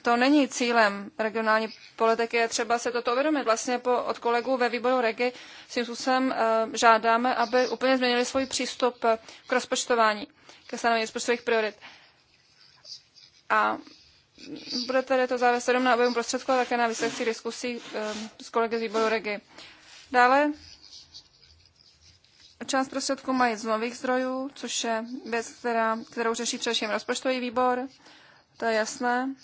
To není cílem regionální politiky, je třeba se toto uvědomit. Vlastně po, od kolegů ve výboru REGI tím způsobem e, žádáme, aby úplně změnili svůj přístup k rozpočtování, ke stanovení rozpočtových priorit. E, a bude tedy to záviset na objemu prostředků a také na výsledcí diskusí ehm, s kolegy z výboru Regi. Dále část prostředků mají z nových zdrojů, což je věc, která, kterou řeší především rozpočtový výbor. To je jasné.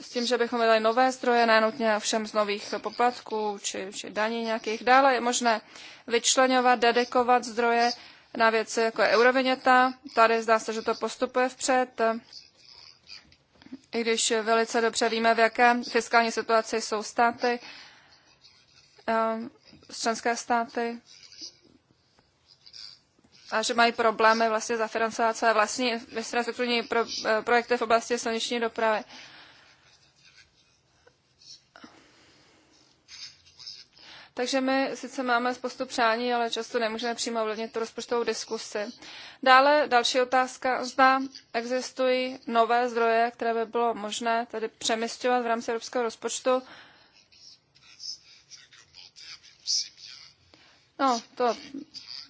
S tím, že bychom vydali nové zdroje, nenutně všem z nových poplatků či, či daní nějakých. Dále je možné vyčlenovat, dedikovat zdroje na věci, jako je euroviněta. Tady zdá se, že to postupuje vpřed, i když velice dobře víme, v jaké fiskální situaci jsou státy, ehm, členské státy a že mají problémy vlastně zafinancovat své vlastní infrastrukturní pro, eh, projekty v oblasti silniční dopravy. Takže my sice máme spoustu přání, ale často nemůžeme přímo ovlivnit tu rozpočtovou diskusi. Dále další otázka. Zda existují nové zdroje, které by bylo možné tedy přemysťovat v rámci evropského rozpočtu. No, to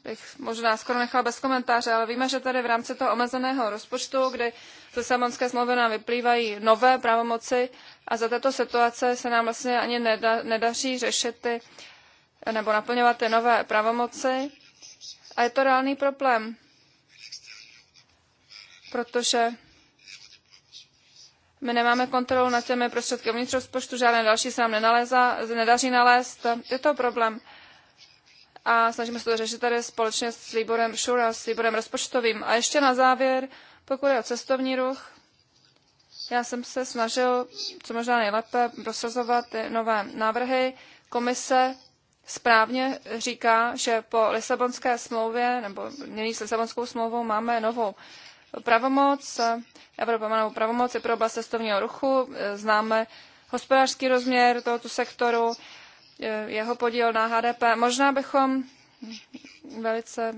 bych možná skoro nechala bez komentáře, ale víme, že tady v rámci toho omezeného rozpočtu, kdy ze samonské smlouvy nám vyplývají nové pravomoci a za této situace se nám vlastně ani nedaří řešit ty nebo naplňovat ty nové pravomoci. A je to reálný problém, protože my nemáme kontrolu nad těmi prostředky vnitř rozpočtu, žádné další se nám nenalézá, nedaří nalézt. Je to problém. A snažíme se to řešit tady společně s výborem Šura, s výborem rozpočtovým. A ještě na závěr, pokud je o cestovní ruch, já jsem se snažil, co možná nejlépe, prosazovat nové návrhy. Komise správně říká, že po Lisabonské smlouvě, nebo nyní s Lisabonskou smlouvou máme novou pravomoc, Evropa má novou pravomoc i pro oblast cestovního ruchu, známe hospodářský rozměr tohoto sektoru, jeho podíl na HDP. Možná bychom velice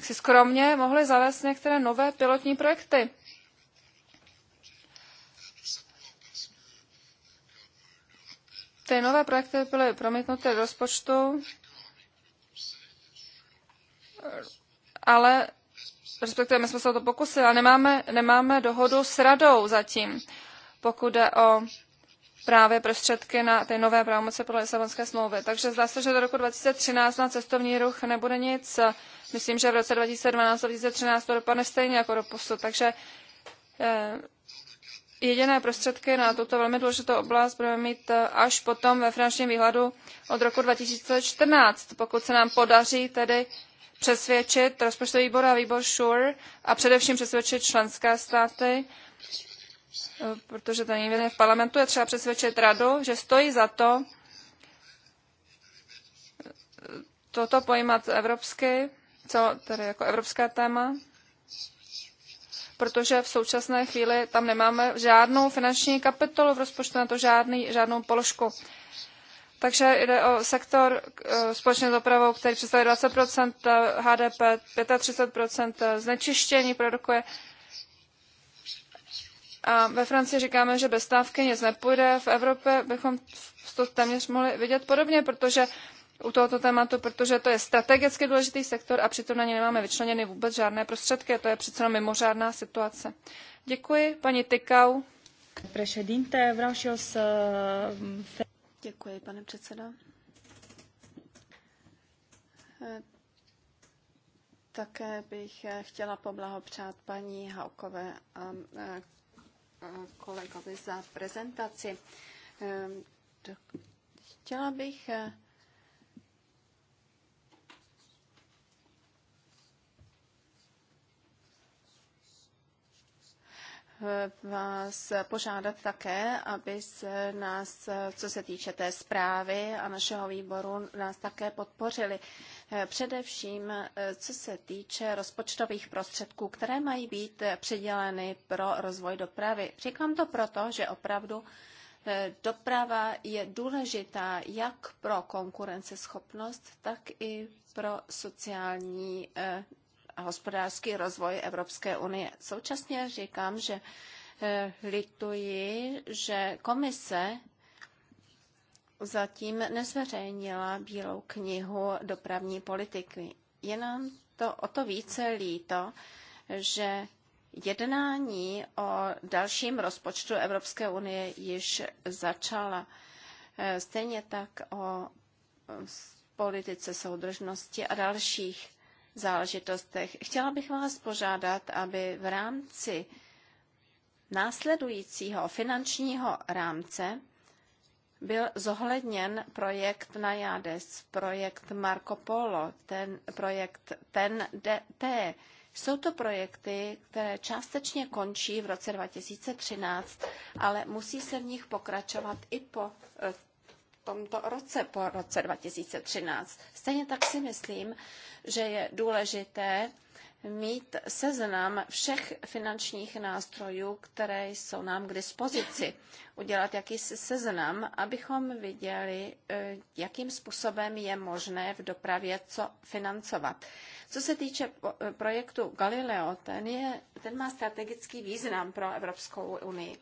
si skromně mohli zavést některé nové pilotní projekty Ty nové projekty byly promítnuty do rozpočtu, ale respektive my jsme se o to pokusili, ale nemáme, nemáme dohodu s radou zatím, pokud jde o právě prostředky na ty nové pravomoce podle Lisabonské smlouvy. Takže zdá se, že do roku 2013 na cestovní ruch nebude nic. Myslím, že v roce 2012-2013 to dopadne stejně jako do posud. Takže eh, jediné prostředky na tuto velmi důležitou oblast budeme mít eh, až potom ve finančním výhledu od roku 2014, pokud se nám podaří tedy přesvědčit rozpočtový výbor a výbor SURE a především přesvědčit členské státy, eh, protože to není v parlamentu, je třeba přesvědčit radu, že stojí za to eh, toto pojímat evropsky, co tedy jako evropské téma, protože v současné chvíli tam nemáme žádnou finanční kapitolu v rozpočtu, na to žádný, žádnou položku. Takže jde o sektor eh, společně s dopravou, který představuje 20 HDP, 35 znečištění produkuje. A ve Francii říkáme, že bez stávky nic nepůjde. V Evropě bychom to téměř mohli vidět podobně, protože u tohoto tématu, protože to je strategicky důležitý sektor a přitom na ně nemáme vyčleněny vůbec žádné prostředky. To je přece mimořádná situace. Děkuji, paní Tykau. Děkuji, pane předsedo. E, také bych chtěla poblahopřát paní Haukové a kolegovi za prezentaci. E, chtěla bych e, vás požádat také, aby se nás, co se týče té zprávy a našeho výboru, nás také podpořili. Především, co se týče rozpočtových prostředků, které mají být předěleny pro rozvoj dopravy. Říkám to proto, že opravdu eh, doprava je důležitá jak pro konkurenceschopnost, tak i pro sociální eh, hospodářský rozvoj Evropské unie. Současně říkám, že eh, lituji, že komise zatím nezveřejnila bílou knihu dopravní politiky. Je nám to o to více líto, že jednání o dalším rozpočtu Evropské unie již začala. Eh, stejně tak o eh, politice soudržnosti a dalších záležitostech. Chtěla bych vás požádat, aby v rámci následujícího finančního rámce byl zohledněn projekt Najades, projekt Marco Polo, ten projekt TEN-DT. Jsou to projekty, které částečně končí v roce 2013, ale musí se v nich pokračovat i po tomto roce, po roce 2013. Stejně tak si myslím, že je důležité mít seznam všech finančních nástrojů, které jsou nám k dispozici. Udělat jakýsi seznam, abychom viděli, eh, jakým způsobem je možné v dopravě co financovat. Co se týče eh, projektu Galileo, ten, je, ten má strategický význam pro Evropskou unii.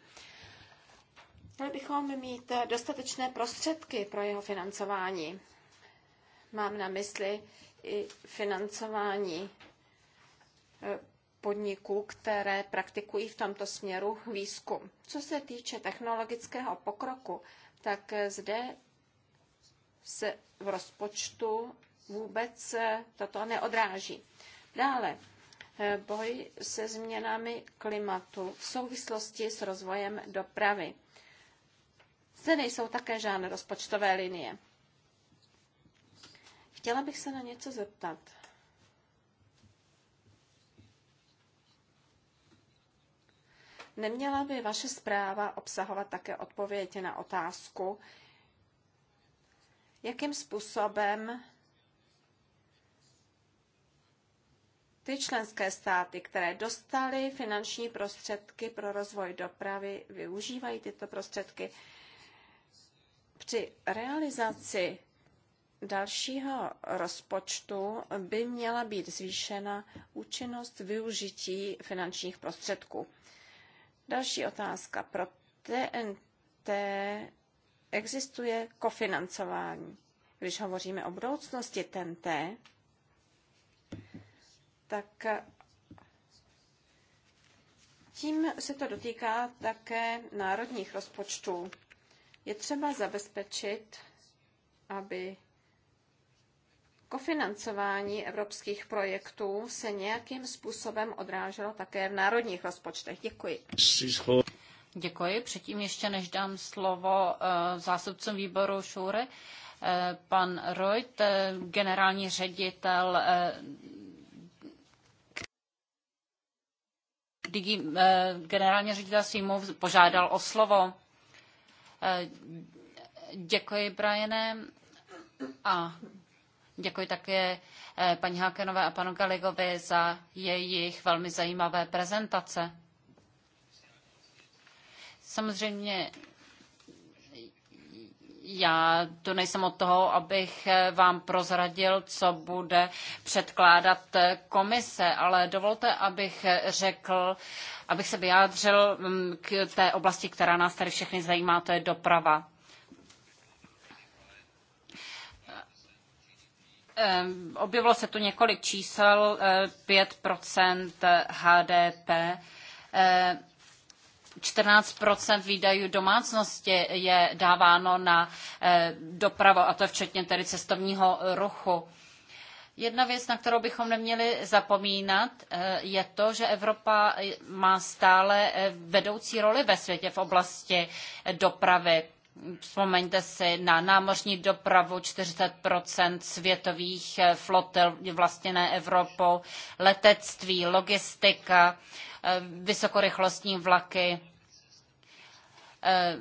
Měli bychom mít dostatečné prostředky pro jeho financování. Mám na mysli i financování e, podniků, které praktikují v tomto směru výzkum. Co se týče technologického pokroku, tak zde se v rozpočtu vůbec toto neodráží. Dále, e, boj se změnami klimatu v souvislosti s rozvojem dopravy. Zde nejsou také žádné rozpočtové linie. Chtěla bych se na něco zeptat. Neměla by vaše zpráva obsahovat také odpověď na otázku, jakým způsobem ty členské státy, které dostaly finanční prostředky pro rozvoj dopravy, využívají tyto prostředky. Při realizaci dalšího rozpočtu by měla být zvýšena účinnost využití finančních prostředků. Další otázka. Pro TNT existuje kofinancování. Když hovoříme o budoucnosti TNT, tak tím se to dotýká také národních rozpočtů. Je třeba zabezpečit, aby kofinancování evropských projektů se nějakým způsobem odráželo také v národních rozpočtech. Děkuji. Děkuji. Předtím ještě než dám slovo eh, zástupcům výboru Šoury, eh, pan Reut, eh, generální ředitel Digi, generální ředitel Sýmu požádal o slovo. Eh, děkuji, Briane. A děkuji také eh, paní Hákenové a panu Galigovi za jejich velmi zajímavé prezentace. Samozřejmě já to nejsem od toho, abych eh, vám prozradil, co bude předkládat eh, komise, ale dovolte, abych eh, řekl, abych se vyjádřil mm, k té oblasti, která nás tady všechny zajímá, to je doprava. Objevilo se tu několik čísel, 5 HDP. 14 výdajů domácnosti je dáváno na eh, dopravu, a to včetně tedy cestovního ruchu. Jedna věc, na kterou bychom neměli zapomínat, eh, je to, že Evropa má stále eh, vedoucí roli ve světě v oblasti dopravy. Vzpomeňte si na námořní dopravu 40 světových flotil vlastněné Evropou, letectví, logistika, Eh, vysokorychlostní vlaky, eh,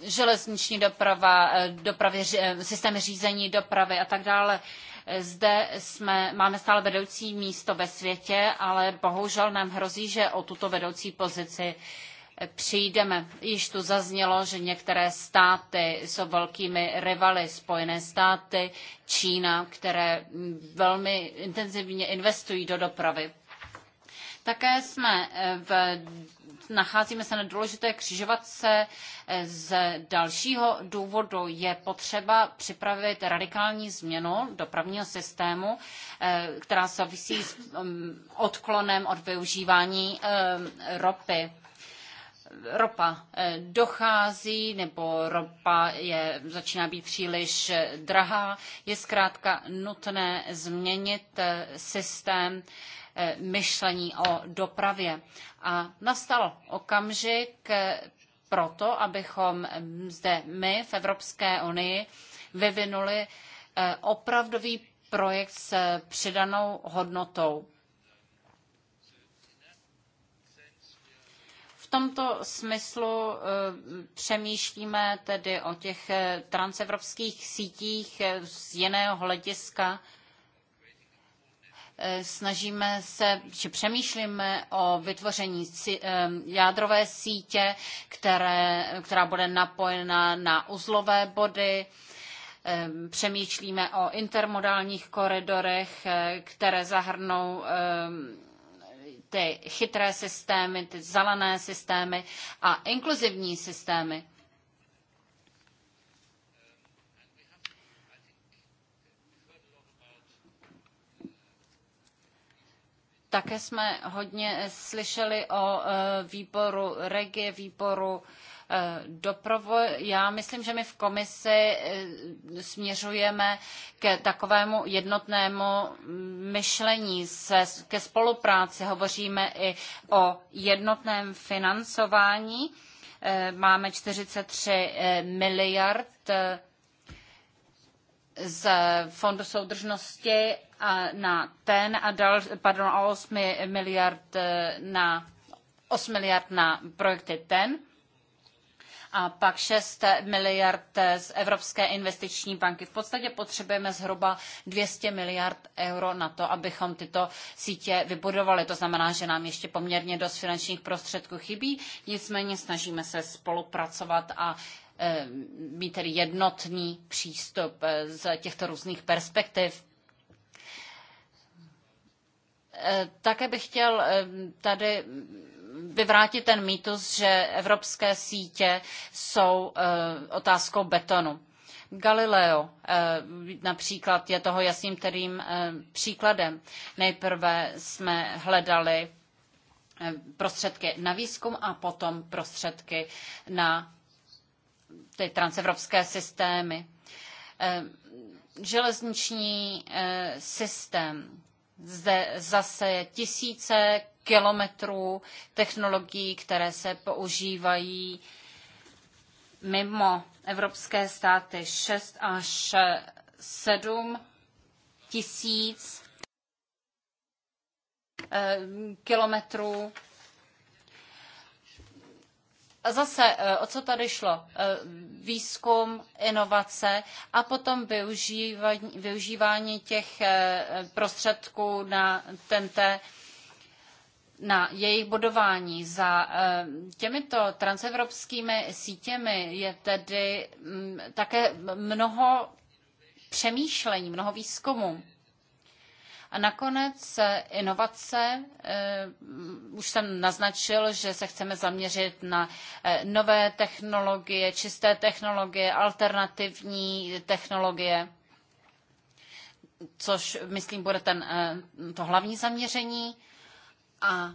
železniční doprava, eh, dopravy, systémy řízení dopravy a tak dále. Zde jsme, máme stále vedoucí místo ve světě, ale bohužel nám hrozí, že o tuto vedoucí pozici přijdeme. Již tu zaznělo, že některé státy jsou velkými rivaly. Spojené státy, Čína, které mm, velmi intenzivně investují do dopravy. Také jsme eh, v, nacházíme se na důležité křižovatce eh, z dalšího důvodu. Je potřeba připravit radikální změnu dopravního systému, eh, která souvisí s mm, odklonem od využívání ropy ropa dochází nebo ropa je, začíná být příliš drahá, je zkrátka nutné změnit systém Eh, myšlení o dopravě. A nastal okamžik eh, proto, abychom zde my v Evropské unii vyvinuli eh, opravdový projekt s přidanou hodnotou. V tomto smyslu přemýšlíme tedy o těch transevropských sítích z jiného hlediska Eh, snažíme se, či přemýšlíme o vytvoření jádrové sítě, které, která bude napojena na uzlové body. Přemýšlíme o intermodálních koridorech, eh, které zahrnou ty chytré systémy, ty zelené systémy a inkluzivní systémy. Také jsme hodně slyšeli o e, výboru regie, výboru e, doprovo. Já myslím, že my v komisi e, směřujeme ke takovému jednotnému myšlení, se, ke spolupráci. Hovoříme i o jednotném financování. Máme 43 miliard z Fondu soudržnosti na ten a dal, pardon, o 8 miliard eh, na 8 miliard na projekty ten a pak 6 miliard eh, z Evropské investiční banky. V podstatě potřebujeme zhruba 200 miliard euro na to, abychom tyto sítě vybudovali. To znamená, že nám ještě poměrně dost finančních prostředků chybí, nicméně snažíme se spolupracovat a Eh, mít tedy jednotný přístup eh, z těchto různých perspektiv. Eh, také bych chtěl tady vyvrátit ten mýtus, že evropské sítě jsou otázkou betonu. Galileo například je toho jasným terým příkladem. Nejprve jsme hledali prostředky na výzkum a potom prostředky na ty transevropské systémy. Eh, železniční eh, systém. Zde zase tisíce kilometrů technologií, které se používají mimo evropské státy 6 až 7 tisíc eh, kilometrů Zase, eh, o co tady šlo? Eh, výzkum, inovace a potom využívání, využívání těch eh, prostředků na tento na jejich budování. Za těmito transevropskými sítěmi je tedy mm, také mnoho přemýšlení, mnoho výzkumu. A nakonec eh, inovace, eh, už jsem naznačil, že se chceme zaměřit na eh, nové technologie, čisté technologie, alternativní technologie, což myslím bude ten, to hlavní zaměření. A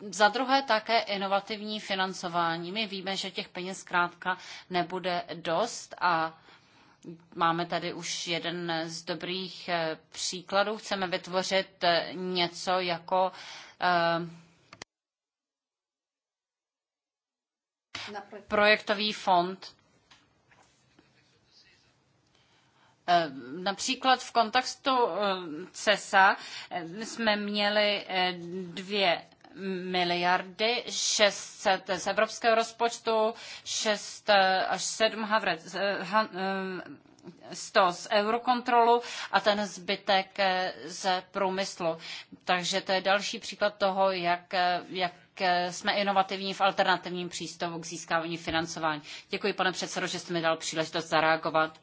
za druhé také inovativní financování. My víme, že těch peněz zkrátka nebude dost a Máme tady už jeden z dobrých eh, příkladů. Chceme vytvořit eh, něco jako eh, projektový fond. Například v kontextu CESA jsme měli dvě miliardy, 600 z evropského rozpočtu, 6 až 7 havre, 100 z eurokontrolu a ten zbytek eh, z průmyslu. Takže to je další příklad toho, jak, eh, jak eh, jsme inovativní v alternativním přístupu k získávání financování. Děkuji, pane předsedo, že jste mi dal příležitost zareagovat.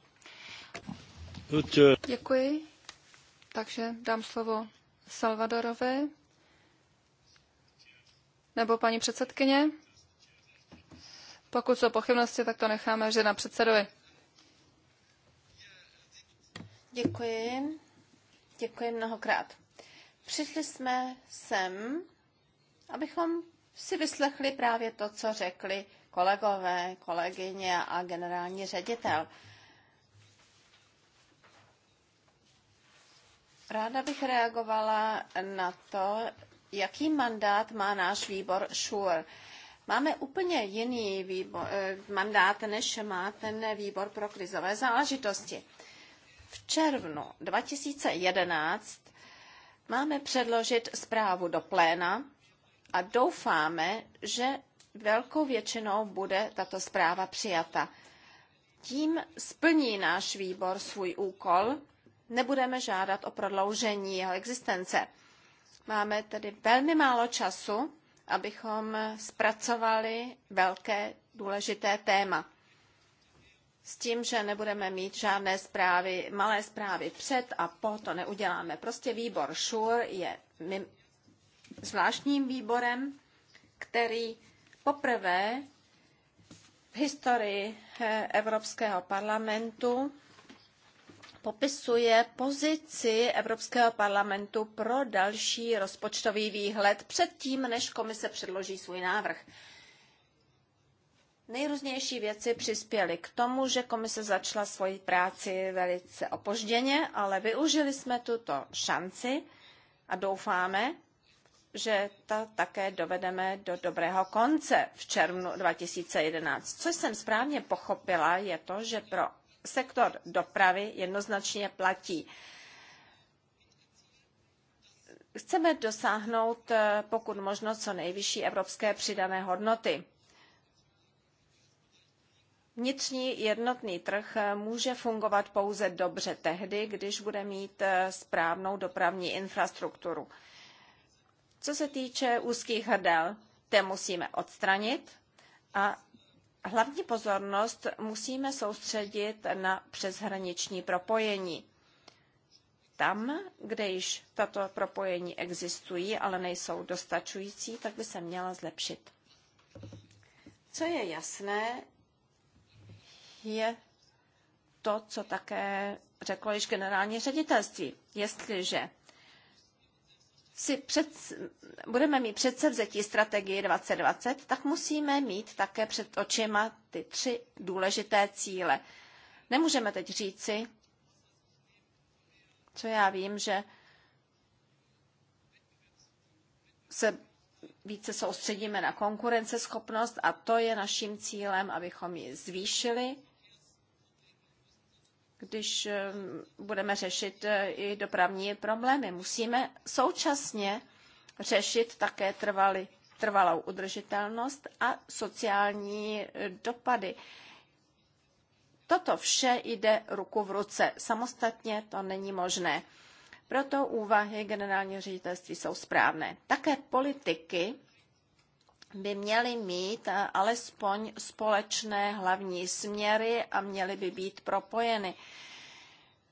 Děkuji. Takže dám slovo Salvadorovi nebo paní předsedkyně? Pokud jsou pochybnosti, tak to necháme že na předsedovi. Děkuji. Děkuji mnohokrát. Přišli jsme sem, abychom si vyslechli právě to, co řekli kolegové, kolegyně a generální ředitel. Ráda bych reagovala na to, jaký mandát má náš výbor ŠUR. Máme úplně jiný výbor, eh, mandát, než má ten výbor pro krizové záležitosti. V červnu 2011 máme předložit zprávu do pléna a doufáme, že velkou většinou bude tato zpráva přijata. Tím splní náš výbor svůj úkol, nebudeme žádat o prodloužení jeho existence. Máme tedy velmi málo času, abychom zpracovali velké důležité téma. S tím, že nebudeme mít žádné zprávy, malé zprávy před a po, to neuděláme. Prostě výbor ŠUR je zvláštním výborem, který poprvé v historii eh, Evropského parlamentu popisuje pozici Evropského parlamentu pro další rozpočtový výhled předtím, než komise předloží svůj návrh. Nejrůznější věci přispěly k tomu, že komise začala svoji práci velice opožděně, ale využili jsme tuto šanci a doufáme, že to také dovedeme do dobrého konce v červnu 2011. Co jsem správně pochopila, je to, že pro sektor dopravy jednoznačně platí. Chceme dosáhnout eh, pokud možno co nejvyšší evropské přidané hodnoty. Vnitřní jednotný trh eh, může fungovat pouze dobře tehdy, když bude mít eh, správnou dopravní infrastrukturu. Co se týče úzkých hrdel, ty musíme odstranit a Hlavní pozornost musíme soustředit na přeshraniční propojení. Tam, kde již tato propojení existují, ale nejsou dostačující, tak by se měla zlepšit. Co je jasné, je to, co také řeklo již generální ředitelství. Jestliže si před, budeme mít předsevzetí strategii 2020, tak musíme mít také před očima ty tři důležité cíle. Nemůžeme teď říci, co já vím, že se více soustředíme na konkurenceschopnost a to je naším cílem, abychom ji zvýšili když eh, budeme řešit eh, i dopravní problémy. Musíme současně řešit také trvalý, trvalou udržitelnost a sociální eh, dopady. Toto vše jde ruku v ruce. Samostatně to není možné. Proto úvahy generálního ředitelství jsou správné. Také politiky by měly mít eh, alespoň společné hlavní směry a měly by být propojeny.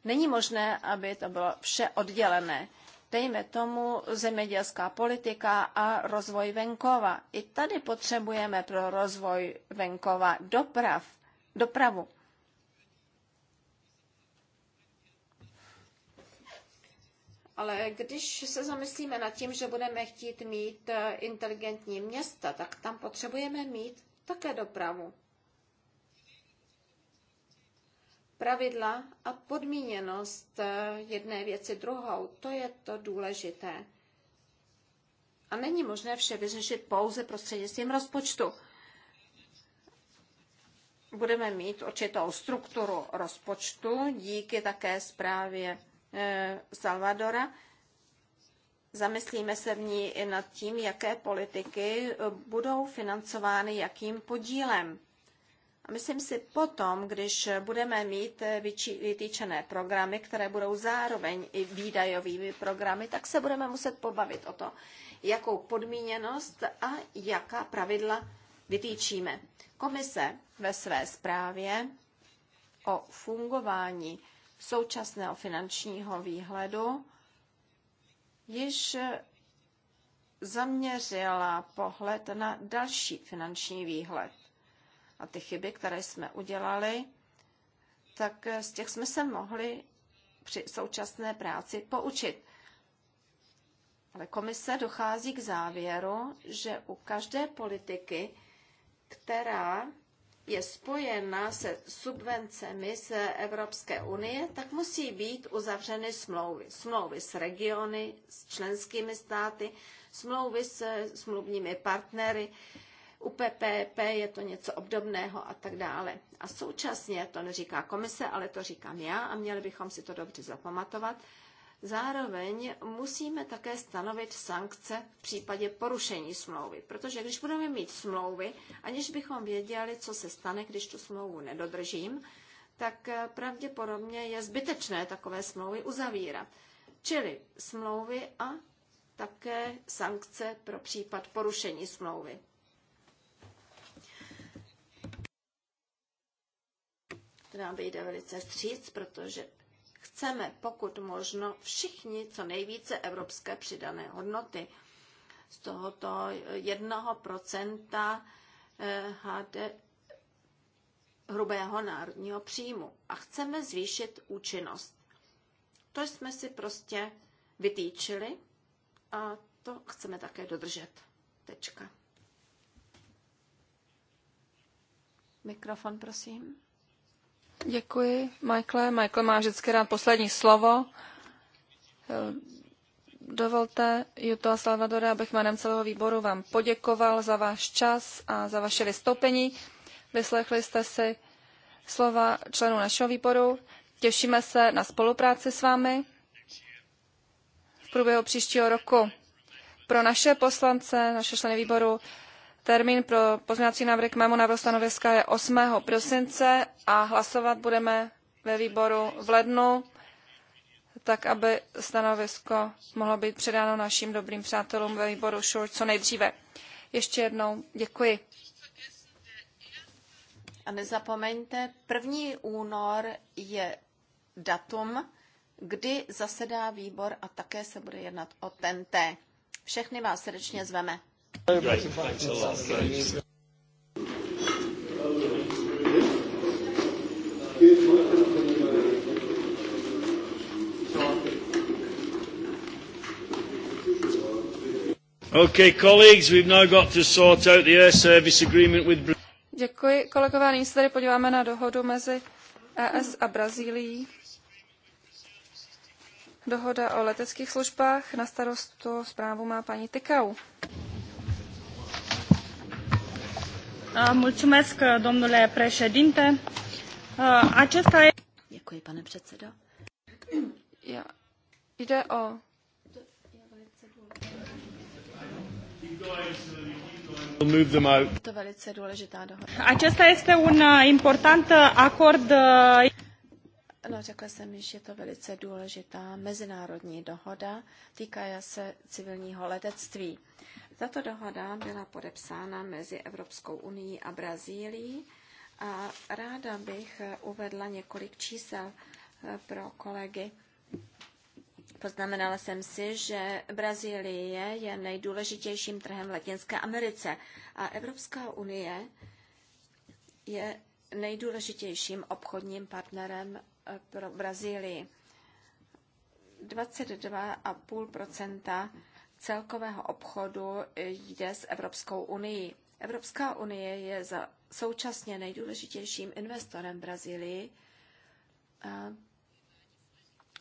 Není možné, aby to bylo vše oddělené. Dejme tomu zemědělská politika a rozvoj venkova. I tady potřebujeme pro rozvoj venkova doprav, dopravu. Ale když se zamyslíme nad tím, že budeme chtít mít eh, inteligentní města, tak tam potřebujeme mít také dopravu. Pravidla a podmíněnost eh, jedné věci druhou, to je to důležité. A není možné vše vyřešit pouze prostřednictvím rozpočtu. Budeme mít určitou strukturu rozpočtu díky také zprávě Eh, Salvadora. Zamyslíme se v ní i nad tím, jaké politiky eh, budou financovány jakým podílem. A myslím si potom, když budeme mít eh, vytýčené programy, které budou zároveň i výdajovými programy, tak se budeme muset pobavit o to, jakou podmíněnost a jaká pravidla vytýčíme. Komise ve své zprávě o fungování současného finančního výhledu již zaměřila pohled na další finanční výhled. A ty chyby, které jsme udělali, tak z těch jsme se mohli při současné práci poučit. Ale komise dochází k závěru, že u každé politiky, která je spojena se subvencemi z Evropské unie, tak musí být uzavřeny smlouvy. Smlouvy s regiony, s členskými státy, smlouvy s smluvními partnery, u PPP je to něco obdobného a tak dále. A současně, to neříká komise, ale to říkám já a měli bychom si to dobře zapamatovat, Zároveň musíme také stanovit sankce v případě porušení smlouvy, protože když budeme mít smlouvy, aniž bychom věděli, co se stane, když tu smlouvu nedodržím, tak eh, pravděpodobně je zbytečné takové smlouvy uzavírat. Čili smlouvy a také sankce pro případ porušení smlouvy. která nám vyjde velice stříc, protože chceme pokud možno všichni co nejvíce evropské přidané hodnoty. Z tohoto jednoho procenta eh, HD hrubého národního příjmu a chceme zvýšit účinnost. To jsme si prostě vytýčili a to chceme také dodržet. Tečka. Mikrofon, prosím. Děkuji, Michael. Michael má vždycky rád poslední slovo. Dovolte, Juto a Salvadore, abych jménem celého výboru vám poděkoval za váš čas a za vaše vystoupení. Vyslechli jste si slova členů našeho výboru. Těšíme se na spolupráci s vámi v průběhu příštího roku. Pro naše poslance, naše členy výboru, Termín pro pozměňovací návrh k mému návrhu stanoviska je 8. prosince a hlasovat budeme ve výboru v lednu, tak aby stanovisko mohlo být předáno našim dobrým přátelům ve výboru ŠUR co nejdříve. Ještě jednou děkuji. A nezapomeňte, 1. únor je datum, kdy zasedá výbor a také se bude jednat o tenté. Všechny vás srdečně zveme. Okay, colleagues, we've now got to sort out the air service agreement with Brazil. Děkuji, kolegové. Nyní se tady podíváme na dohodu mezi ES a Brazílií. Dohoda o leteckých službách. Na starostu zprávu má paní Tykau. Mulțumesc, domnule președinte. Acesta e... Děkuji, pane předsedo. Já, jde o... Je to velice důležitá dohoda. Acesta este un important acord... No, řekla jsem, že je to velice důležitá mezinárodní dohoda, týkající se civilního letectví. Tato dohoda byla podepsána mezi Evropskou unii a Brazílií a ráda bych uvedla několik čísel eh, pro kolegy. Poznamenala jsem si, že Brazílie je nejdůležitějším trhem v Latinské Americe a Evropská unie je nejdůležitějším obchodním partnerem eh, pro Brazílii. 22,5 celkového obchodu jde s Evropskou unii. Evropská unie je za současně nejdůležitějším investorem Brazílii.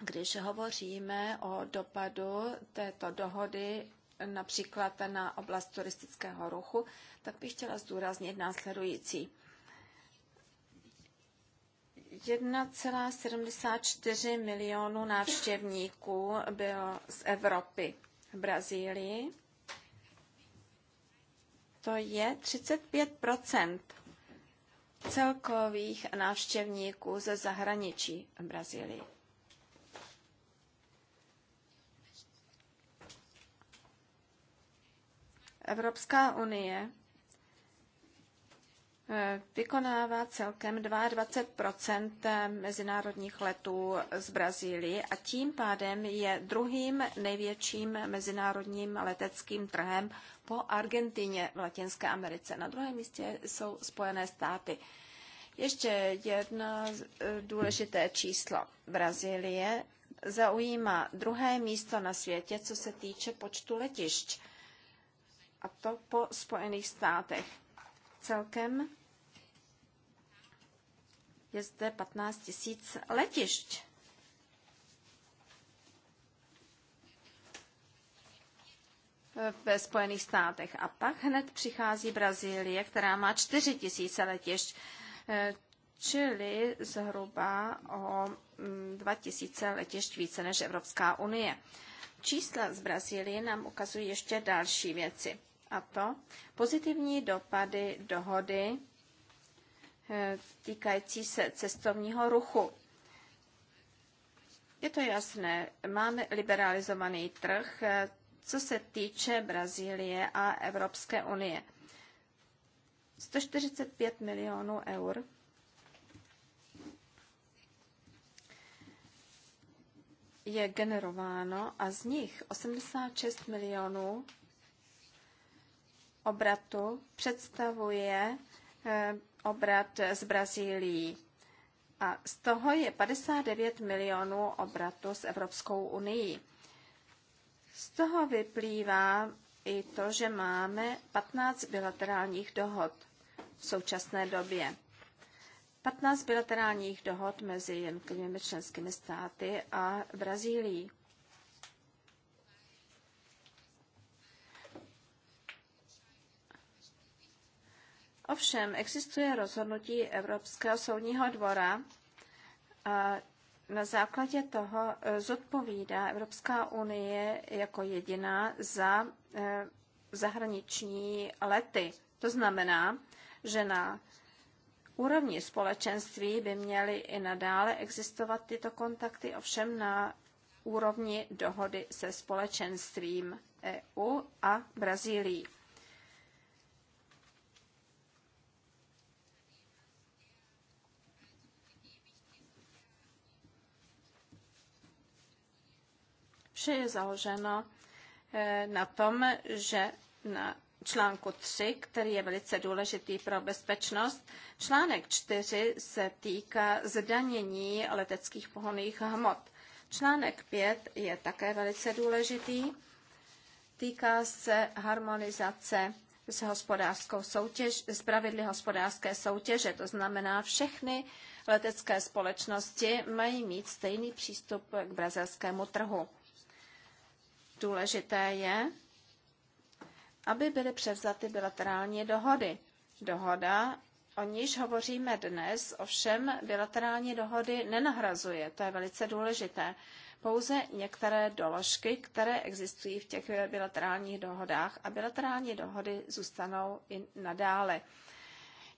Když hovoříme o dopadu této dohody například na oblast turistického ruchu, tak bych chtěla zdůraznit následující. 1,74 milionu návštěvníků bylo z Evropy v Brazílii, to je 35 celkových návštěvníků ze zahraničí v Brazílii. Evropská unie vykonává celkem 22 mezinárodních letů z Brazílie a tím pádem je druhým největším mezinárodním leteckým trhem po Argentině v Latinské Americe. Na druhém místě jsou Spojené státy. Ještě jedno důležité číslo. Brazílie zaujímá druhé místo na světě, co se týče počtu letišť, a to po Spojených státech. Celkem je zde 15 tisíc letišť. ve Spojených státech. A pak hned přichází Brazílie, která má 4 tisíce letišť, eh, čili zhruba o 2 mm, tisíce letišť více než Evropská unie. Čísla z Brazílie nám ukazují ještě další věci, a to pozitivní dopady dohody Eh, týkající se cestovního ruchu. Je to jasné, máme liberalizovaný trh, eh, co se týče Brazílie a Evropské unie. 145 milionů eur je generováno a z nich 86 milionů obratu představuje eh, obrat z Brazílií. A z toho je 59 milionů obratu s Evropskou unii. Z toho vyplývá i to, že máme 15 bilaterálních dohod v současné době. 15 bilaterálních dohod mezi jednotlivými členskými státy a Brazílií. Ovšem existuje rozhodnutí Evropského soudního dvora a na základě toho eh, zodpovídá Evropská unie jako jediná za eh, zahraniční lety. To znamená, že na úrovni společenství by měly i nadále existovat tyto kontakty, ovšem na úrovni dohody se společenstvím EU a Brazílií. Vše je založeno eh, na tom, že na článku 3, který je velice důležitý pro bezpečnost. Článek 4 se týká zdanění leteckých pohoných hmot. Článek 5 je také velice důležitý. Týká se harmonizace s, hospodářskou soutěž, s pravidly hospodářské soutěže. To znamená, všechny letecké společnosti mají mít stejný přístup k brazilskému trhu. Důležité je, aby byly převzaty bilaterální dohody. Dohoda, o níž hovoříme dnes, ovšem bilaterální dohody nenahrazuje. To je velice důležité. Pouze některé doložky, které existují v těch bilaterálních dohodách a bilaterální dohody zůstanou i nadále.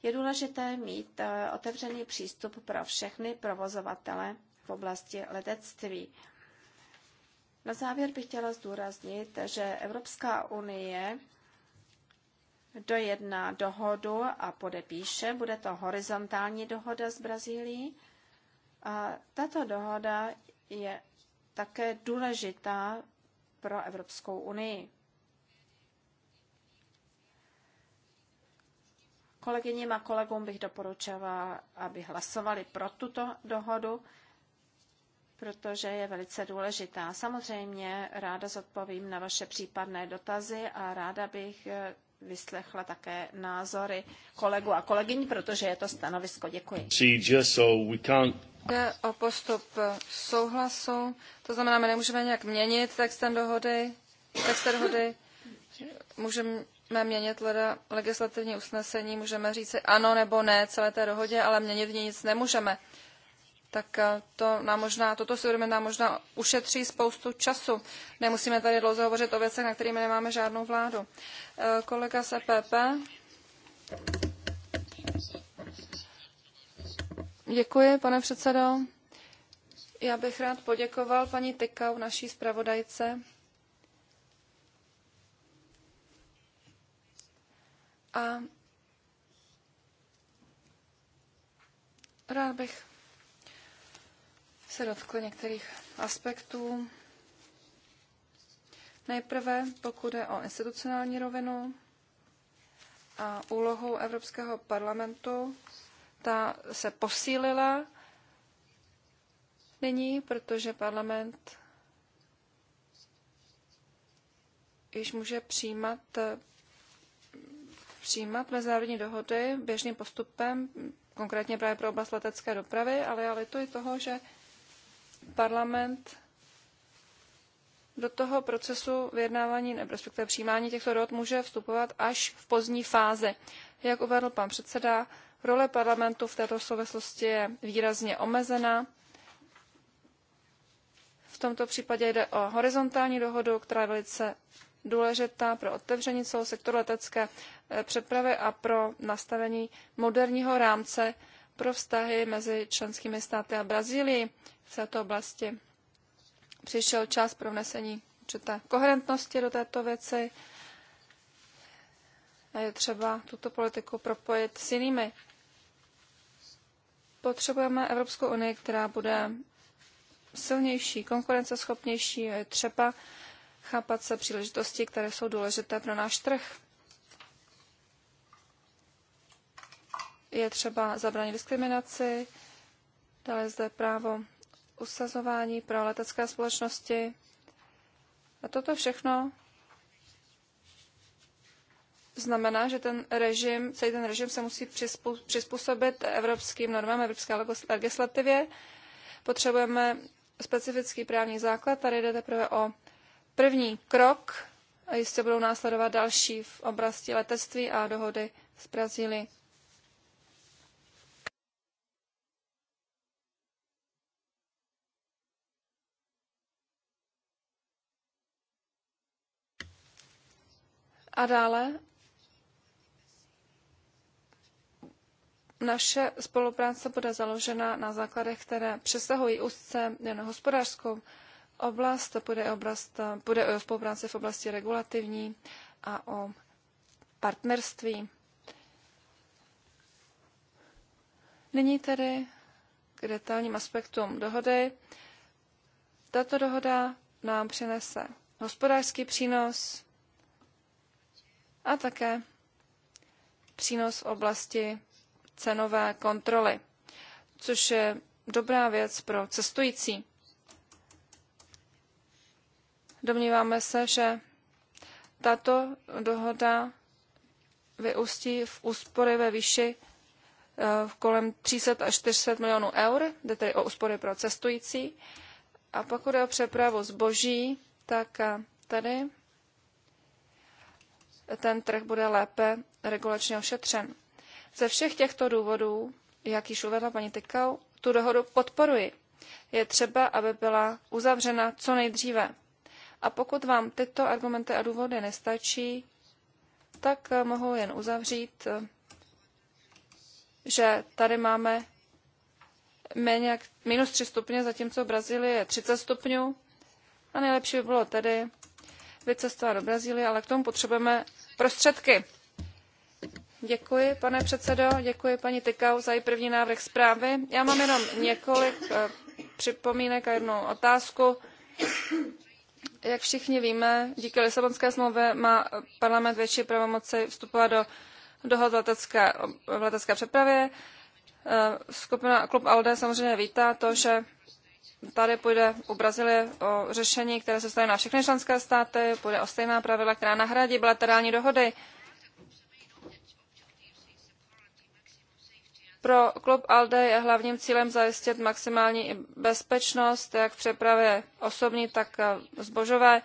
Je důležité mít eh, otevřený přístup pro všechny provozovatele v oblasti letectví. Na závěr bych chtěla zdůraznit, že Evropská unie dojedná dohodu a podepíše. Bude to horizontální dohoda s Brazílií. A tato dohoda je také důležitá pro Evropskou unii. Kolegyním a kolegům bych doporučovala, aby hlasovali pro tuto dohodu protože je velice důležitá. Samozřejmě ráda zodpovím na vaše případné dotazy a ráda bych eh, vyslechla také názory kolegu a kolegyň, protože je to stanovisko. Děkuji. Jde o postup eh, souhlasu, to znamená, my nemůžeme nějak měnit textem dohody, text dohody, můžeme měnit leda legislativní usnesení, můžeme říct si ano nebo ne celé té dohodě, ale měnit v ní nic nemůžeme tak eh, to nám možná, toto si budeme nám možná ušetří spoustu času. Nemusíme tady dlouze hovořit o věcech, na kterými nemáme žádnou vládu. Eh, kolega z EPP. Děkuji, pane předsedo. Já bych rád poděkoval paní Tykau, naší zpravodajce. A rád bych se dotkl některých aspektů. Nejprve, pokud je o institucionální rovinu a úlohu Evropského parlamentu, ta se posílila nyní, protože parlament již může přijímat, přijímat mezinárodní dohody běžným postupem, konkrétně právě pro oblast letecké dopravy, ale já lituji toho, že parlament do toho procesu vyjednávání, nebo respektive přijímání těchto dohod může vstupovat až v pozdní fázi. Jak uvedl pan předseda, role parlamentu v této souvislosti je výrazně omezena. V tomto případě jde o horizontální dohodu, která je velice důležitá pro otevření celého sektoru letecké eh, přepravy a pro nastavení moderního rámce pro vztahy mezi členskými státy a Brazílií v této oblasti. Přišel čas pro vnesení určité koherentnosti do této věci a je třeba tuto politiku propojit s jinými. Potřebujeme Evropskou unii, která bude silnější, konkurenceschopnější a je třeba chápat se příležitosti, které jsou důležité pro náš trh. Je třeba zabránit diskriminaci, dále zde právo usazování pro letecké společnosti. A toto všechno znamená, že ten režim, celý ten režim se musí přizpůsobit evropským normám, evropské legislativě. Potřebujeme specifický právní základ. Tady jde teprve o první krok a jistě budou následovat další v oblasti letectví a dohody s Brazílií. A dále naše spolupráce bude založena na základech, které přesahují úzce jen hospodářskou oblast, bude, oblast, bude o eh, spolupráci v oblasti regulativní a o partnerství. Nyní tedy k detailním aspektům dohody. Tato dohoda nám přinese hospodářský přínos, a také přínos v oblasti cenové kontroly, což je dobrá věc pro cestující. Domníváme se, že tato dohoda vyústí v úspory ve výši eh, v kolem 300 až 400 milionů eur, jde tedy o úspory pro cestující. A pokud je o přepravu zboží, tak eh, tady ten trh bude lépe regulačně ošetřen. Ze všech těchto důvodů, jak již uvedla paní Tykal, tu dohodu podporuji. Je třeba, aby byla uzavřena co nejdříve. A pokud vám tyto argumenty a důvody nestačí, tak mohu jen uzavřít, že tady máme méně jak minus 3 stupně, zatímco Brazílii je 30 stupňů. A nejlepší by bylo tedy, vycestovat do Brazílie, ale k tomu potřebujeme prostředky. Děkuji, pane předsedo, děkuji paní Tykau za její první návrh zprávy. Já mám jenom několik eh, připomínek a jednu otázku. Jak všichni víme, díky Lisabonské smlouvě má parlament větší pravomoci vstupovat do dohod v letecké, v letecké přepravě. Eh, skupina Klub ALDE samozřejmě vítá to, že Tady půjde u Brazílie o řešení, které se stane na všechny členské státy, půjde o stejná pravidla, která nahradí bilaterální dohody. Pro klub ALDE je hlavním cílem zajistit maximální bezpečnost, jak v přepravě osobní, tak eh, zbožové.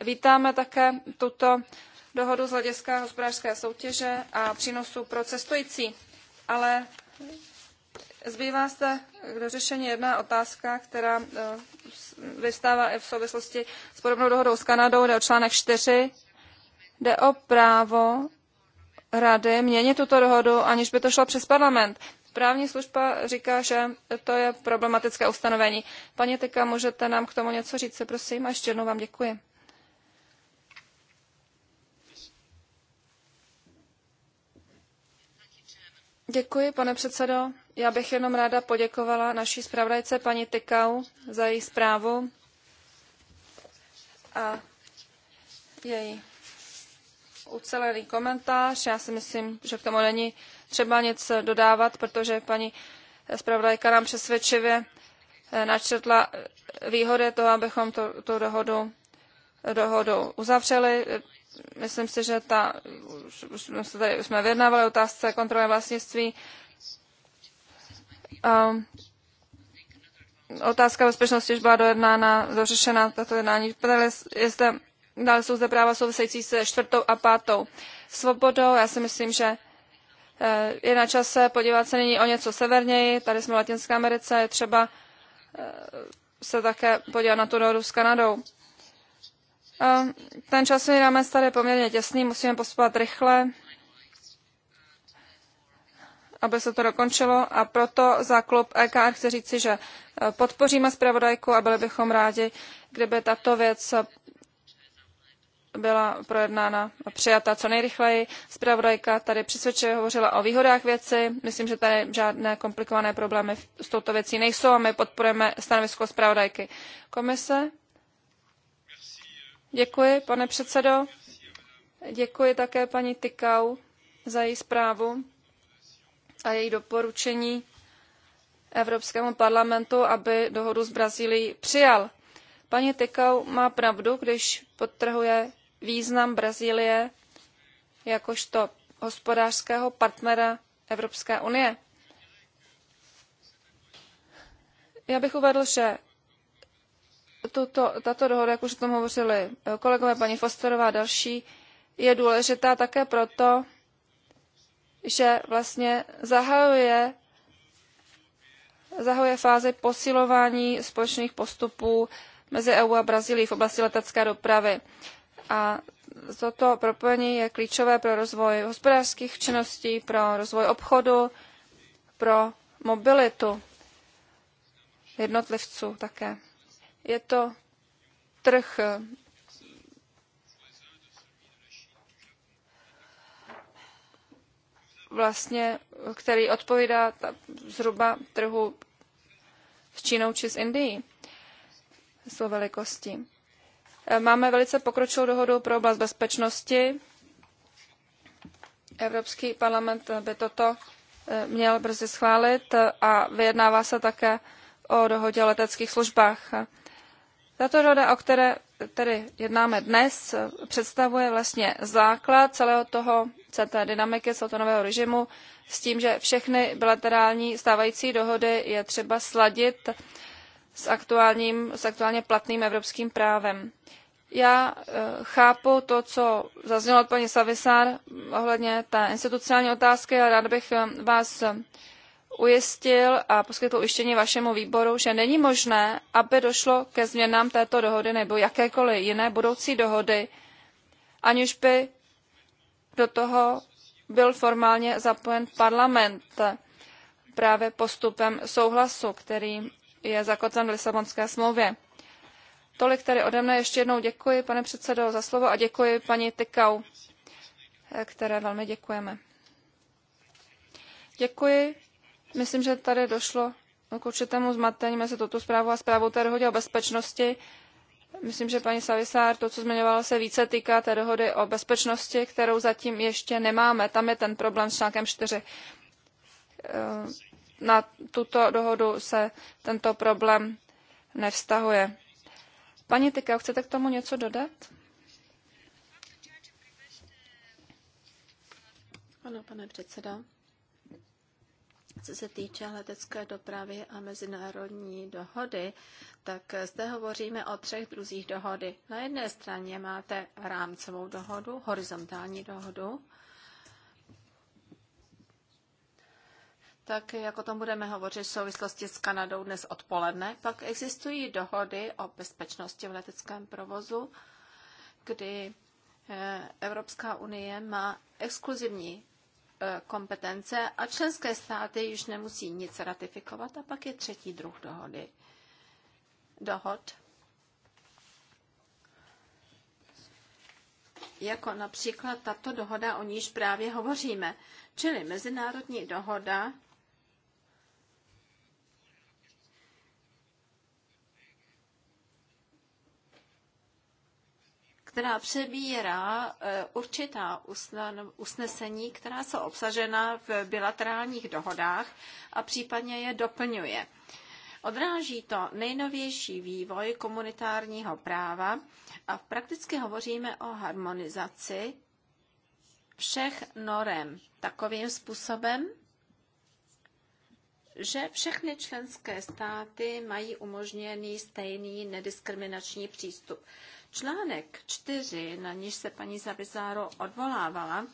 Vítáme také tuto dohodu z hlediska hospodářské soutěže a přínosu pro cestující, ale Zbývá se k dořešení jedna otázka, která eh, vystává i v souvislosti s podobnou dohodou s Kanadou, jde o článek 4. Jde o právo rady měnit tuto dohodu, aniž by to šlo přes parlament. Právní služba říká, že to je problematické ustanovení. Paní Tyka, můžete nám k tomu něco říct, prosím, a ještě jednou vám děkuji. Děkuji, pane předsedo. Já bych jenom ráda poděkovala naší zpravodajce paní Tykau za její zprávu a její ucelený komentář. Já si myslím, že k tomu není třeba nic dodávat, protože paní zpravodajka nám přesvědčivě eh, načetla eh, výhody toho, abychom tu, tu dohodu, dohodu uzavřeli. Myslím si, že ta, už jsme, tady, už jsme vyjednávali otázce kontroly vlastnictví, otázka bezpečnosti už byla dojednána, dořešena tato jednání. Je zde, dále jsou zde práva související se čtvrtou a pátou svobodou. Já si myslím, že eh, je na čase podívat se nyní o něco severněji. Tady jsme v Latinské Americe, je třeba eh, se také podívat na tu dohodu s Kanadou. Ten časový rámec tady je poměrně těsný, musíme postupovat rychle aby se to dokončilo a proto za klub EKR chci říci, že eh, podpoříme zpravodajku a byli bychom rádi, kdyby tato věc byla projednána a přijata co nejrychleji. Zpravodajka tady přesvědčivě hovořila o výhodách věci. Myslím, že tady žádné komplikované problémy s touto věcí nejsou a my podporujeme stanovisko zpravodajky. Komise? Děkuji, pane předsedo. Děkuji také paní Tykau za její zprávu a její doporučení Evropskému parlamentu, aby dohodu s Brazílií přijal. Paní Tykau má pravdu, když podtrhuje význam Brazílie jakožto hospodářského partnera Evropské unie. Já bych uvedl, že tuto, tato dohoda, jak už o tom hovořili kolegové paní Fosterová a další, je důležitá také proto, že vlastně zahajuje, zahajuje fázi posilování společných postupů mezi EU a Brazílií v oblasti letecké dopravy. A toto propojení je klíčové pro rozvoj hospodářských činností, pro rozvoj obchodu, pro mobilitu jednotlivců také. Je to trh vlastně, který odpovídá ta, zhruba trhu s Čínou či s Indií jsou velikosti. E, máme velice pokročilou dohodu pro oblast bezpečnosti. Evropský parlament by toto e, měl brzy schválit a vyjednává se také o dohodě o leteckých službách. Tato dohoda, o které tedy jednáme dnes, představuje vlastně základ celého toho, celé té dynamiky, celého toho nového režimu, s tím, že všechny bilaterální stávající dohody je třeba sladit s, aktuálním, s aktuálně platným evropským právem. Já e, chápu to, co zaznělo od paní Savisár ohledně té institucionální otázky a rád bych e, vás ujistil a poskytl ujištění vašemu výboru, že není možné, aby došlo ke změnám této dohody nebo jakékoliv jiné budoucí dohody, aniž by do toho byl formálně zapojen parlament právě postupem souhlasu, který je zakotven v Lisabonské smlouvě. Tolik tedy ode mne. Ještě jednou děkuji, pane předsedo, za slovo a děkuji paní Tykau, které velmi děkujeme. Děkuji. Myslím, že tady došlo k určitému zmatení mezi touto zprávou a zprávou té dohody o bezpečnosti. Myslím, že paní Savisár, to, co zmiňovala, se více týká té dohody o bezpečnosti, kterou zatím ještě nemáme. Tam je ten problém s článkem 4. Eh, na tuto dohodu se tento problém nevztahuje. Paní Tyka, chcete k tomu něco dodat? Ano, pane předseda. Co se týče letecké dopravy a mezinárodní dohody, tak zde hovoříme o třech druzích dohody. Na jedné straně máte rámcovou dohodu, horizontální dohodu, tak jak o tom budeme hovořit v souvislosti s Kanadou dnes odpoledne. Pak existují dohody o bezpečnosti v leteckém provozu, kdy eh, Evropská unie má exkluzivní Eh, kompetence a členské státy již nemusí nic ratifikovat a pak je třetí druh dohody. Dohod, jako například tato dohoda, o níž právě hovoříme, čili mezinárodní dohoda, která přebírá eh, určitá usnesení, která jsou obsažena v bilaterálních dohodách a případně je doplňuje. Odráží to nejnovější vývoj komunitárního práva a prakticky hovoříme o harmonizaci všech norem takovým způsobem, že všechny členské státy mají umožněný stejný nediskriminační přístup. Článek 4, na níž se paní Zavizáro odvolávala,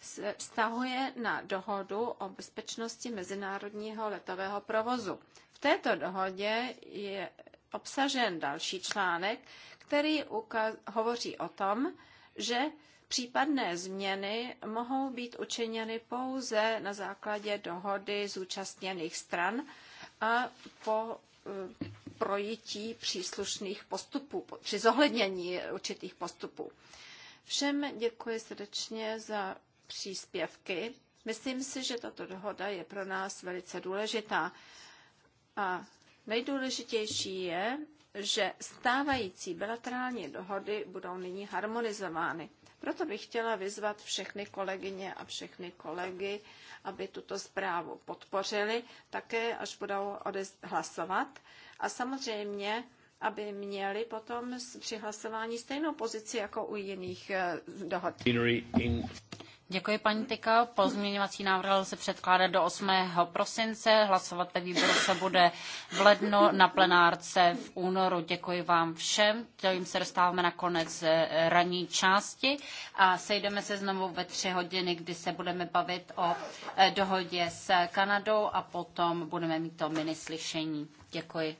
se vztahuje na dohodu o bezpečnosti mezinárodního letového provozu. V této dohodě je obsažen další článek, který ukaz- hovoří o tom, že Případné změny mohou být učiněny pouze na základě dohody zúčastněných stran a po eh, projití příslušných postupů, při zohlednění určitých postupů. Všem děkuji srdečně za příspěvky. Myslím si, že tato dohoda je pro nás velice důležitá. A nejdůležitější je, že stávající bilaterální dohody budou nyní harmonizovány. Proto bych chtěla vyzvat všechny kolegyně a všechny kolegy, aby tuto zprávu podpořili, také až budou hlasovat a samozřejmě, aby měli potom při hlasování stejnou pozici jako u jiných eh, dohod. Děkuji, paní Tyka. Pozměňovací návrh se předkládá do 8. prosince. Hlasovat ve výboru se bude v lednu na plenárce v únoru. Děkuji vám všem. Tím se dostáváme na konec eh, ranní části a sejdeme se znovu ve tři hodiny, kdy se budeme bavit o eh, dohodě s Kanadou a potom budeme mít to mini slyšení. Děkuji.